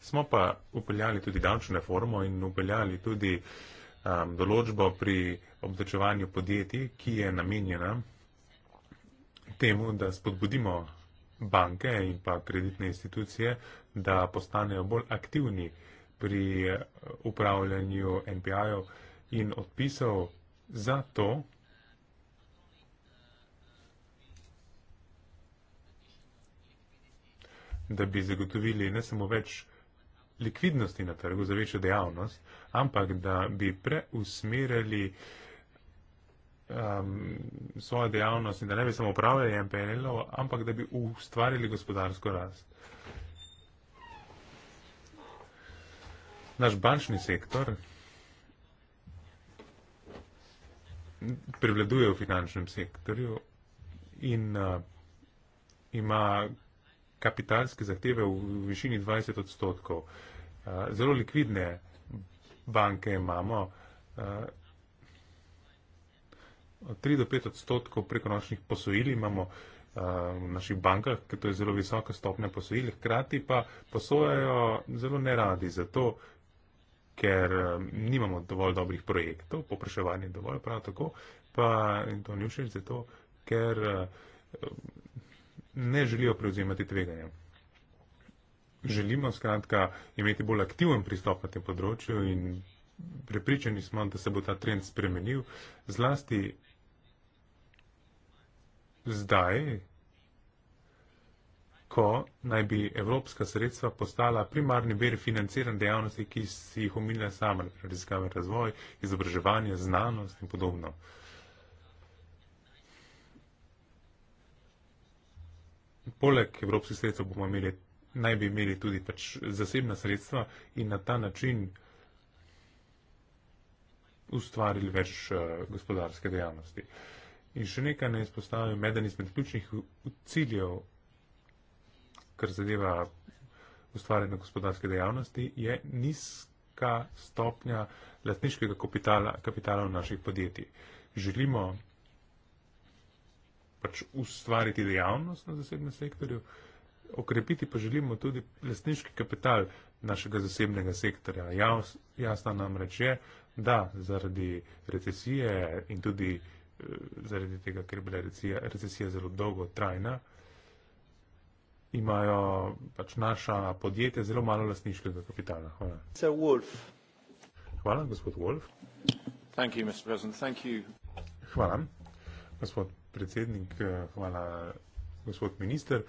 Smo pa upeljali tudi davčno reformo in upeljali tudi um, določbo pri obdačevanju podjetij, ki je namenjena temu, da spodbudimo banke in pa kreditne institucije, da postanejo bolj aktivni pri eh, upravljanju NPI-ov in odpisov za to, da bi zagotovili ne samo več likvidnosti na trgu za večjo dejavnost, ampak da bi preusmerjali uh, um, svojo dejavnost in da ne bi samo upravljali MPNL-ov, ampak da bi ustvarili gospodarsko rast. Naš bančni sektor prevladuje v finančnem sektorju in uh, ima kapitalske zahteve v višini 20 odstotkov. Uh, zelo likvidne banke imamo. Uh, 3 do 5 odstotkov prekonočnih posojil imamo eh, v naših bankah, ker to je zelo visoka stopnja posojil, hkrati pa posojajo zelo neradi, zato ker eh, nimamo dovolj dobrih projektov, popraševanje dovolj prav tako, pa in to ni všeč zato, ker eh, ne želijo prevzimati tveganja. Želimo skratka imeti bolj aktiven pristop na tem področju in prepričani smo, da se bo ta trend spremenil, zlasti zdaj, ko naj bi evropska sredstva postala primarni ver financiran dejavnosti, ki si jih omilja sama, raziskave razvoj, izobraževanje, znanost in podobno. Poleg evropskih sredstev bomo imeli, naj bi imeli tudi pač zasebna sredstva in na ta način ustvarili več uh, gospodarske dejavnosti. Uh, In še nekaj ne izpostavljam, eden izmed ključnih ciljev, kar zadeva ustvarjanje gospodarske dejavnosti, je nizka stopnja lastniškega kapitala, kapitala v naših podjetij. Želimo pač ustvariti dejavnost na zasebnem sektorju, okrepiti pa želimo tudi lastniški kapital našega zasebnega sektorja. Jasno nam reče, da zaradi recesije in tudi zaradi tega, ker je bila recesija, recesija zelo dolgo trajna, imajo pač naša podjetja zelo malo lasniškega kapitala. Hvala. Hvala, gospod Wolf. Hvala, gospod predsednik. Eh, hvala, gospod minister.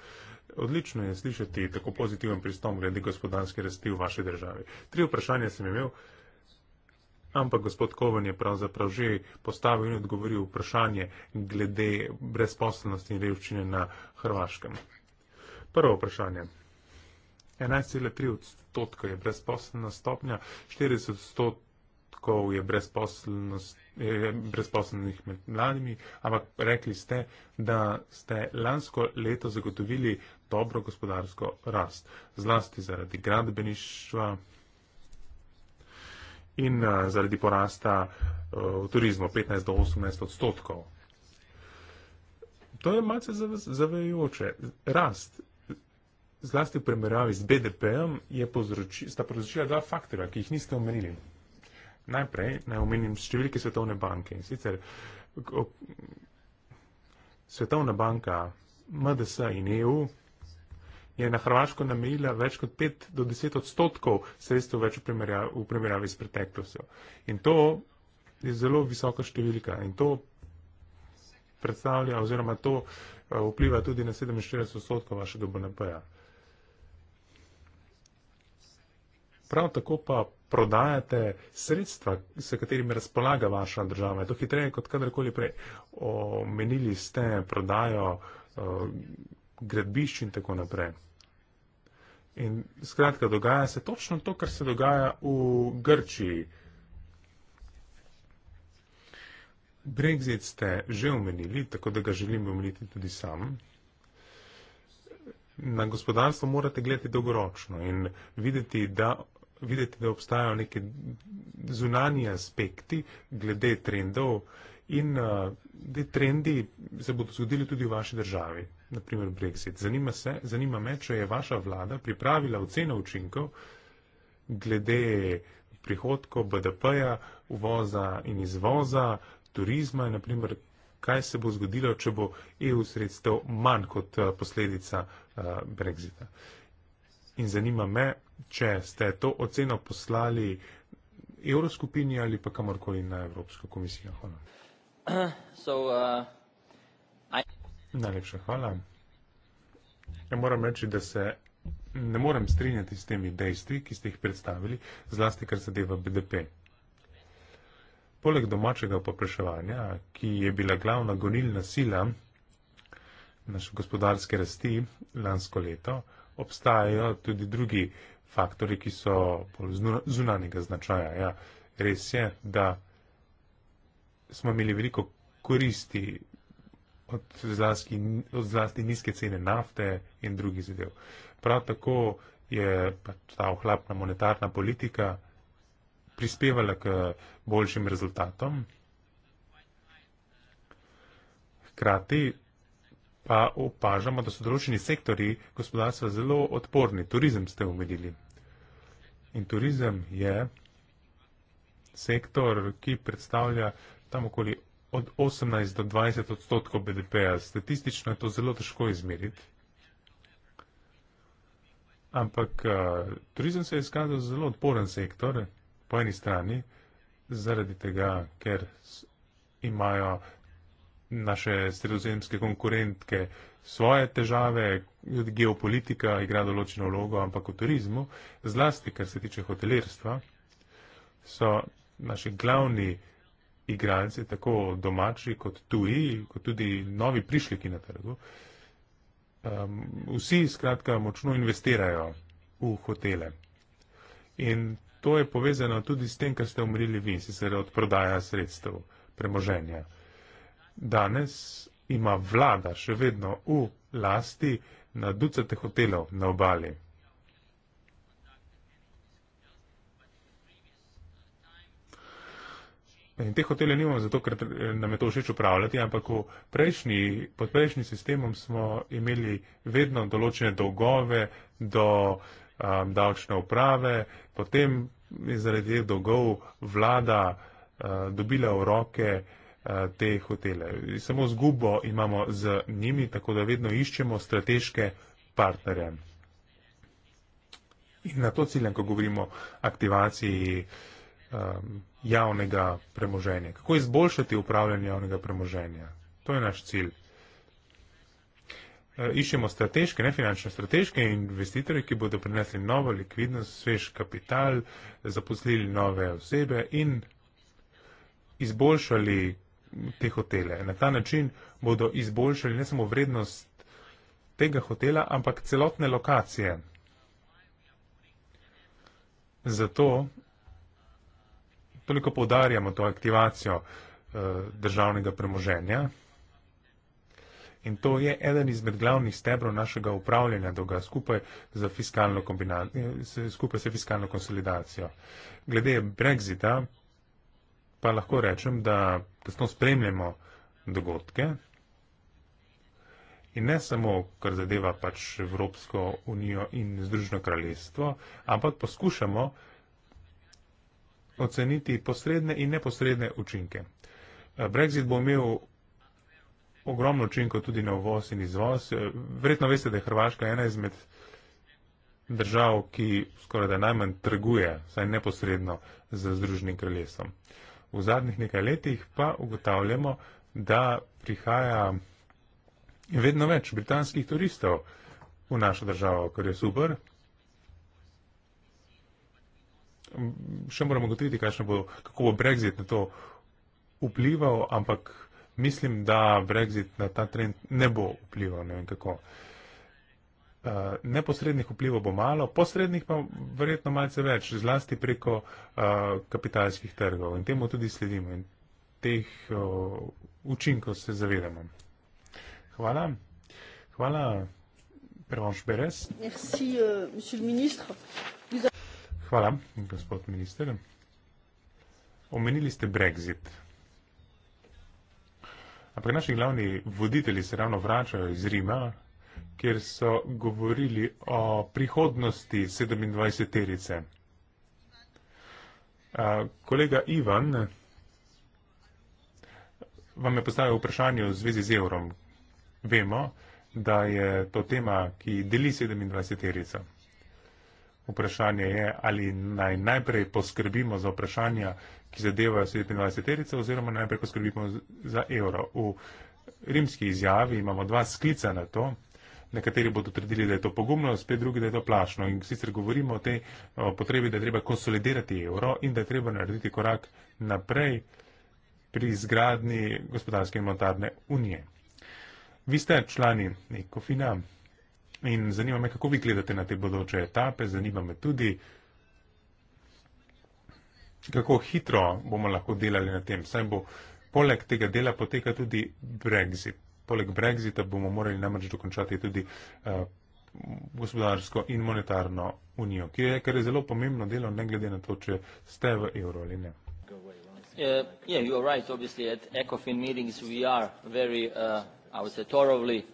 Odlično je slišati tako pozitiven pristop glede gospodarske rasti v vaši državi. Tri vprašanja sem imel. Uh, Ampak gospod Koven je pravzaprav že postavil in odgovoril vprašanje glede brezposelnosti in revščine na Hrvaškem. Prvo vprašanje. 11,3 odstotka je brezposelna stopnja, 40 odstotkov je, je brezposelnih med mladimi, ampak rekli ste, da ste lansko leto zagotovili dobro gospodarsko rast, zlasti zaradi gradbeništva, in eh, zaradi porasta eh, v turizmu 15 do 18 odstotkov. To je malce zavajajoče. Rast, zlasti v primerjavi z BDP-om, povzroči, sta povzročila dva faktora, ki jih niste omenili. Najprej naj omenim številke Svetovne banke. Sicer Svetovna banka, MDS in EU je na Hrvaško namenila več kot 5 do 10 odstotkov sredstev več v primerjavi, v primerjavi s preteklostjo. In to je zelo visoka številka in to predstavlja oziroma to eh, vpliva tudi na 47 odstotkov vašega BNP-ja. Prav tako pa prodajate sredstva, s katerimi razpolaga vaša država. Je to hitreje kot kadarkoli prej. Omenili ste prodajo eh, gradbišč in tako naprej. In skratka, dogaja se točno to, kar se dogaja v Grčiji. Brexit ste že omenili, tako da ga želim omeniti tudi sam. Na gospodarstvo morate gledati dolgoročno in videti, da, videti, da obstajajo neke zunanje aspekti glede trendov In uh, eh, te trendi se bodo zgodili tudi v vaši državi, naprimer Brexit. Zanima, se, zanima me, če je vaša vlada pripravila oceno učinkov glede prihodkov BDP-ja, uvoza in izvoza, turizma in naprimer, kaj se bo zgodilo, če bo EU sredstev manj kot eh, posledica uh, Brexita. In zanima me, če ste to oceno poslali Evroskupini ali pa kamorkoli na Evropsko komisijo. Hvala. Uh, Najlepša hvala. Ja moram reči, da se ne morem strinjati s temi dejstvi, ki ste jih predstavili, zlasti kar zadeva BDP. Poleg domačega popraševanja, ki je bila glavna gonilna sila naše gospodarske rasti lansko leto, obstajajo tudi drugi faktori, ki so zunanjega značaja. Ja, res je, da smo imeli veliko koristi od zlasti, od zlasti nizke cene nafte in drugih zadev. Prav tako je pač ta ohlapna monetarna politika prispevala k boljšim rezultatom. Hkrati pa opažamo, da so določeni sektori gospodarstva zelo odporni. Turizem ste umedili. In turizem je sektor, ki predstavlja tam okoli od 18 do 20 odstotkov BDP-ja. Statistično je to zelo težko izmeriti. Ampak uh, turizem se je izkazal zelo odporen sektor po eni strani, zaradi tega, ker imajo naše sredozemske konkurentke svoje težave, geopolitika igra določeno vlogo, ampak v turizmu, zlasti kar se tiče hotelirstva, so naši glavni uh, igralci, tako domači kot tuji, kot tudi novi prišljiki na trgu. Um, vsi skratka močno investirajo v hotele. In to je povezano tudi s tem, kar ste umrili vi, sicer od prodaja sredstev, premoženja. Danes ima vlada še vedno v lasti na ducate hotelov na obali. In te hotele nimamo zato, ker nam je to všeč upravljati, ampak prejšnji, pod prejšnjim sistemom smo imeli vedno določene dolgove do um, davčne uprave, potem je zaradi teh dolgov vlada uh, dobila v roke uh, te hotele. Samo zgubo imamo z njimi, tako da vedno iščemo strateške partnere. In na to ciljem, ko govorimo o aktivaciji. Um, javnega premoženja, kako izboljšati upravljanje javnega premoženja. To je naš cilj. Uh, Išemo strateške, ne finančne, strateške investitorje, ki bodo prinesli novo likvidnost, svež kapital, zaposlili nove osebe in izboljšali te hotele. Na ta način bodo izboljšali ne samo vrednost tega hotela, ampak celotne lokacije. Zato toliko povdarjamo to aktivacijo eh, državnega premoženja. In to je eden izmed glavnih stebrov našega upravljanja dolga skupaj, eh, skupaj s fiskalno konsolidacijo. Glede Brexita pa lahko rečem, da tesno spremljamo dogodke in ne samo, kar zadeva pač Evropsko unijo in Združeno kraljestvo, ampak poskušamo oceniti posredne in neposredne učinke. Eh, Brexit bo imel ogromno učinko tudi na uvoz in izvoz. Eh, Verjetno veste, da je Hrvaška ena izmed držav, ki skoraj da najmanj trguje, saj neposredno z Združenim kraljestvom. V zadnjih nekaj letih pa ugotavljamo, da prihaja vedno več britanskih turistov v našo državo, kar je super, še moramo gotoviti, bo, kako bo Brexit na to vplival, ampak mislim, da Brexit na ta trend ne bo vplival. Ne Uh, neposrednih vplivov bo malo, posrednih pa verjetno malce več, zlasti preko uh, kapitalskih trgov in temu tudi sledimo in teh uh, učinkov se zavedamo. Hvala. Hvala, Pervanš Beres. Merci, uh, Hvala, gospod minister. Omenili ste Brexit. Ampak naši glavni voditelji se ravno vračajo iz Rima, kjer so govorili o prihodnosti 27-terice. Kolega Ivan vam je postavil vprašanje v zvezi z evrom. Vemo, da je to tema, ki deli 27-terica. Vprašanje je, ali naj najprej poskrbimo za vprašanja, ki zadevajo 27-terice, oziroma najprej poskrbimo za evro. V rimski izjavi imamo dva sklica na to. Nekateri bodo trdili, da je to pogumno, spet drugi, da je to plašno. In sicer govorimo o tej o potrebi, da je treba konsolidirati evro in da je treba narediti korak naprej pri izgradni gospodarske in monetarne unije. Vi ste člani Ekofina, In zanima me, kako vi gledate na te bodoče etape, zanima me tudi, kako hitro bomo lahko delali na tem. Saj bo poleg tega dela poteka tudi Brexit. Poleg Brexita bomo morali namreč dokončati tudi uh, gospodarsko in monetarno unijo, ki je, ker je zelo pomembno delo, ne glede na to, če ste v evro ali ne. Uh, yeah, you are right. Obviously, at ECOFIN meetings, we are very, uh, I would say, thoroughly.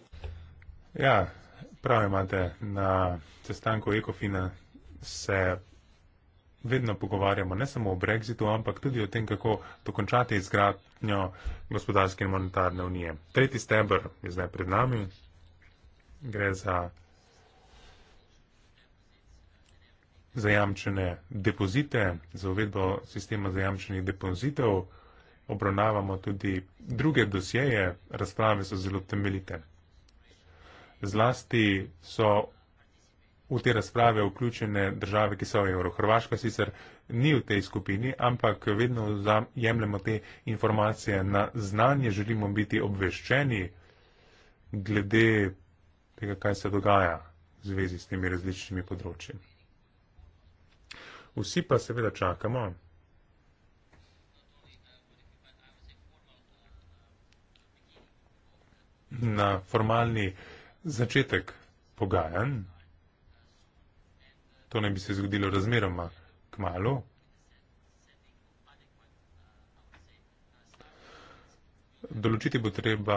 Yeah, ja, Prav imate, na sestanku Ekofina se vedno pogovarjamo ne samo o brexitu, ampak tudi o tem, kako dokončati izgradnjo gospodarske in monetarne unije. Tretji stebr je zdaj pred nami. Gre za zajamčene depozite, za uvedbo sistema zajamčenih depozitev. Obravnavamo tudi druge dosjeje, razprave so zelo temeljite. Zlasti so v te razprave vključene države, ki so v evro. Hrvaška sicer ni v tej skupini, ampak vedno jemljemo te informacije na znanje, želimo biti obveščeni glede tega, kaj se dogaja v zvezi s temi različnimi področji. Vsi pa seveda čakamo. Na formalni uh, začetek pogajanj. To ne bi se zgodilo razmeroma k malu. Določiti bo treba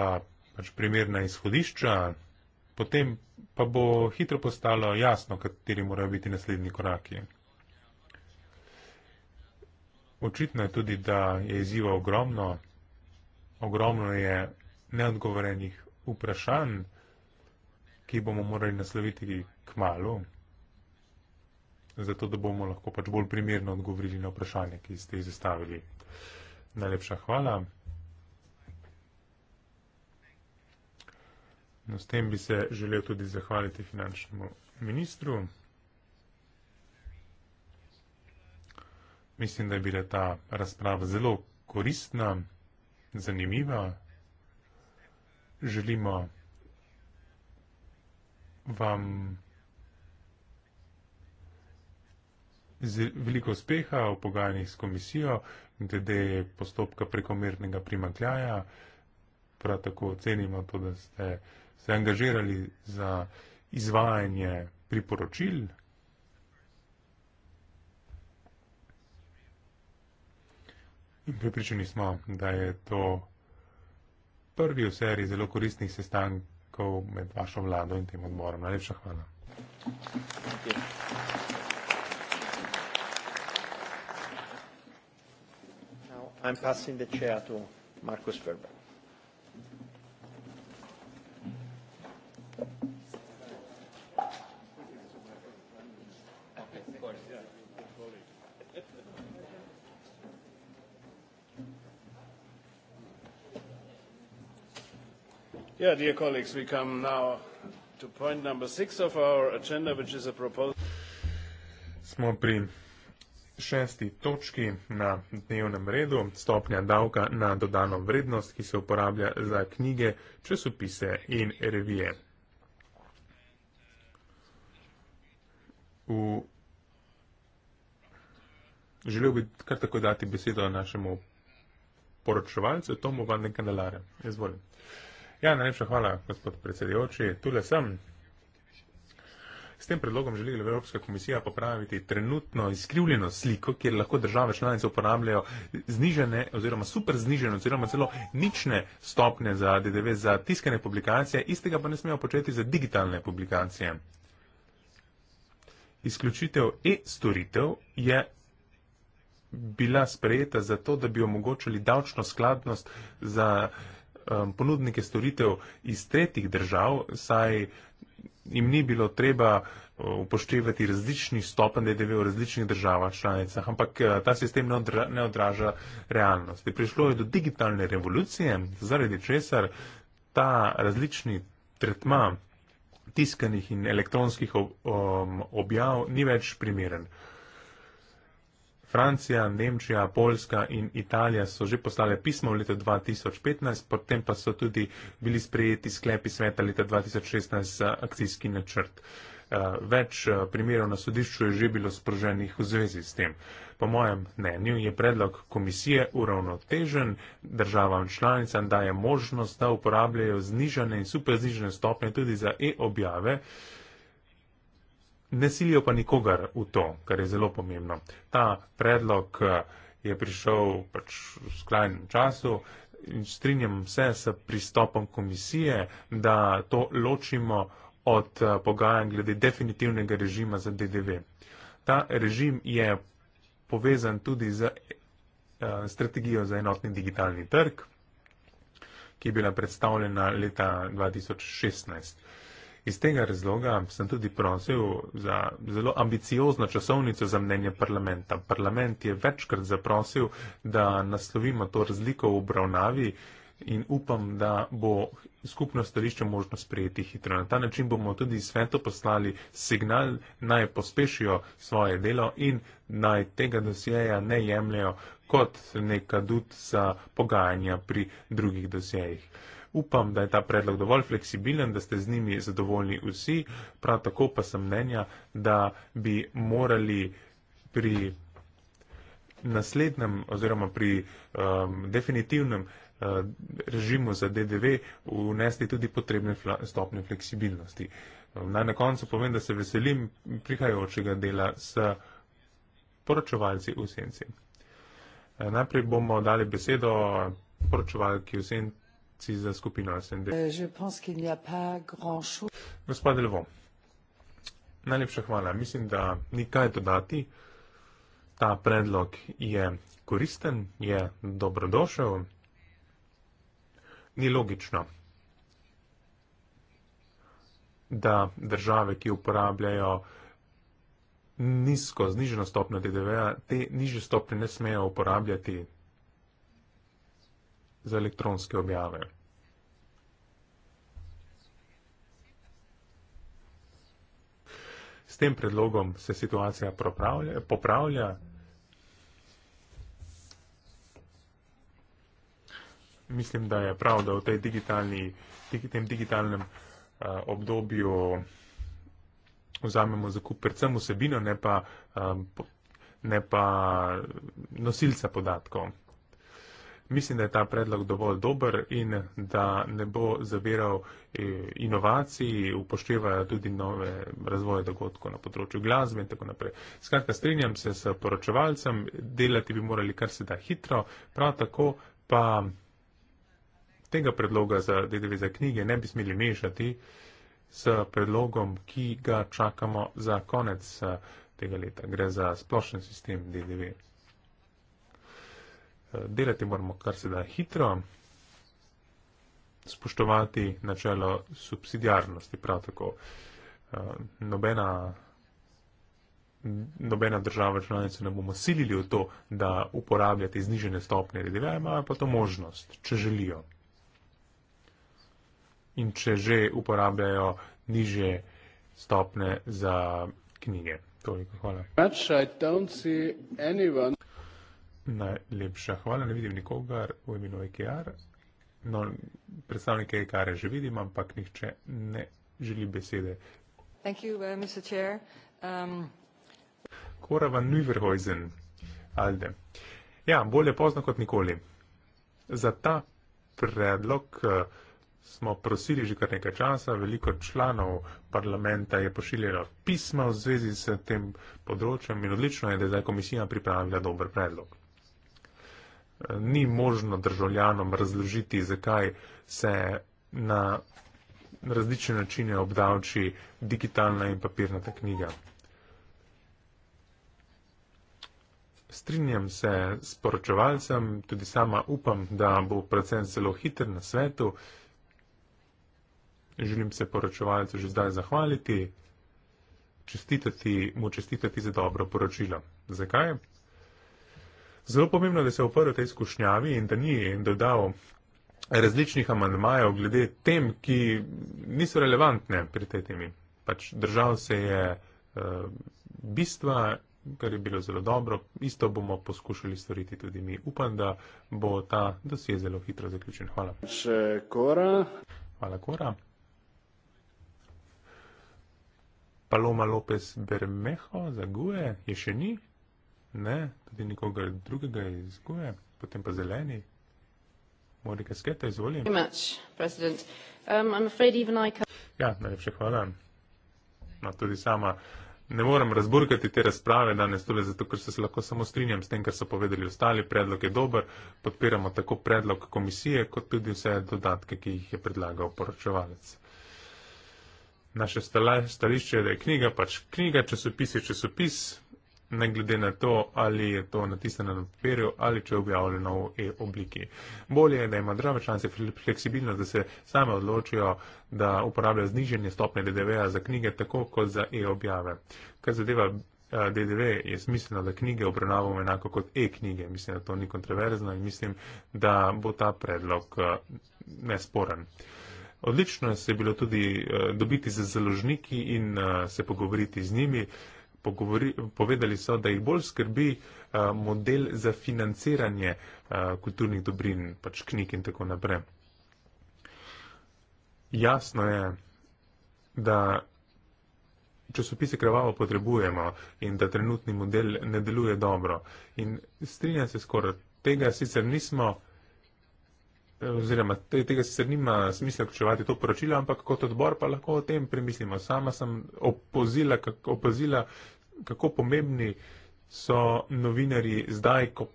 pač primerna izhodišča, potem pa bo hitro postalo jasno, kateri morajo biti naslednji koraki. Očitno je tudi, da je izziva ogromno, ogromno je neodgovorenih vprašanj ki bomo morali nasloviti k malu, zato da bomo lahko pač bolj primerno odgovorili na vprašanje, ki ste jih zastavili. Najlepša hvala. No, s tem bi se želel tudi zahvaliti finančnemu ministru. Mislim, da je bila ta razprava zelo koristna, zanimiva. Želimo vam veliko uspeha v pogajanjih s komisijo glede postopka prekomernega primakljaja. Prav tako ocenimo to, da ste se angažirali za izvajanje priporočil. In pripričani smo, da je to prvi v seriji zelo koristnih sestankov dogodkov med vašo vlado in tem odborom. Najlepša hvala. I'm passing the chair to Marcus Ferber. Yeah, dear colleagues, we come now to point number six of our agenda, which is a proposal. Smo pri šesti točki na dnevnem redu, stopnja davka na dodano vrednost, ki se uporablja za knjige, časopise in revije. V... Želel bi kar tako dati besedo našemu poročevalcu Tomu Vandenkandelare. Izvolim. Ja, najlepša hvala, gospod predsedujoči. Tule sem. S tem predlogom želi Evropska komisija popraviti trenutno izkrivljeno sliko, kjer lahko države članice uporabljajo znižene oziroma super znižene oziroma celo nične stopne za DDV za tiskane publikacije, istega pa ne smejo početi za digitalne publikacije. Izključitev e-storitev je bila sprejeta zato, da bi omogočili davčno skladnost za um, ponudnike storitev iz tretjih držav, saj jim ni bilo treba uh, upoštevati različni stopen DDV v različnih državah članicah, ampak uh, ta sistem ne, odra, ne odraža realnosti. Prišlo je do digitalne revolucije, zaradi česar ta različni tretma tiskanih in elektronskih ob, um, objav ni več primeren. Francija, Nemčija, Poljska in Italija so že poslali pismo v letu 2015, potem pa so tudi bili sprejeti sklepi sveta leta 2016 za akcijski načrt. Eh, več eh, primerov na sodišču je že bilo sproženih v zvezi s tem. Po mojem mnenju je predlog komisije uravnotežen, državam članicam daje možnost, da uporabljajo znižene in super znižene stopnje tudi za e-objave. Ne silijo pa nikogar v to, kar je zelo pomembno. Ta predlog eh, je prišel pač v skrajnem času in strinjam se s pristopom komisije, da to ločimo od eh, pogajanj glede definitivnega režima za DDV. Ta režim je povezan tudi z eh, strategijo za enotni digitalni trg, ki je bila predstavljena leta 2016. Iz tega razloga sem tudi prosil za zelo ambiciozno časovnico za mnenje parlamenta. Parlament je večkrat zaprosil, da naslovimo to razliko v obravnavi in upam, da bo skupno stališče možno sprejeti hitro. Na ta način bomo tudi svetu poslali signal, naj pospešijo svoje delo in naj tega dosjeja ne jemljajo kot neka dud za pogajanja pri drugih dosjejih. Upam, da je ta predlog dovolj fleksibilen, da ste z njimi zadovoljni vsi, prav tako pa sem mnenja, da bi morali pri naslednjem oziroma pri um, definitivnem uh, režimu za DDV vnesti tudi potrebne stopnje fleksibilnosti. Um, naj na koncu povem, da se veselim prihajajočega dela s poročevalci v senci. Uh, najprej bomo dali besedo poročevalki v senci reakcij za skupino SND. Eh, Gospod Delvo, najlepša hvala. Mislim, da ni kaj dodati. Ta predlog je koristen, je dobrodošel. Ni logično, da države, ki uporabljajo nizko, znižno stopno DDV-a, te nižje stopne ne smejo uporabljati za elektronske objave. S tem predlogom se situacija popravlja. Mislim, da je prav, da v tej digitalni, tem digitalnem eh, obdobju vzamemo zakup predvsem vsebino, ne pa, eh, ne pa eh, nosilca podatkov. Mislim, da je ta predlog dovolj dober in da ne bo zaviral eh, inovacij, upoštevajo tudi nove razvoje dogodkov na področju glasbe in tako naprej. Skratka, strinjam se s poročevalcem, delati bi morali kar se da hitro, prav tako pa tega predloga za DDV za knjige ne bi smeli mešati s predlogom, ki ga čakamo za konec eh, tega leta. Gre za splošen sistem DDV delati moramo kar se da hitro, spoštovati načelo subsidijarnosti, prav tako eh, nobena, nobena država članica ne bomo silili v to, da uporabljate znižene stopnje DDV, imajo pa to možnost, če želijo. In če že uporabljajo niže stopne za knjige. Toliko, hvala. Much, Najlepša hvala, ne vidim nikogar v imenu EKR. No, predstavnike EKR že vidim, ampak nihče ne želi besede. Thank you, uh, Mr. Chair. Um... Kora van Nüverhuizen, Alde. Ja, bolje pozno kot nikoli. Za ta predlog uh, smo prosili že kar nekaj časa, veliko članov parlamenta je pošiljalo pisma v zvezi s tem področjem in odlično je, da je zdaj komisija pripravila dober predlog ni možno državljanom razložiti, zakaj se na različne načine obdavči digitalna in papirnata knjiga. Strinjam se s poročevalcem, tudi sama upam, da bo predvsem zelo hiter na svetu. Želim se poročevalcu že zdaj zahvaliti, čestitati, mu čestitati za dobro poročilo. Zakaj? Zelo pomembno, da se je oprl tej izkušnjavi in da ni dodal različnih amandmajev glede tem, ki niso relevantne pri tej temi. Pač držal se je uh, bistva, kar je bilo zelo dobro, isto bomo poskušali storiti tudi mi. Upam, da bo ta dosje zelo hitro zaključen. Hvala. Še Kora. Hvala, Kora. Paloma López Bermejo za GUE je še ni ne, tudi nikogar drugega iz Gue, potem pa zeleni. Morika Sketa, izvolim. Um, ja, najlepša hvala. No, tudi sama ne moram razburkati te razprave danes tudi zato, ker se lahko samo strinjam s tem, kar so povedali ostali. Predlog je dober, podpiramo tako predlog komisije, kot tudi vse dodatke, ki jih je predlagal poročevalec. Naše stališče je, da je knjiga pač knjiga, časopis je časopis, ne glede na to, ali je to natisnjeno na papirju ali če je objavljeno v e-obliki. Bolje je, da ima država članice fleksibilnost, da se same odločijo, da uporabljajo zniženje stopne DDV-ja za knjige, tako kot za e-objave. Kar zadeva eh, DDV, je smiselno, da knjige obravnavamo enako kot e-knjige. Mislim, da to ni kontroverzno in mislim, da bo ta predlog eh, nesporen. Odlično se je bilo tudi eh, dobiti z založniki in se pogovoriti z njimi povedali so, da jih bolj skrbi eh, model za financiranje eh, kulturnih dobrin, pač knjig in tako naprej. Jasno je, da časopise krvavo potrebujemo in da trenutni model ne deluje dobro. In strinjam se skoraj, tega sicer nismo oziroma te, tega sicer nima smisla vključevati to poročilo, ampak kot odbor pa lahko o tem premislimo. Sama sem opozila, kako, opazila, kako pomembni so novinari zdaj, ko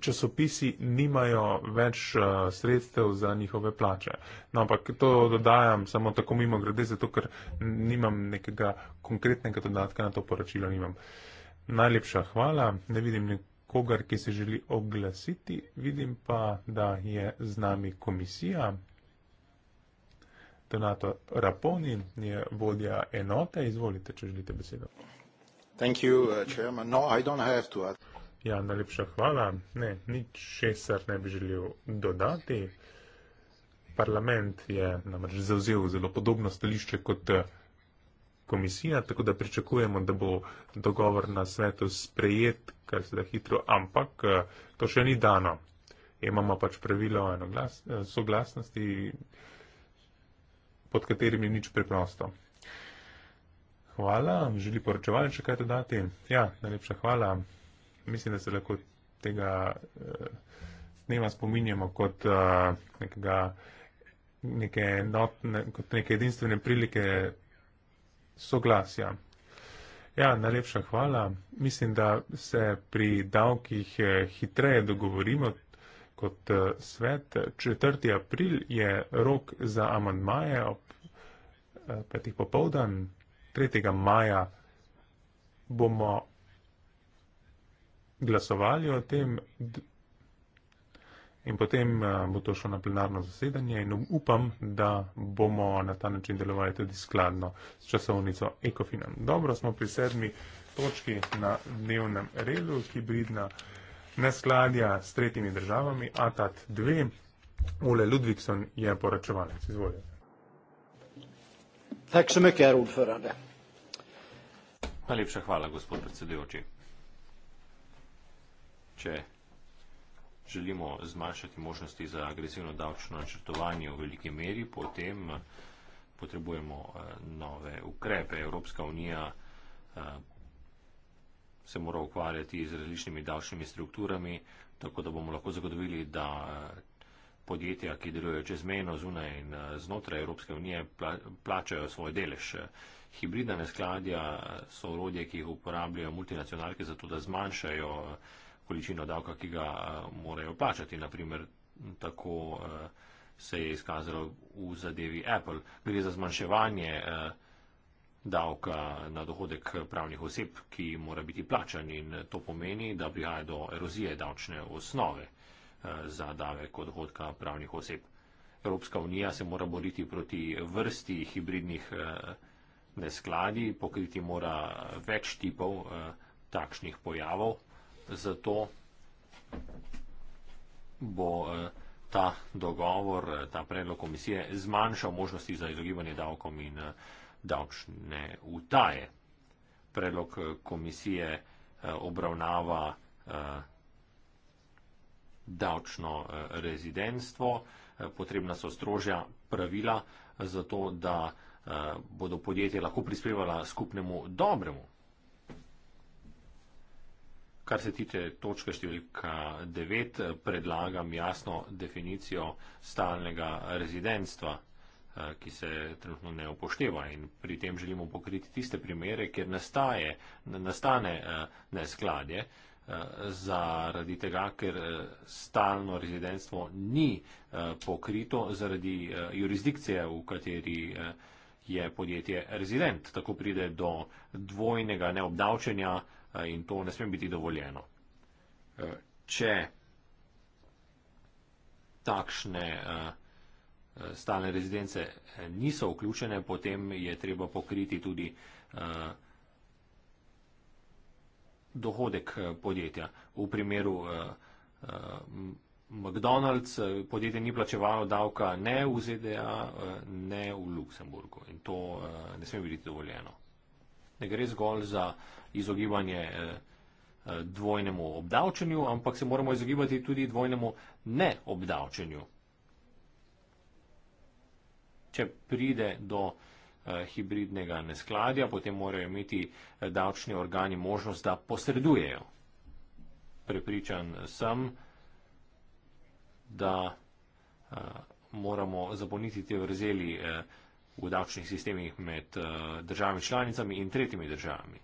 časopisi nimajo več uh, sredstev za njihove plače. No, ampak to dodajam samo tako mimo grede, zato ker nimam nekega konkretnega dodatka na to poročilo. Nimam. Najlepša hvala, ne vidim nekaj kogar, ki se želi oglasiti, vidim pa, da je z nami komisija. Donato Raponi je vodja enote. Izvolite, če želite besedo. Thank you, uh, chairman. No, I don't have to add. Ja, najlepša hvala. Ne, nič šesar ne bi želel dodati. Parlament je namreč zauzel zelo podobno stališče kot uh, komisija, tako da pričakujemo, da bo dogovor na svetu sprejet, kar se da hitro, ampak eh, to še ni dano. Imamo pač pravilo eh, soglasnosti, pod katerimi ni nič preprosto. Hvala, želi poročevalec še kaj dodati. Ja, najlepša hvala. Mislim, da se lahko tega eh, dneva spominjamo kot nekega, neke, notne, kot neke edinstvene prilike soglasja. Ja, najlepša hvala. Mislim, da se pri davkih eh, hitreje dogovorimo kot eh, svet. 4. april je rok za amandmaje ob eh, petih popovdan. 3. maja bomo glasovali o tem. In potem eh, bo to šlo na plenarno zasedanje in um, upam, da bomo na ta način delovali tudi skladno s časovnico Ekofinom. Dobro, smo pri sedmi točki na dnevnem redu, hibridna neskladja s tretjimi državami, ATAT-2. Ule Ludvigson je poračevalec. Izvolite. Najlepša hvala, gospod predsedujoči. Če želimo zmanjšati možnosti za agresivno davčno načrtovanje v veliki meri, potem eh, potrebujemo eh, nove ukrepe. Evropska unija eh, se mora ukvarjati z različnimi davčnimi strukturami, tako da bomo lahko zagotovili, da podjetja, ki delujejo čezmejno zunaj in znotraj Evropske unije, plačajo svoj delež. Hibridna neskladja so orodje, ki jih uporabljajo multinacionalke za to, da zmanjšajo količino davka, ki ga uh, morajo plačati. Naprimer, tako uh, se je izkazalo v zadevi Apple. Gre za zmanjševanje uh, davka na dohodek pravnih oseb, ki mora biti plačan in to pomeni, da prihaja do erozije davčne osnove uh, za davek od dohodka pravnih oseb. Evropska unija se mora boriti proti vrsti hibridnih uh, neskladi, pokriti mora več tipov uh, takšnih pojavov zato bo eh, ta dogovor, eh, ta predlog komisije zmanjšal možnosti za izogibanje davkom in eh, davčne utaje. Predlog komisije obravnava davčno rezidentstvo, potrebna so strožja pravila za to, da bodo podjetje lahko prispevala skupnemu dobremu Kar se tiče točke številka 9, predlagam jasno definicijo stalnega rezidentstva, eh, ki se trenutno ne upošteva in pri tem želimo pokriti tiste primere, kjer nastaje, nastane eh, neskladje eh, zaradi tega, ker stalno rezidentstvo ni pokrito zaradi jurisdikcije, v kateri je podjetje rezident. Tako pride do dvojnega neobdavčenja in to ne sme biti dovoljeno. E, če takšne e, e, stalne rezidence niso vključene, potem je treba pokriti tudi dohodek podjetja. V primeru McDonald's podjetje ni plačevalo davka ne v ZDA, ne v Luksemburgu in to ne sme biti dovoljeno. Ne gre zgolj za uh, izogibanje eh, eh, dvojnemu obdavčenju, ampak se moramo izogibati tudi dvojnemu neobdavčenju. Če pride do eh, hibridnega neskladja, potem morajo imeti davčni organi možnost, da posredujejo. Prepričan sem, da moramo zapolniti te vrzeli v davčnih sistemih med državami članicami in tretjimi državami.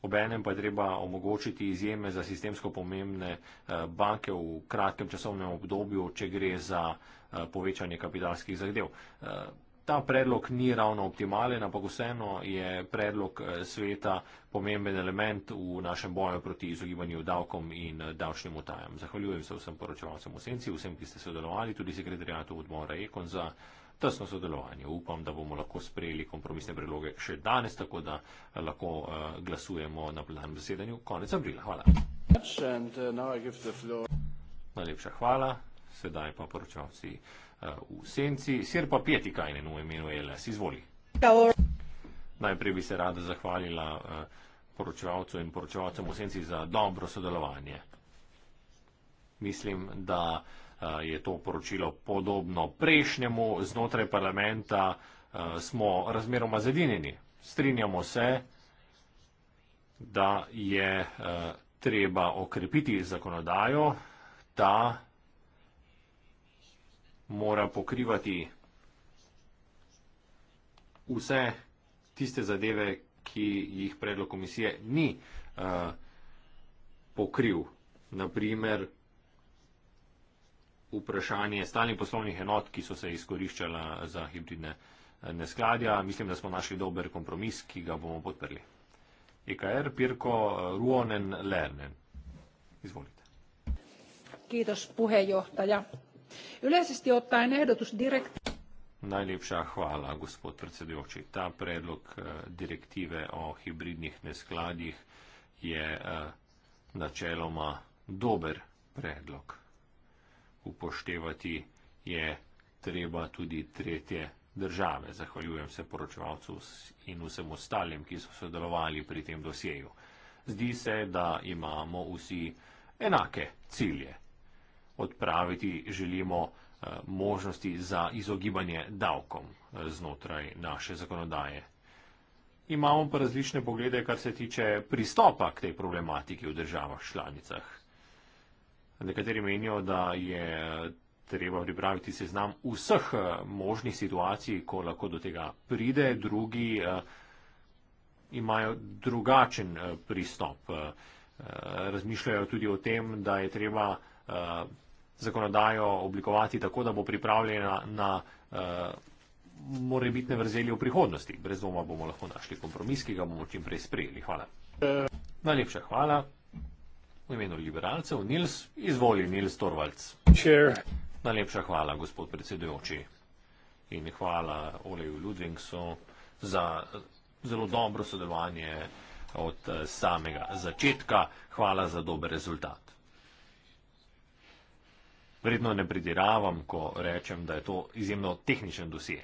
Obenem pa je treba omogočiti izjeme za sistemsko pomembne eh, banke v kratkem časovnem obdobju, če gre za eh, povečanje kapitalskih zahdev. Eh, ta predlog ni ravno optimalen, ampak vseeno je predlog sveta pomemben element v našem boju proti izogibanju davkom in davčnim utajam. Zahvaljujem se vsem poročevalcem v senci, vsem, ki ste sodelovali, tudi sekretarjatu odmora Ekon za tesno sodelovanje. Upam, da bomo lahko sprejeli kompromisne predloge še danes, tako da eh, lahko eh, glasujemo na plenarnem zasedanju konec aprila. Hvala. Eh, Najlepša hvala. Sedaj pa poročavci v senci. Sir pa pjeti, kaj ne nujem imenu LS. Izvoli. Najprej bi se rada zahvalila poročevalcu in poročevalcem v senci za dobro sodelovanje. Mislim, da Eh, je to poročilo podobno prejšnjemu znotraj parlamenta, eh, smo razmeroma zedinjeni. Strinjamo se, da je eh, treba okrepiti zakonodajo, da mora pokrivati vse tiste zadeve, ki jih predlog komisije ni pokril. Naprimer, vprašanje stalnih poslovnih enot, ki so se izkoriščala za hibridne eh, neskladja. Mislim, da smo našli dober kompromis, ki ga bomo podprli. EKR, er, Pirko, eh, Ruonen, Lernen. Izvolite. Kitos, puhejohtaja. Ülesesti ottaen ehdotus direkt... Najlepša hvala, gospod predsedujoči. Ta predlog eh, direktive o hibridnih neskladjih je načeloma dober predlog upoštevati je treba tudi tretje države. Zahvaljujem se poročevalcu in vsem ostalim, ki so sodelovali pri tem dosjeju. Zdi se, da imamo vsi enake cilje. Odpraviti želimo eh, možnosti za izogibanje davkom eh, znotraj naše zakonodaje. Imamo pa različne poglede, kar se tiče pristopa k tej problematiki v državah članicah. Nekateri menijo, da je treba pripraviti seznam vseh eh, možnih situacij, ko lahko do tega pride, drugi eh, imajo drugačen eh, pristop. Razmišljajo tudi o tem, da je treba zakonodajo oblikovati tako, da bo pripravljena na morebitne vrzeli v prihodnosti. Brez dvoma bomo lahko našli kompromis, ki ga bomo čim prej sprejeli. Hvala. Najlepša hvala v imenu liberalcev Nils, izvoli Nils Torvalc. Chair. Najlepša hvala, gospod predsedujoči. In hvala Oleju Ludvingsu za zelo dobro sodelovanje od eh, samega začetka. Hvala za dober rezultat. Vredno ne pridiravam, ko rečem, da je to izjemno tehničen dosje.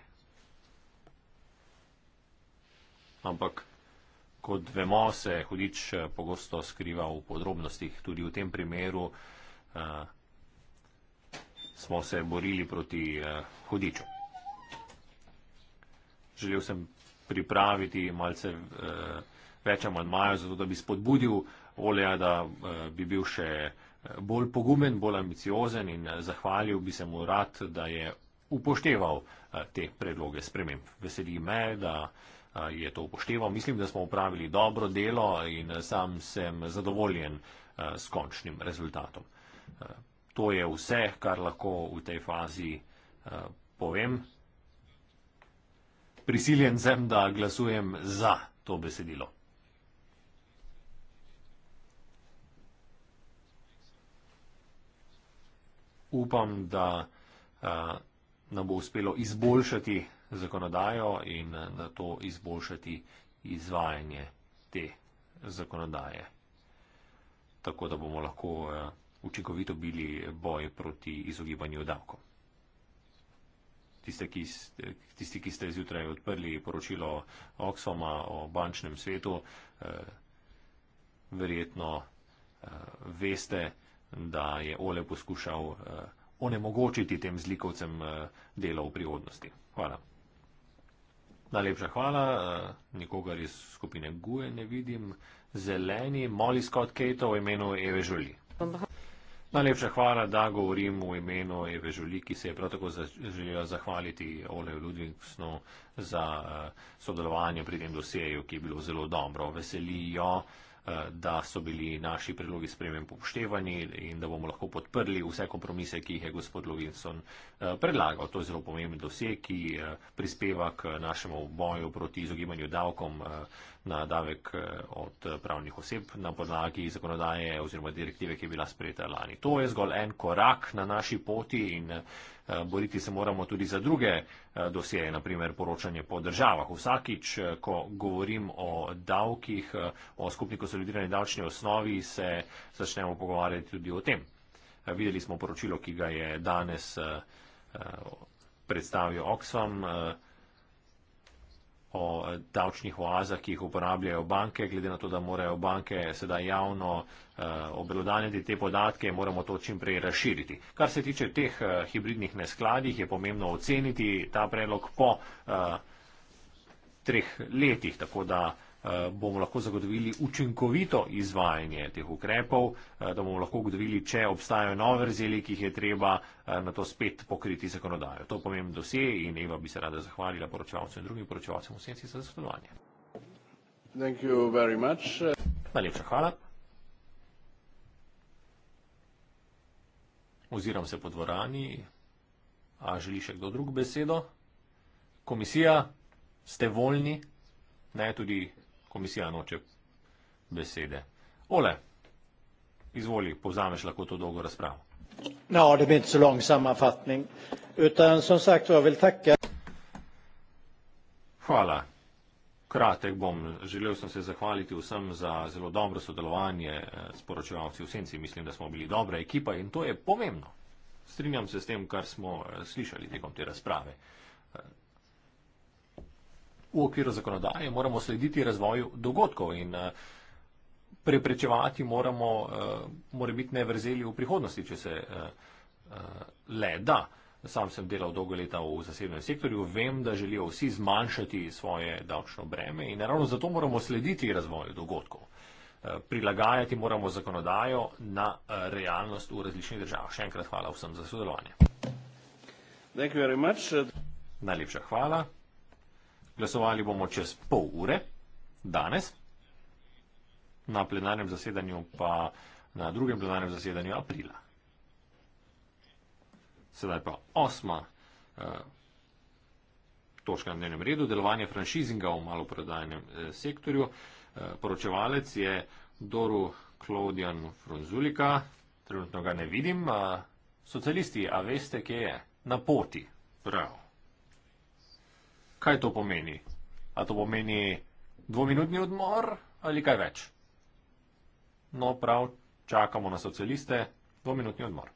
Ampak kot vemo, se hudič eh, pogosto skriva v podrobnostih. Tudi v tem primeru uh, smo se borili proti uh, hudiču. Želel sem pripraviti malce uh, več amadmajo, zato da bi spodbudil Oleja, da uh, bi bil še bolj pogumen, bolj ambiciozen in zahvalil bi se mu rad, da je upošteval uh, te predloge sprememb. Veseli me, da uh, je to upošteval. Mislim, da smo upravili dobro delo in sam sem zadovoljen s končnim rezultatom. To je vse, kar lahko v tej fazi povem. Prisiljen sem, da glasujem za to besedilo. Upam, da a, nam bo uspelo izboljšati zakonodajo in eh, na to izboljšati izvajanje te zakonodaje, tako da bomo lahko eh, učinkovito bili boj proti izogibanju davkom. Tisti, ki ste zjutraj odprli poročilo Oxfama o bančnem svetu, eh, verjetno veste, da je Ole poskušal onemogočiti tem zlikovcem delo v prihodnosti. Hvala. Najlepša hvala. Eh, nikogar iz skupine Guje ne vidim. Zeleni, Molly Scott Kato v imenu Eve Žuli. Najlepša hvala, da govorim v imenu Eve Žuli, ki se je prav tako želela zahvaliti Oleju Ludvigsnu za eh, sodelovanje pri tem dosjeju, ki je bilo zelo dobro. Veselijo. Eh, da so bili naši predlogi spremem popuštevani in da bomo lahko podprli vse kompromise, ki jih je gospod Lovinson eh, predlagal. To je zelo pomemben dosje, ki eh, prispeva k našemu boju proti izogibanju davkom na davek eh, od eh, pravnih oseb na podlagi zakonodaje oziroma direktive, ki je bila sprejeta lani. To je zgolj en korak na naši poti in eh, boriti se moramo tudi za druge dosjeje, naprimer poročanje po državah. Vsakič, ko govorim o davkih, o skupni konsolidirani davčni osnovi, se začnemo pogovarjati tudi o tem. Videli smo poročilo, ki ga je danes predstavil Oxfam o eh, davčnih oazah, ki jih uporabljajo banke, glede na to, da morajo banke sedaj javno eh, obelodanjati te podatke, moramo to čimprej razširiti. Kar se tiče teh eh, hibridnih neskladih, je pomembno oceniti ta predlog po treh letih, tako da Eh, bomo lahko zagotovili učinkovito izvajanje teh ukrepov, eh, da bomo lahko ugotovili, če obstajajo nove vrzeli, ki jih je treba eh, na to spet pokriti zakonodajo. To pomembno dosje in Eva bi se rada zahvalila poročevalcem in drugim poročevalcem v senci za sodelovanje. Najlepša hvala. Oziram se po dvorani. A želi še kdo drug besedo? Komisija, ste voljni? Ne, tudi komisija noče besede. Ole, izvoli, povzameš lahko to dolgo razpravo. No, da bi celo lahko samofatnik. Utan, som sagt, jag vill tacka. Hvala. Kratek bom. Želel sem se zahvaliti vsem za zelo dobro sodelovanje eh, s poročevalci v Senci. Mislim, da smo bili dobra ekipa in to je pomembno. Strinjam se s tem, kar smo eh, slišali tekom te razprave v okviru zakonodaje moramo slediti razvoju dogodkov in eh, preprečevati moramo eh, morebitne vrzeli v prihodnosti, če se eh, le da. Sam sem delal dolgo leta v zasebnem sektorju, vem, da želijo vsi zmanjšati svoje davčno breme in ravno zato moramo slediti razvoju dogodkov. Prilagajati moramo zakonodajo na realnost v različnih državah. Še enkrat hvala vsem za sodelovanje. Najlepša hvala. Glasovali bomo čez pol ure, danes, na plenarnem zasedanju pa na drugem plenarnem zasedanju aprila. Sedaj pa osma uh, točka na dnevnem redu, delovanje franšizinga v maloprodajnem eh, sektorju. Eh, poročevalec je Doru Klaudijan Fronzulika, trenutno ga ne vidim. Eh, socialisti, a veste, kje je? Na poti. Prav kaj to pomeni? A to pomeni dvominutni odmor ali kaj več? No, prav, čakamo na socialiste, dvominutni odmor.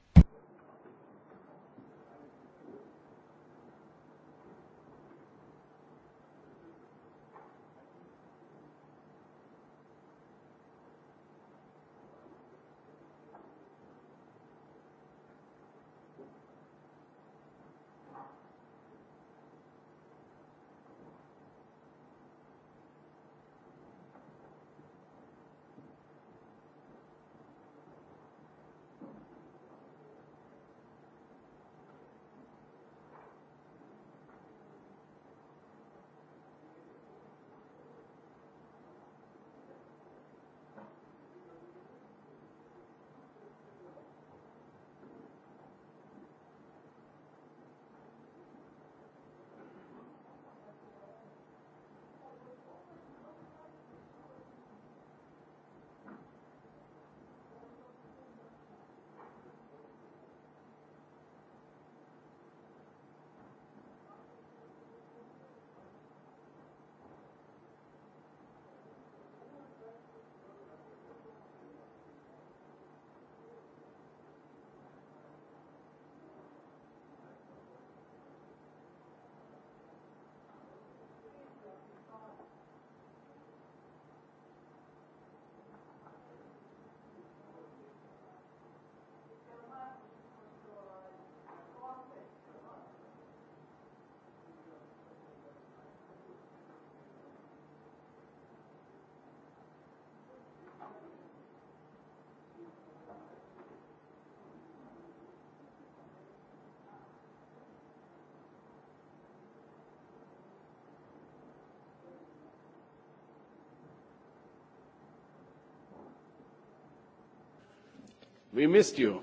We missed you.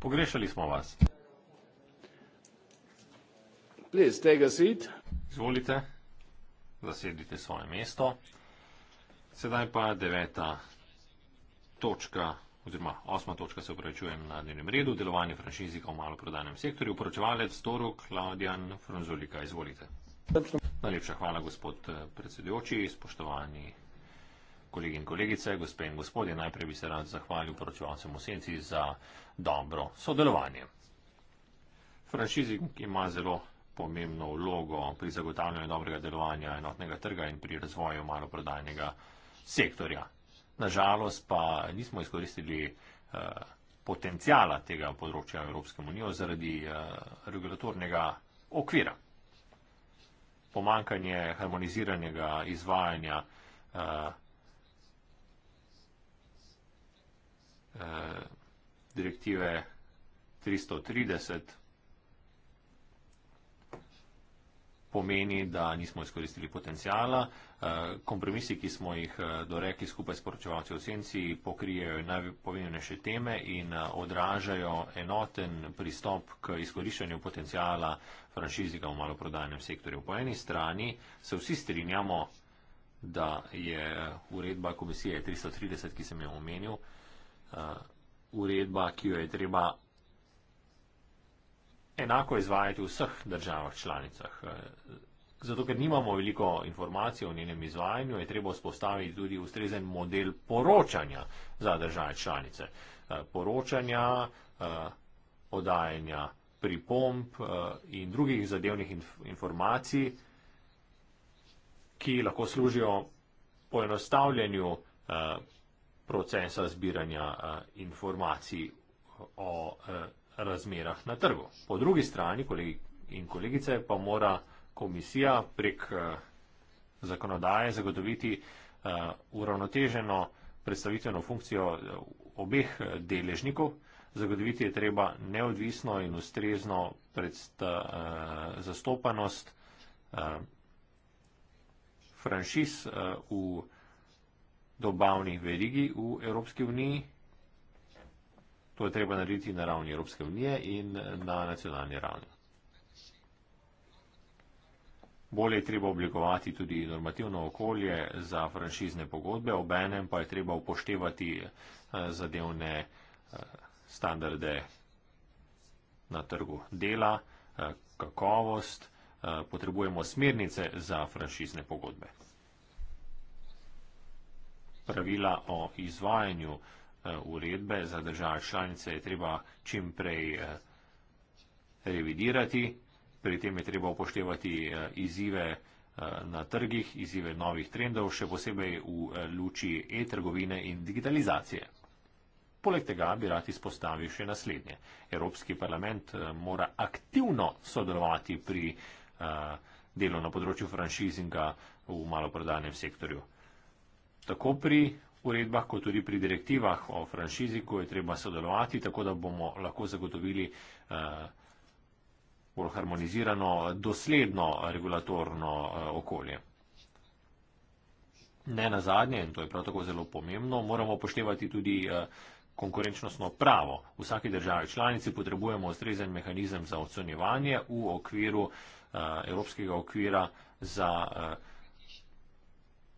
Pogrešali smo vas. Please take a seat. Izvolite, zasedite svoje mesto. Sedaj pa deveta točka, oziroma osma točka se upravičujem na dnevnem redu, delovanje franšizika v maloprodajnem sektorju. Poročevalec Toru Klaudijan Franzulika, izvolite. Najlepša hvala, gospod eh, predsedujoči, spoštovani kolegi in kolegice, gospe in gospodje, najprej bi se rad zahvalil poročevalcem v senci za dobro sodelovanje. Franšizing ima zelo pomembno vlogo pri zagotavljanju dobrega delovanja enotnega trga in pri razvoju maloprodajnega sektorja. Nažalost pa nismo izkoristili eh, potencijala tega področja Evropske unije zaradi eh, regulatornega okvira. Pomankanje harmoniziranega izvajanja eh, Eh, direktive 330 pomeni, da nismo izkoristili potencijala. Eh, kompromisi, ki smo jih eh, dorekli skupaj s poročevalci v senci, pokrijejo najpomembnejše teme in odražajo enoten pristop k izkoriščanju potencijala franšizika v maloprodajnem sektorju. Po eni strani se vsi strinjamo, da je uredba komisije 330, ki sem jo omenil, Eh, uredba, ki jo je treba enako izvajati v vseh državah članicah. Eh, zato, ker nimamo veliko informacij o njenem izvajanju, je treba spostaviti tudi ustrezen model poročanja za države članice. Eh, poročanja, podajanja pripomp in drugih zadevnih informacij, ki lahko služijo poenostavljanju procesa zbiranja eh, informacij o eh, razmerah na trgu. Po drugi strani, kolegi in kolegice, pa mora komisija prek eh, zakonodaje zagotoviti uravnoteženo predstavitveno funkcijo obeh deležnikov. Zagotoviti je treba neodvisno in ustrezno predsta, zastopanost franšiz v dobavni verigi v Evropski uniji. To je treba narediti na ravni Evropske unije in na nacionalni ravni. Bolje je treba oblikovati tudi normativno okolje za franšizne pogodbe, obenem pa je treba upoštevati eh, zadevne eh, standarde na trgu dela, eh, kakovost, potrebujemo smernice za franšizne pogodbe pravila o izvajanju eh, uredbe za države članice je treba čim prej eh, revidirati, pri tem je treba upoštevati eh, izzive na trgih, izzive novih trendov, še posebej v luči e-trgovine in digitalizacije. Poleg tega bi rad izpostavil še naslednje. Evropski parlament mora aktivno sodelovati pri delu na področju franšizinga v maloprodajnem sektorju tako pri uredbah, kot tudi pri direktivah o franšizi, ko je treba sodelovati, tako da bomo lahko zagotovili eh, bolj harmonizirano, dosledno regulatorno eh, okolje. Ne na zadnje, in to je prav tako zelo pomembno, moramo upoštevati tudi eh, konkurenčnostno pravo. V vsaki državi članici potrebujemo ustrezen mehanizem za ocenjevanje v okviru Evropskega okvira za. Uh,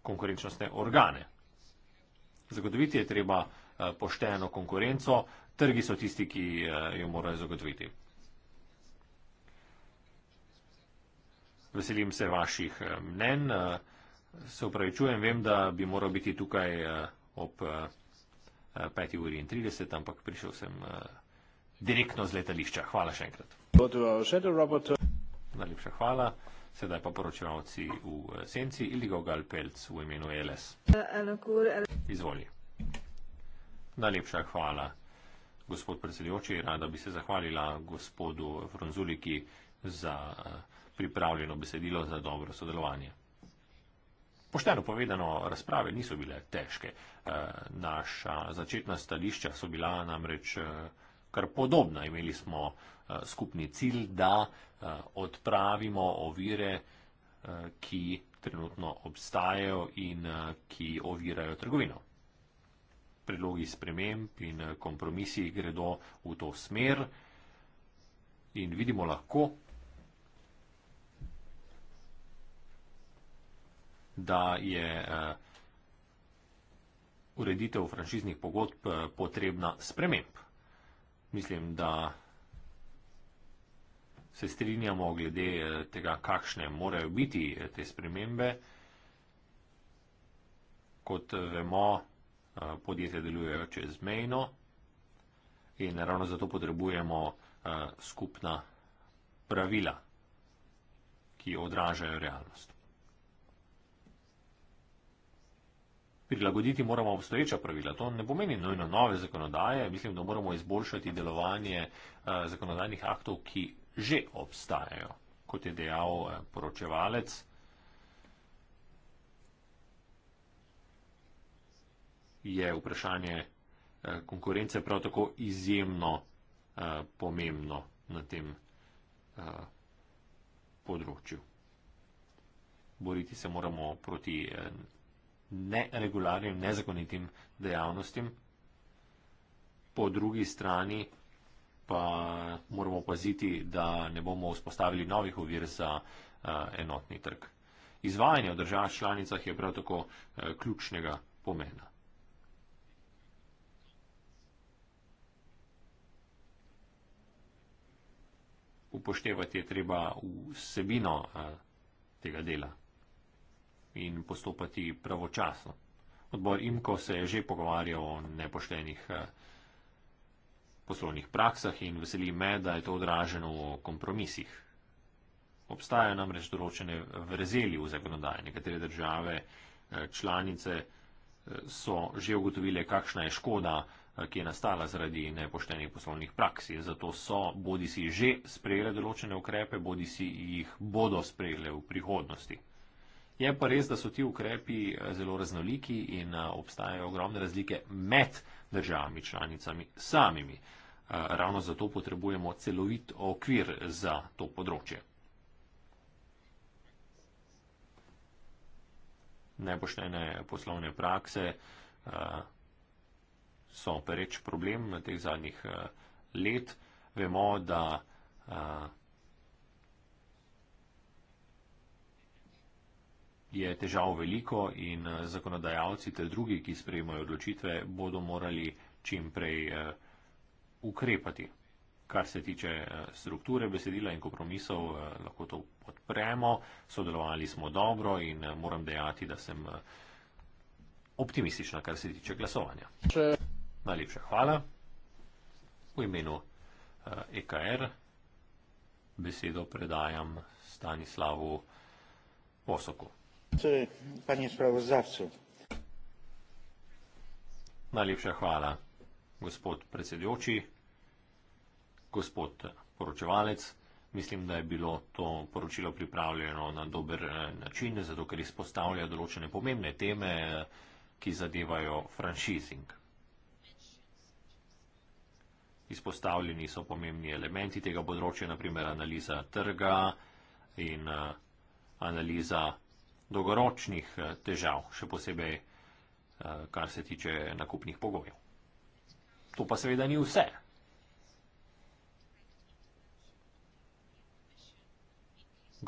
konkurenčnostne organe. Zagotoviti je treba eh, pošteno konkurenco, trgi so tisti, ki eh, jo morajo zagotoviti. Veselim se vaših eh, mnen, se upravičujem, vem, da bi moral biti tukaj ob 5. uri in 30, ampak prišel sem direktno z letališča. Hvala še enkrat. Najlepša hvala. Sedaj pa poročevalci v eh, senci Iligo Galpelc v imenu LS. Izvoli. Najlepša hvala, gospod predsedujoči. Rada bi se zahvalila gospodu Fronzuliki za eh, pripravljeno besedilo za dobro sodelovanje. Pošteno povedano, razprave niso bile težke. Eh, naša začetna stališča so bila namreč kar podobna. Imeli smo eh, skupni cilj, da eh, odpravimo ovire, eh, ki trenutno obstajajo in ki ovirajo trgovino. Predlogi sprememb in kompromisi gredo v to smer in vidimo lahko, da je ureditev franšiznih pogodb potrebna sprememb mislim, da se strinjamo glede eh, tega, kakšne morajo biti eh, te spremembe. Kot eh, vemo, podjetje deluje čezmejno in ravno zato potrebujemo skupna pravila, ki odražajo realnost. prilagoditi moramo obstoječa pravila. To ne pomeni nujno nove zakonodaje, mislim, da moramo izboljšati delovanje eh, zakonodajnih aktov, ki že obstajajo, kot je dejal eh, poročevalec. Je vprašanje eh, konkurence prav tako izjemno pomembno na tem področju. Boriti se moramo proti neregularnim, nezakonitim dejavnostim. Po drugi strani pa moramo paziti, da ne bomo vzpostavili novih ovir za uh, enotni trg. Izvajanje v državah članicah je prav tako uh, ključnega pomena. Upoštevati je treba vsebino uh, tega dela in postopati pravočasno. Odbor IMKO se je že pogovarjal o nepoštenih eh, poslovnih praksah in veseli me, da je to odraženo v kompromisih. Obstajajo namreč določene vrzeli v zakonodaji. Nekatere države eh, članice eh, so že ugotovile, kakšna je škoda, ki je nastala zaradi nepoštenih poslovnih praks in zato so bodi si že sprejele določene ukrepe, bodi si jih bodo sprejele v prihodnosti. Je pa res, da so ti ukrepi eh, zelo raznoliki in eh, obstajajo ogromne razlike med državami članicami samimi. Eh, ravno zato potrebujemo celovit okvir za to področje. Nepoštene poslovne prakse so pereč problem teh zadnjih let. Vemo, da je težav veliko in eh, zakonodajalci ter drugi, ki sprejmajo odločitve, bodo morali čimprej eh, ukrepati. Kar se tiče eh, strukture besedila in kompromisov, lahko to podpremo. Sodelovali smo dobro in moram dejati, da sem optimistična, kar se tiče glasovanja. Najlepša hvala. V imenu EKR e besedo predajam Stanislavu Posoku. Torej, panie sprawozdawco! Najlepša hvala, gospod predsedujoči, gospod poročevalec. Mislim, da je bilo to poročilo pripravljeno na dober eh, način, zato ker izpostavlja določene pomembne teme, eh, ki zadevajo franšizing. Izpostavljeni so pomembni elementi tega področja, naprimer analiza trga in eh, analiza dolgoročnih eh, težav, še posebej, eh, kar se tiče nakupnih pogojev. To pa seveda ni vse.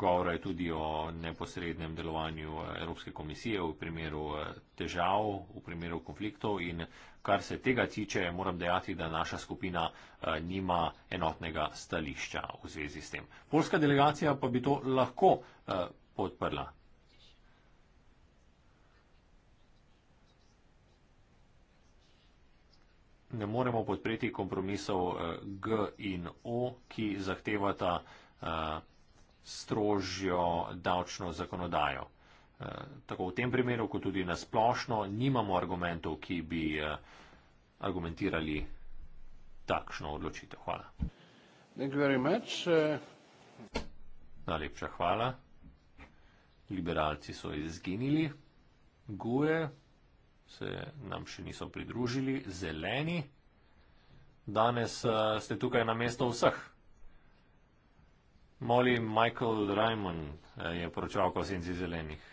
Govora je tudi o neposrednem delovanju eh, Evropske komisije v primeru težav, v primeru konfliktov in kar se tega tiče, moram dejati, da naša skupina nima enotnega stališča v zvezi s tem. Polska delegacija pa bi to lahko podprla. ne moremo podpreti kompromisov eh, G in O, ki zahtevata eh, strožjo davčno zakonodajo. Eh, tako v tem primeru, kot tudi na splošno, nimamo argumentov, ki bi argumentirali takšno odločitev. Hvala. Najlepša hvala. Liberalci so izginili. Guje se nam še niso pridružili, zeleni. Danes uh, ste tukaj na mesto vseh. Moli, Michael Raymond eh, je poročal o senci zelenih.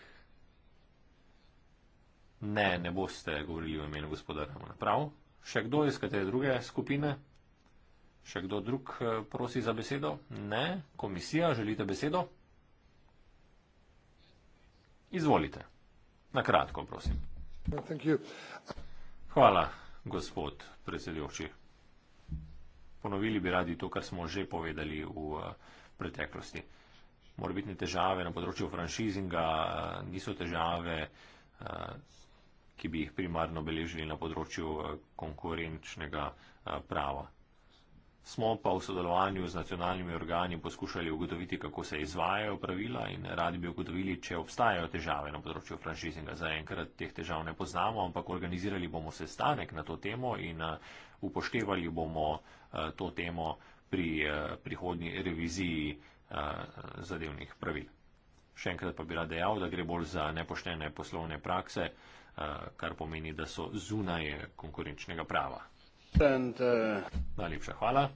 Ne, ne boste govorili v imenu gospoda Raymonda. Prav? Še kdo iz katere druge skupine? Še kdo drug eh, prosi za besedo? Ne, komisija, želite besedo? Izvolite. Na kratko, prosim. Hvala, gospod predsedujoči. Ponovili bi radi to, kar smo že povedali v eh, preteklosti. Morbitne težave na področju franšizinga eh, niso težave, eh, ki bi jih primarno beležili na področju konkurenčnega prava smo pa v sodelovanju z nacionalnimi organi poskušali ugotoviti, kako se izvajajo pravila in radi bi ugotovili, če obstajajo težave na področju franšizinga. Zaenkrat teh težav ne poznamo, ampak organizirali bomo sestanek na to temo in eh, upoštevali bomo eh, to temo pri eh, prihodnji reviziji zadevnih pravil. Še enkrat pa bi rad dejal, da gre bolj za nepoštene poslovne prakse, kar pomeni, da so zunaj konkurenčnega prava. Uh, Najlepša hvala.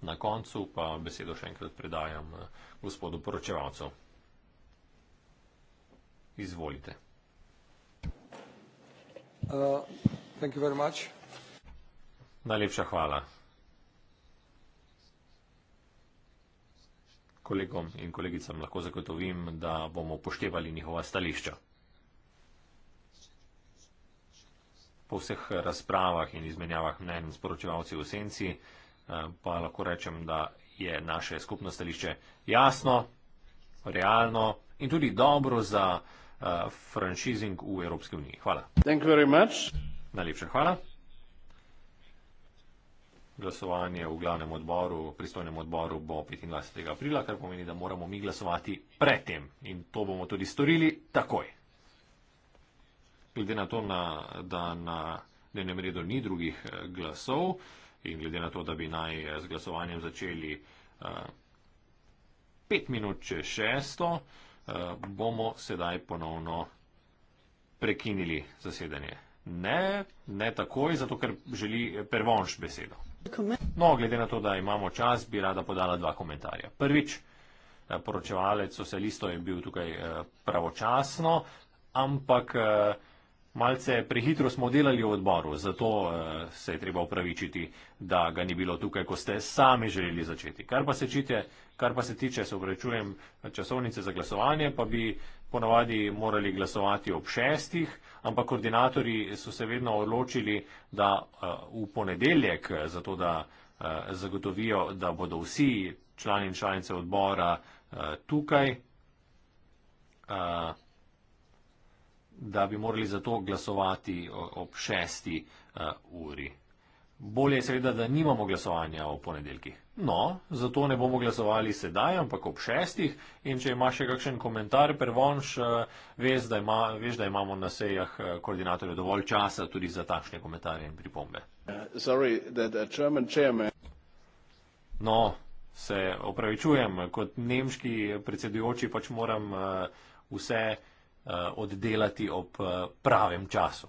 Na koncu pa besedo še enkrat predajam uh, gospodu poročevalcu. Izvolite. Uh, Najlepša hvala kolegom in kolegicam lahko zagotovim, da bomo upoštevali njihova stališča. po vseh razpravah in izmenjavah mnen s poročevalci v senci, eh, pa lahko rečem, da je naše skupno stališče jasno, realno in tudi dobro za eh, franšizing v Evropski uniji. Hvala. Najlepša hvala. Glasovanje v glavnem odboru, pristojnem odboru bo 25. aprila, kar pomeni, da moramo mi glasovati predtem in to bomo tudi storili takoj glede na to, na, da na dnevnem redu ni drugih eh, glasov in glede na to, da bi naj eh, z glasovanjem začeli uh, pet minut če šesto, uh, bomo sedaj ponovno prekinili zasedanje. Ne, ne takoj, zato ker želi pervonš besedo. No, glede na to, da imamo čas, bi rada podala dva komentarja. Prvič, poročevalec socialistov je bil tukaj pravočasno, ampak Malce prehitro smo delali v odboru, zato uh, se je treba upravičiti, da ga ni bilo tukaj, ko ste sami želeli začeti. Kar pa se, čite, kar pa se tiče, se uprečujem časovnice za glasovanje, pa bi ponavadi morali glasovati ob šestih, ampak koordinatori so se vedno odločili, da uh, v ponedeljek, eh, zato da uh, zagotovijo, da bodo vsi člani in članice odbora uh, tukaj. Uh, da bi morali za to glasovati ob šesti uh, uri. Bolje je seveda, da nimamo glasovanja v ponedeljkih. No, zato ne bomo glasovali sedaj, ampak ob šestih. In če imaš še kakšen komentar, prevonš, eh, veš, da, ima, veš, da imamo na sejah eh, koordinatorja dovolj časa tudi za takšne komentarje in pripombe. Uh, no, se opravičujem, kot nemški predsedujoči pač moram vse. Uh, uh, oddelati ob uh, pravem času.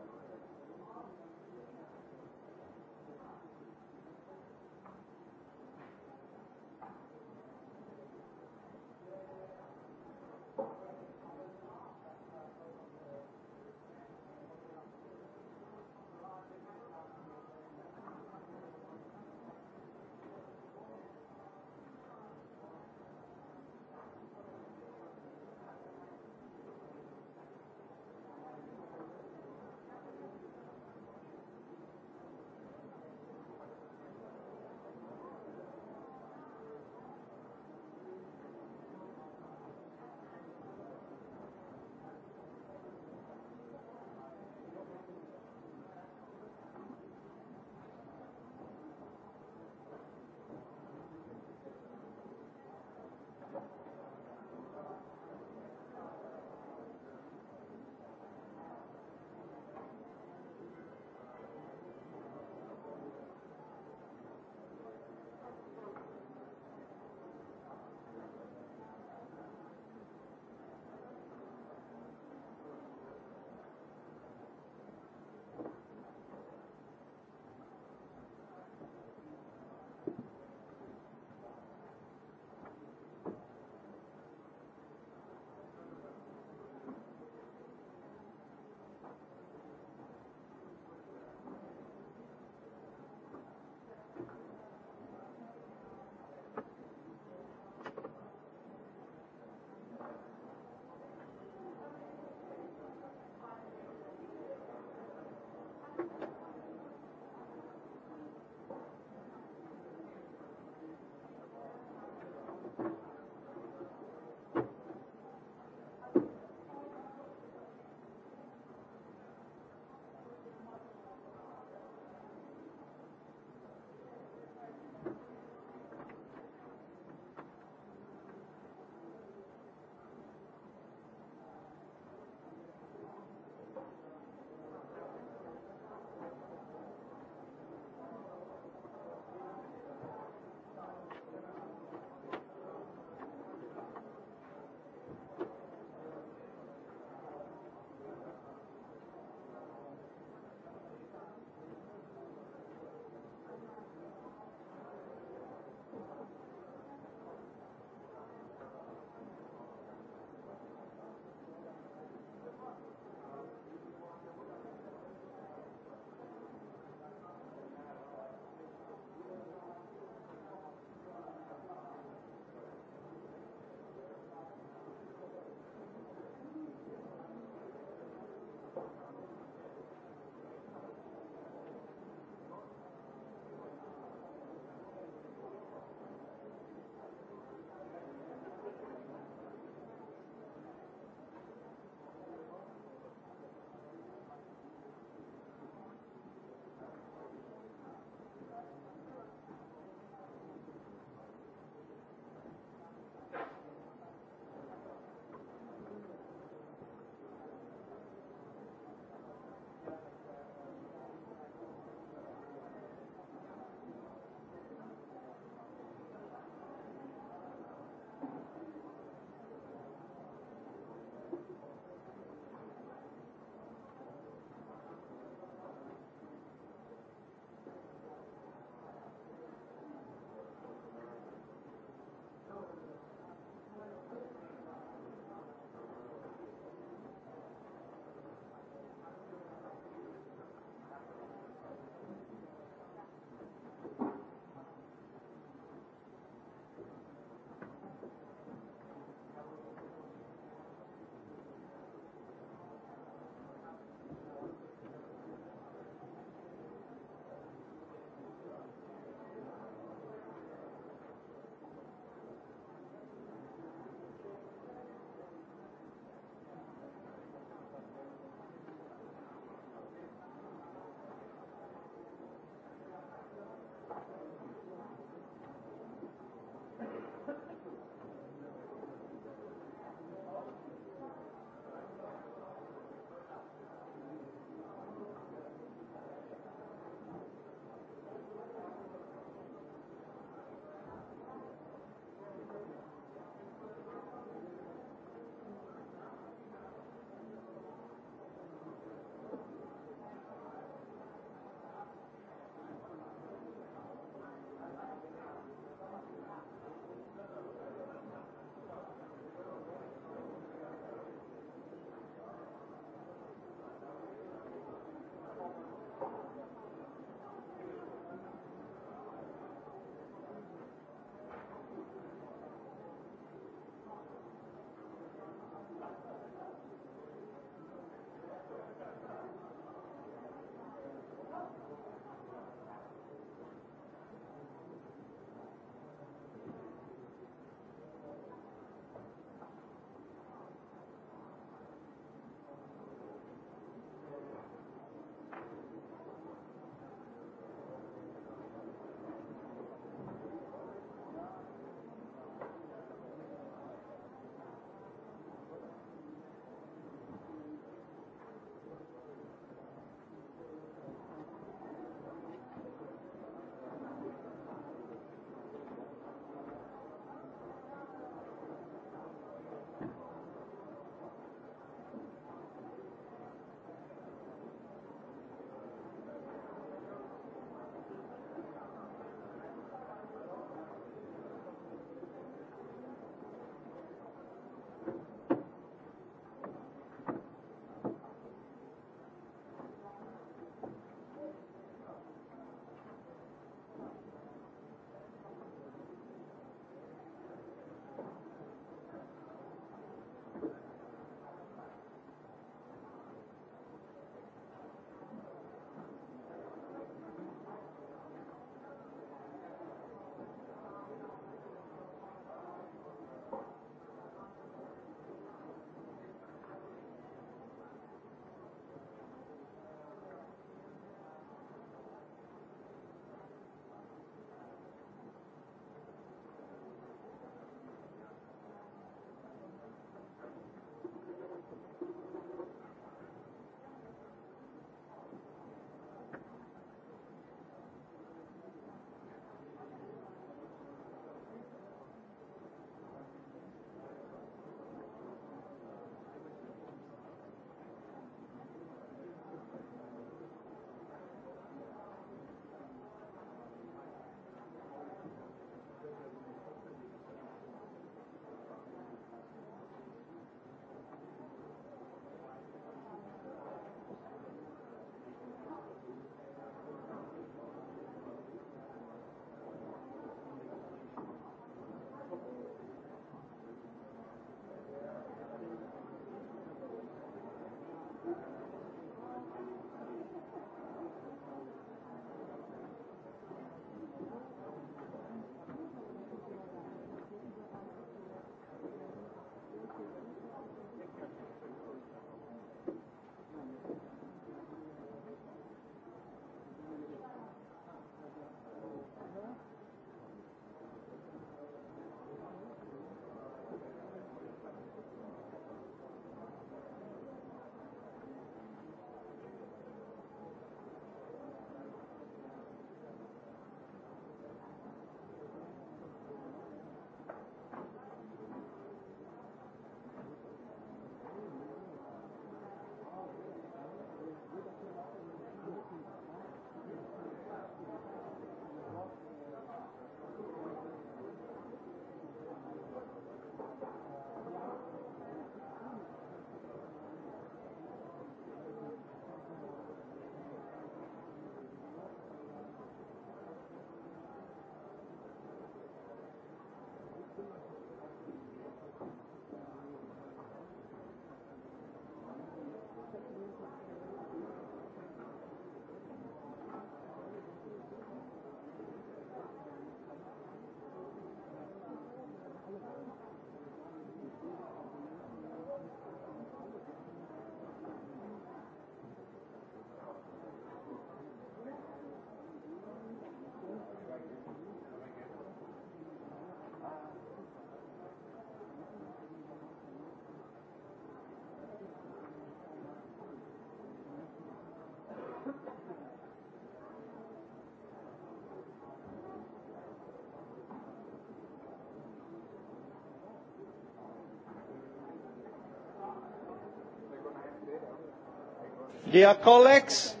Kolegi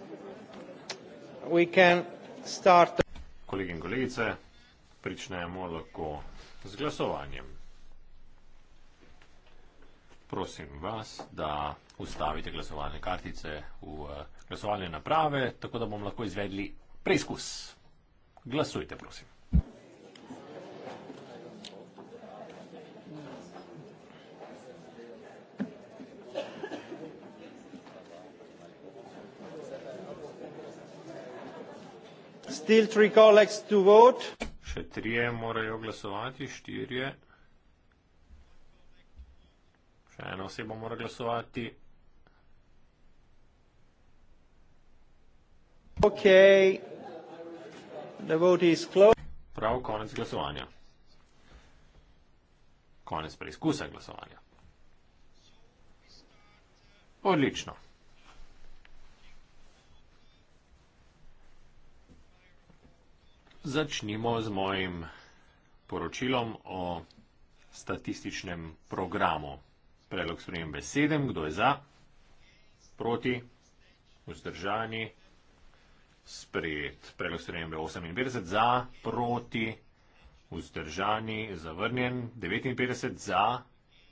in kolegice, pričnemo lahko z glasovanjem. Prosim vas, da ustavite glasovalne kartice v eh, glasovalne naprave, tako da bom lahko izvedli preizkus. Glasujte, prosim. still three colleagues to vote. Še trije morajo glasovati, štirje. Še ena oseba mora glasovati. Okay. The vote is closed. Prav konec glasovanja. Konec preizkusa glasovanja. Odlično. začnimo z mojim poročilom o statističnem programu. Predlog spremembe 7. Kdo je za? Proti? Vzdržani? Sprejet. Predlog spremembe 58. Za? Proti? Vzdržani? Zavrnjen? 59. Za?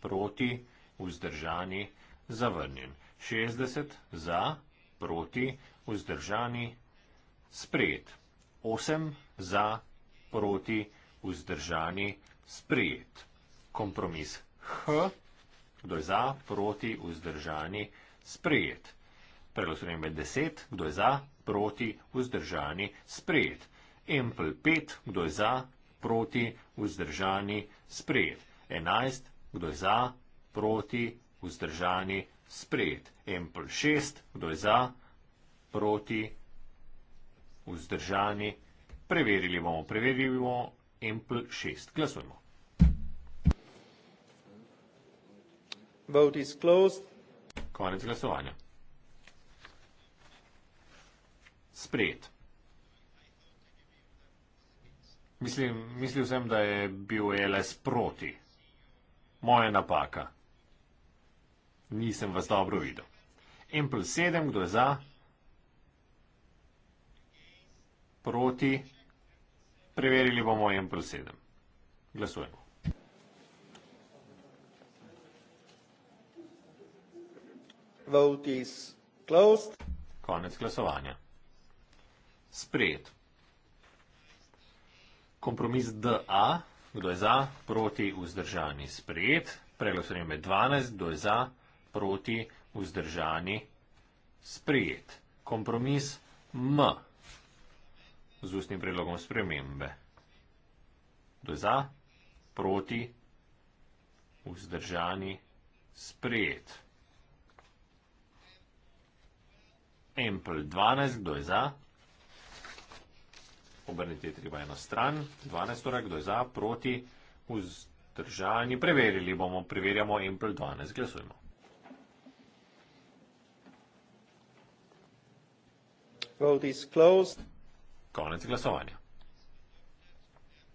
Proti? Vzdržani? Zavrnjen? 60. Za? Proti? Vzdržani? Sprejet. 8 za, proti, vzdržani, sprijet. Kompromis H, kdo je za, proti, vzdržani, sprijet. Preglasujem med deset, kdo je za, proti, vzdržani, sprijet. Empl pet, kdo je za, proti, vzdržani, sprijet. Enajst, kdo je za, proti, vzdržani, sprijet. Empl šest, kdo je za, proti, vzdržani, sprijet. Preverili bomo, preverili bomo Ample 6. Glasujemo. Vote is closed. Konec glasovanja. Sprejet. Mislim, mislil sem, da je bil LS proti. Moja napaka. Nisem vas dobro videl. Ample 7, kdo je za? Proti. Proti. Preverili bomo en plus sedem. Glasujemo. Vote is closed. Konec glasovanja. Sprejet. Kompromis DA, kdo je za, proti, vzdržani, sprejet. Predlog sprejem je 12, kdo je za, proti, vzdržani, sprejet. Kompromis M, z ustnim predlogom spremembe. Kdo je za, proti, vzdržani, sprejet. Ampel 12, kdo je za? Obrnite treba eno stran, 12 torej, kdo je za, proti, vzdržani, preverili bomo, preverjamo Ampel 12, glasujmo. Vote is closed. Konec glasovanja.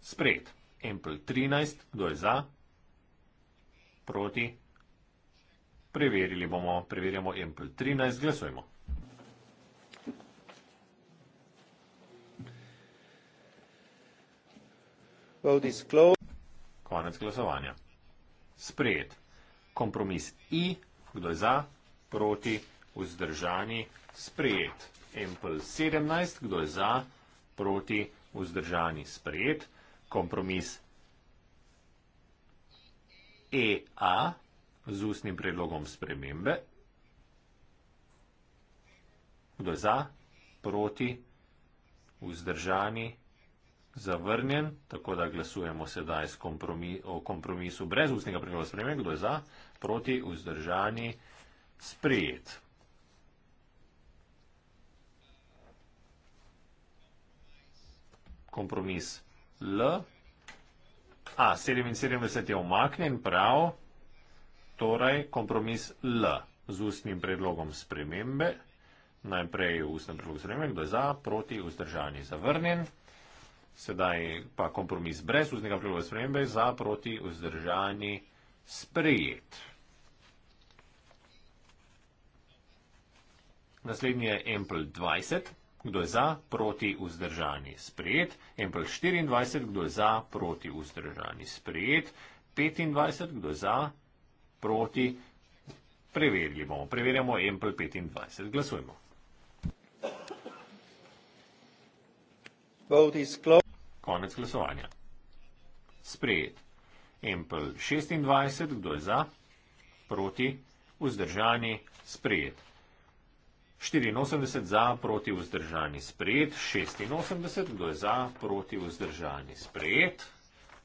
Sprejet. Ampel 13, kdo je za? Proti. Preverili bomo, preverjamo Ampel 13, glasujemo. Konec glasovanja. Sprejet. Kompromis I, kdo je za? Proti. Vzdržani. Sprejet. Ampel 17, kdo je za? Proti proti vzdržani sprejet. Kompromis EA z ustnim predlogom spremembe. Kdo je za, proti, vzdržani, zavrnjen, tako da glasujemo sedaj kompromis, o kompromisu brez ustnega predloga spremembe. Kdo je za, proti, vzdržani, sprejet. kompromis L. A, 77 je omaknjen, prav, torej kompromis L z ustnim predlogom spremembe. Najprej ustni predlog spremembe, kdo je za, proti, vzdržan je zavrnjen. Sedaj pa kompromis brez ustnega predloga spremembe, za, proti, vzdržan je sprejet. Naslednji je Ample 20 kdo je za, proti, vzdržani, sprejet, en plus 24, kdo je za, proti, vzdržani, sprejet, 25, kdo je za, proti, preverjamo, preverjamo en plus 25, glasujmo. Konec glasovanja. Sprejet. Empel 26, kdo je za? Proti. Vzdržani. Sprejet. 84 za, proti vzdržani sprejet, 86, kdo je za, proti vzdržani sprejet,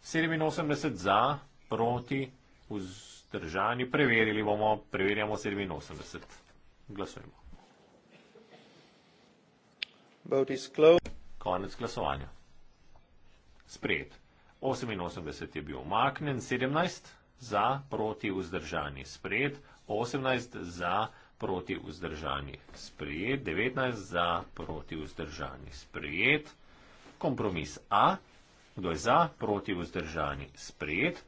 87 za, proti vzdržani, preverili bomo, preverjamo 87. Glasujemo. Konec glasovanja. Sprejet. 88 je bil umaknen, 17 za, proti vzdržani sprejet, 18 za, proti vzdržani sprejet proti vzdržani sprejet, 19 za proti vzdržani sprejet. Kompromis A, kdo je za, proti vzdržani sprejet.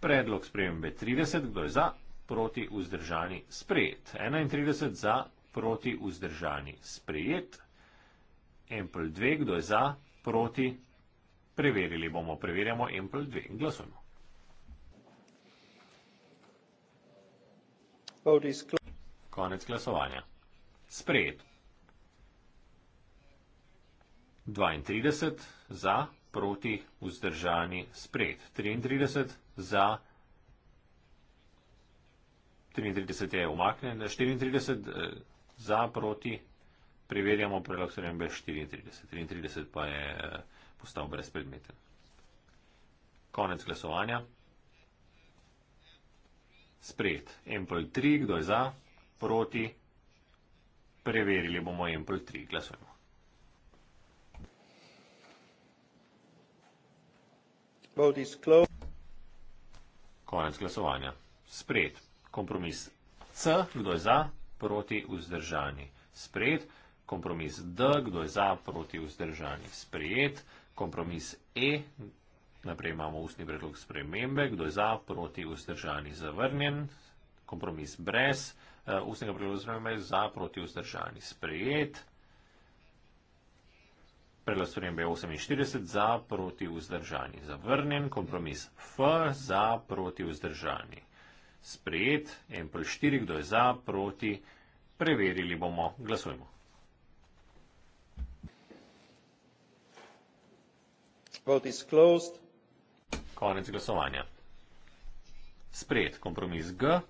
Predlog spremembe 30, kdo je za, proti vzdržani sprejet. 31 za, proti vzdržani sprejet. Empl 2, kdo je za, proti. Preverili bomo, preverjamo Empl 2. Glasujmo. Konec glasovanja. Sprejet. 32 za, proti, vzdržani, sprejet. 33 za, 33 je umaknen, 34 eh, za, proti, preverjamo preloksorjem B34. 33 pa je eh, postal brezpredmeten. Konec glasovanja sprejet. Empel 3, kdo je za, proti, preverili bomo Empel 3, glasujemo. Konec glasovanja. Sprejet. Kompromis C, kdo je za, proti, vzdržani. Sprejet. Kompromis D, kdo je za, proti, vzdržani. Sprejet. Kompromis E, kdo je za, proti, vzdržani. Naprej imamo ustni predlog spremembe, kdo je za, proti, vzdržani, zavrnjen, kompromis brez uh, ustnega predloga spremembe, za, proti, vzdržani, sprejet. Predlog spremembe je 48, za, proti, vzdržani, zavrnjen, kompromis F, za, proti, vzdržani, sprejet. M plus 4, kdo je za, proti, preverili bomo, glasujemo. Vote is closed. Konec glasovanja. Spred kompromis G,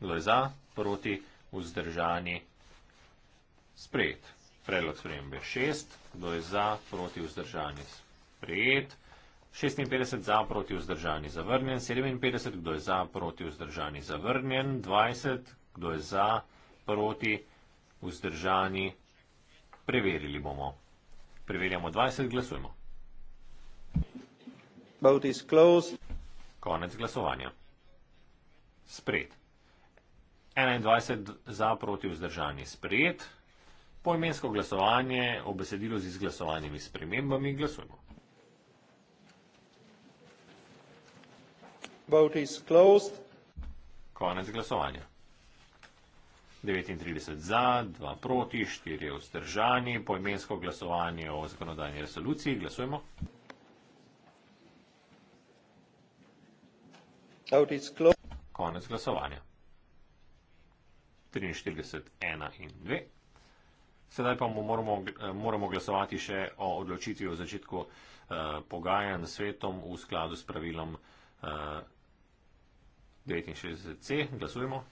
kdo je za, proti, vzdržani. Spred predlog spremembe 6, kdo je za, proti, vzdržani. Spred 56 za, proti, vzdržani, zavrnjen. 57, kdo je za, proti, vzdržani, zavrnjen. 20, kdo je za, proti, vzdržani. Preverili bomo. Preverjamo 20, glasujmo vote is closed. Konec glasovanja. Sprejet. 21 za proti vzdržani sprejet. Poimensko glasovanje o besedilu z izglasovanimi spremembami glasujemo. Vote is closed. Konec glasovanja. 39 za, 2 proti, 4 vzdržani. Poimensko glasovanje o zakonodajni resoluciji glasujemo. Konec glasovanja. 43, 1 in 2. Sedaj pa moramo, eh, moramo glasovati še o odločitvi o začetku eh, pogajanj s svetom v skladu s pravilom eh, 69c. Glasujemo.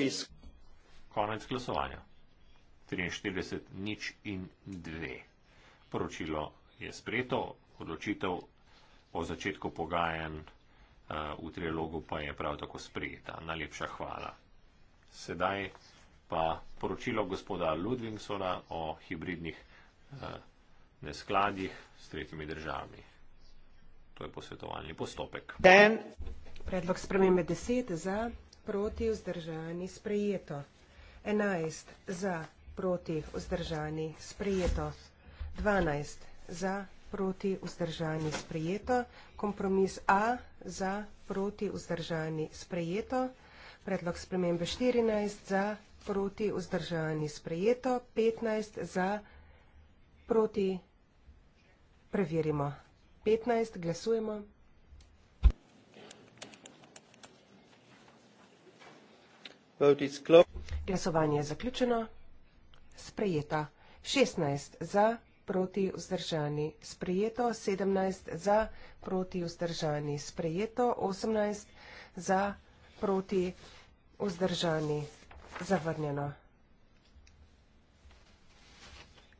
Is... Konec glasovanja. 43, nič in 2. Poročilo je sprejeto odločitev o začetku pogajanj eh, v trilogu, pa je prav tako sprejeta. Najlepša hvala. Sedaj pa poročilo gospoda Ludvingsona o hibridnih eh, neskladjih s tretjimi državami. To je posvetovalni postopek. Dan. Predlog spremembe 10 za, proti, vzdržani, sprejeto. 11 za, proti, vzdržani, sprejeto. 12 za proti vzdržani sprejeto, kompromis A za proti vzdržani sprejeto, predlog spremembe 14 za proti vzdržani sprejeto, 15 za proti preverimo. 15 glasujemo. Glasovanje je zaključeno. Sprejeta. 16 za proti vzdržani sprejeto proti vzdržani, sprejeto 17 za proti vzdržani, sprejeto 18 za proti vzdržani, zavrnjeno.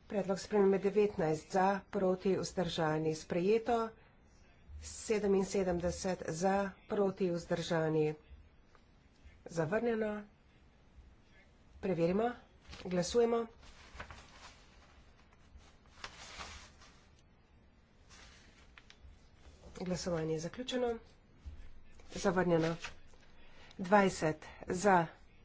Predlog spremembe 19 za proti vzdržani, sprejeto 77 za proti vzdržani, zavrnjeno. Preverimo, glasujemo. Glasovanje je zaključeno. Zavrnjeno. 20 za,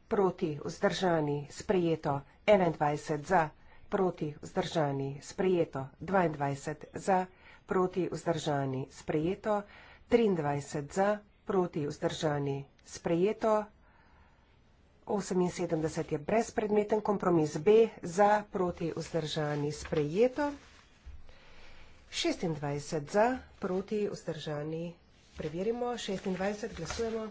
proti, vzdržani, sprejeto. 21 za, proti, vzdržani, sprejeto. 22 za, proti, vzdržani, sprejeto. 23 za, proti, vzdržani, sprejeto. 78 je brezpredmeten kompromis B za proti vzdržani sprejeto. 26 za, proti, vzdržani. Preverimo, 26 glasujemo.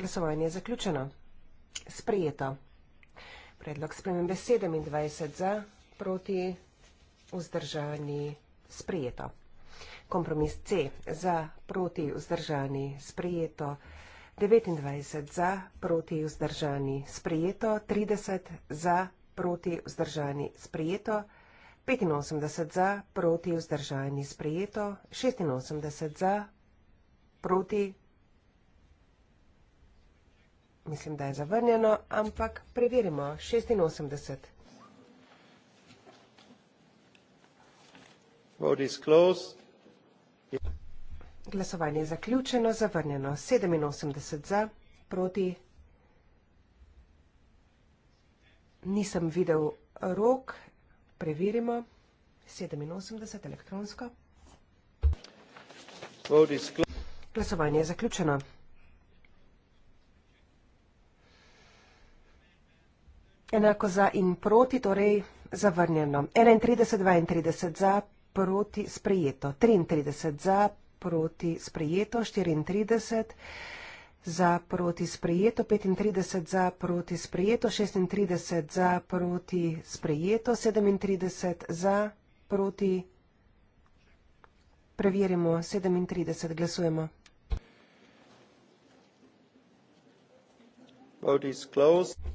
Glasovanje je zaključeno. Sprejeto. Predlog spremembe 27 za, proti, vzdržani, sprejeto. Kompromis C za, proti, vzdržani, sprejeto. 29 za, proti vzdržani sprejeto, 30 za, proti vzdržani sprejeto, 85 za, proti vzdržani sprejeto, 86 za, proti. Mislim, da je zavrnjeno, ampak preverimo 86. Vote is closed. Glasovanje je zaključeno, zavrnjeno 87 za, proti. Nisem videl rok, preverimo 87 elektronsko. Glasovanje je zaključeno. Enako za in proti, torej zavrnjeno. 31, 32 za, proti, sprejeto. 33 za, proti sprejeto 34, za proti sprejeto 35, za proti sprejeto 36, za proti sprejeto 37, za proti. Preverimo 37, glasujemo.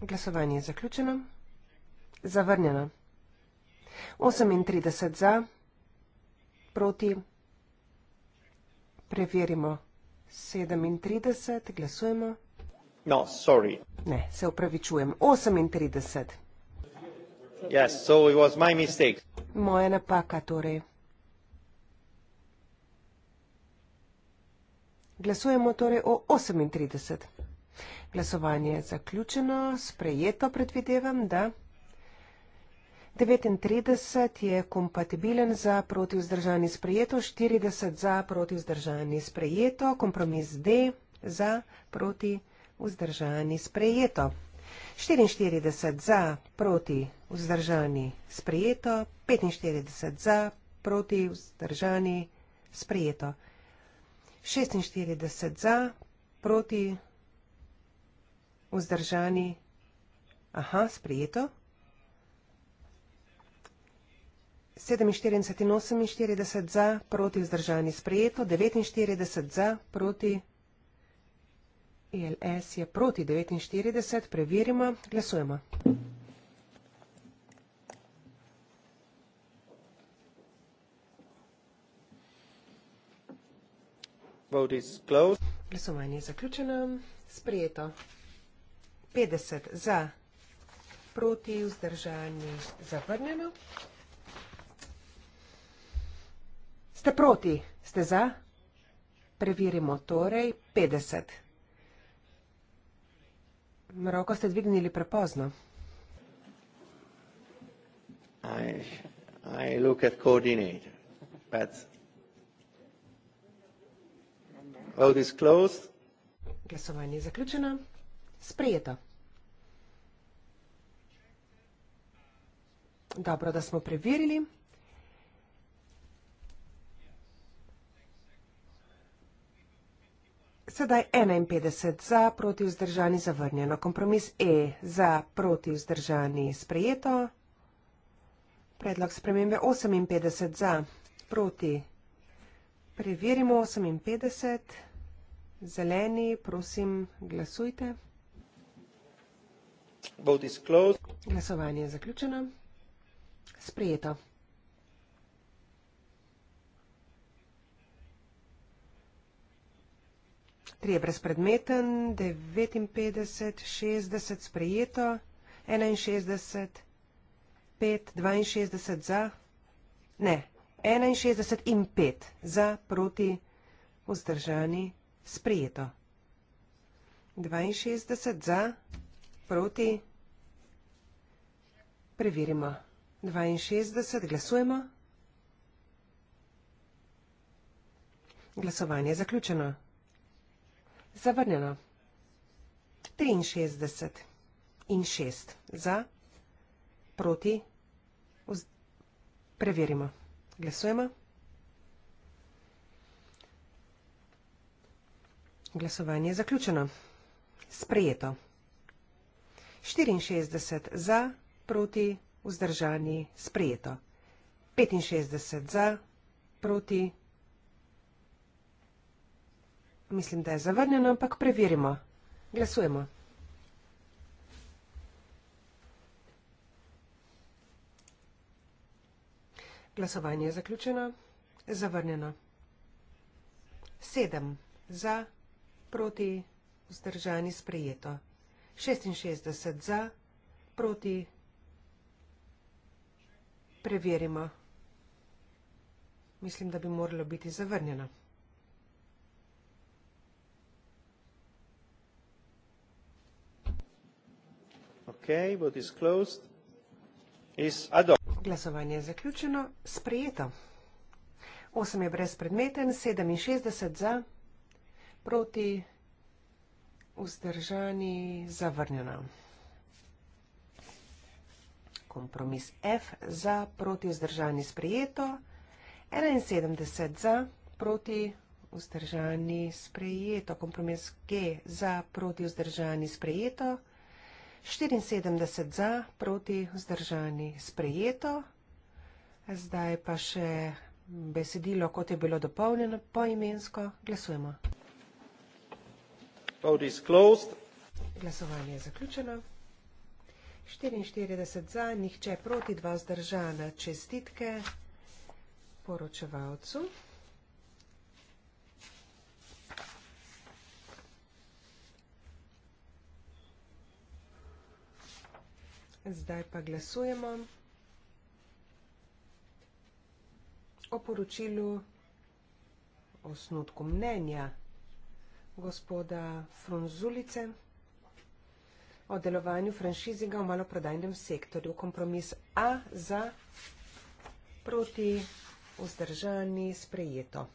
Glasovanje je zaključeno. Zavrnjeno. 38 za, proti Preverimo. 37, glasujemo. No, sorry. Ne, se upravičujem. 38. Yes, so it was my mistake. Moja napaka, torej. Glasujemo torej o 38. Glasovanje je zaključeno, sprejeto predvidevam, da. 39 je kompatibilen za protivzdržani sprejeto, 40 za protivzdržani sprejeto, kompromis D za protivzdržani sprejeto. 44 za protivzdržani sprejeto, 45 za protivzdržani sprejeto. 46 za protivzdržani sprejeto. 47 in 48 za, proti vzdržani sprejeto, 49 za, proti. ELS je proti 49, preverimo, glasujemo. Glasovanje je zaključeno, sprejeto. 50 za, proti vzdržani zavrnjeno. Ste proti, ste za? Preverimo torej 50. Roko ste dvignili prepozno. I, I look at coordinator. That's... Vote is closed. Glasovanje je zaključeno. Sprejeto. Dobro, da smo preverili. sedaj 51 za proti vzdržani zavrnjeno. Kompromis E za proti vzdržani sprejeto. Predlog spremembe 58 za proti. Preverimo 58. Zeleni, prosim, glasujte. Glasovanje je zaključeno. Sprejeto. 3 je brezpredmeten, 59, 60 sprejeto, 61, 5, 62 za, ne, 61 in 5 za, proti, vzdržani, sprejeto. 62 za, proti, preverimo. 62, glasujemo. Glasovanje je zaključeno. Zavrnjeno. 63 in 6 za, proti, vz... preverimo. Glasujemo. Glasovanje je zaključeno. Sprejeto. 64 za, proti, vzdržani, sprejeto. 65 za, proti, vzdržani. Mislim, da je zavrnjeno, ampak preverimo. Glasujemo. Glasovanje je zaključeno. Zavrnjeno. Sedem za, proti, vzdržani sprejeto. 66 za, proti, preverimo. Mislim, da bi moralo biti zavrnjeno. Glasovanje je zaključeno. Sprejeto. Osem je brezpredmeten, 67 za, proti, vzdržani, zavrnjena. Kompromis F za, proti, vzdržani, sprejeto. 71 za, proti, vzdržani, sprejeto. Kompromis G za, proti, vzdržani, sprejeto. 74 za, proti vzdržani sprejeto. Zdaj pa še besedilo, kot je bilo dopolnjeno po imensko. Glasujemo. Glasovanje je zaključeno. 44 za, nihče proti, dva zdržana čestitke poročevalcu. Zdaj pa glasujemo o poročilu osnotku mnenja gospoda Frunzulice o delovanju franšizinga v maloprodajnem sektorju. Kompromis A za proti vzdržani sprejeto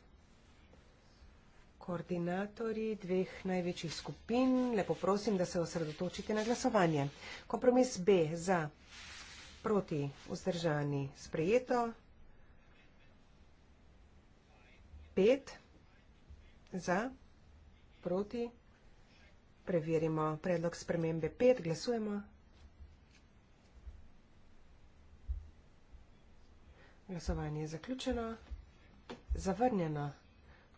koordinatorji dveh največjih skupin, lepo prosim, da se osredotočite na glasovanje. Kompromis B za proti vzdržani sprejeto. Pet za proti. Preverimo predlog spremembe. Pet glasujemo. Glasovanje je zaključeno. Zavrnjeno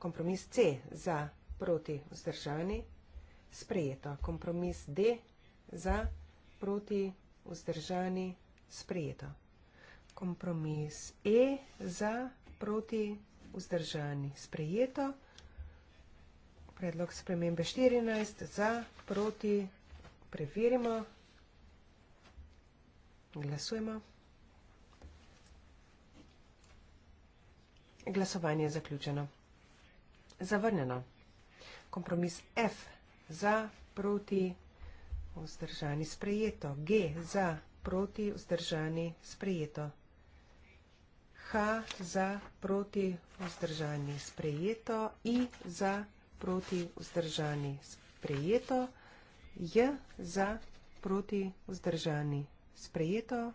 kompromis C za proti vzdržani sprejeto. Kompromis D za proti vzdržani sprejeto. Kompromis E za proti vzdržani sprejeto. Predlog spremembe 14 za proti preverimo. Glasujemo. Glasovanje je zaključeno zavrnjeno. Kompromis F za, proti, vzdržani, sprejeto. G za, proti, vzdržani, sprejeto. H za, proti, vzdržani, sprejeto. I za, proti, vzdržani, sprejeto. J za, proti, vzdržani, sprejeto.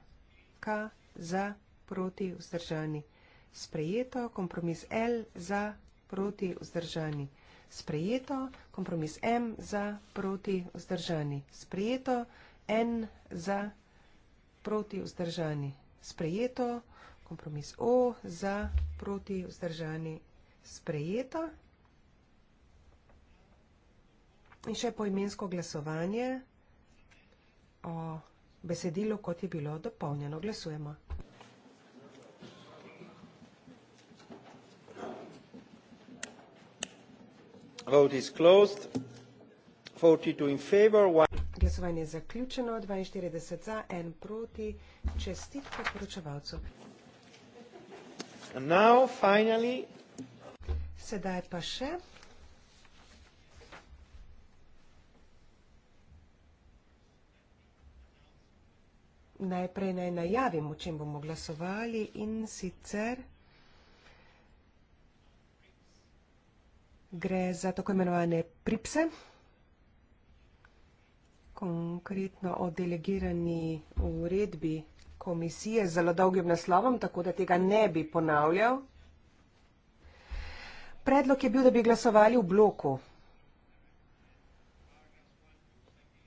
K za, proti, vzdržani, sprejeto. Kompromis L za, proti vzdržani. Sprejeto, kompromis M za proti vzdržani. Sprejeto, N za proti vzdržani. Sprejeto, kompromis O za proti vzdržani. Sprejeto. In še poimensko glasovanje o besedilu, kot je bilo dopolnjeno. Glasujemo. Glasovanje je zaključeno. 42 za, en proti. Čestitke poročevalcu. Sedaj pa še... Najprej naj najavim, o čem bomo glasovali, in sicer... gre za tako imenovane pripse, konkretno o delegirani uredbi komisije z zelo dolgim naslovom, tako da tega ne bi ponavljal. Predlog je bil, da bi glasovali v bloku.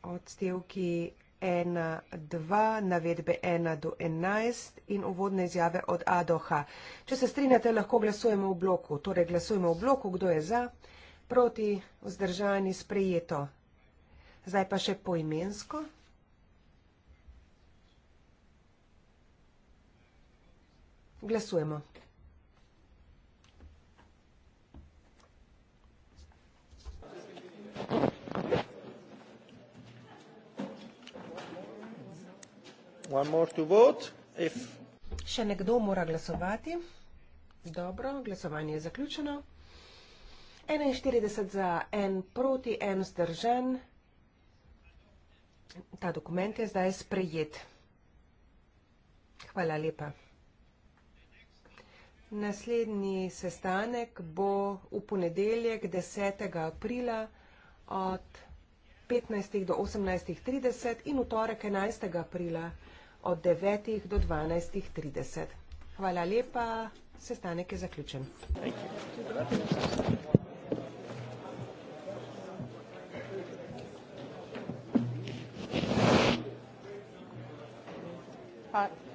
Odstevki ena, dva, navedbe ena do enajst in uvodne izjave od A do H. Če se strinjate, lahko glasujemo v bloku. Torej, glasujemo v bloku, kdo je za, proti, vzdržani, sprejeto. Zdaj pa še poimensko. Glasujemo. One more to vote. If... Še nekdo mora glasovati. Dobro, glasovanje je zaključeno. 41 za, en proti, en zdržan. Ta dokument je zdaj sprejet. Hvala lepa. Naslednji sestanek bo v ponedeljek 10. aprila od 15. do 18.30 in v torek 11. aprila od 9 do 12.30. Hvala lepa, sestanek je zaključen. Hvala.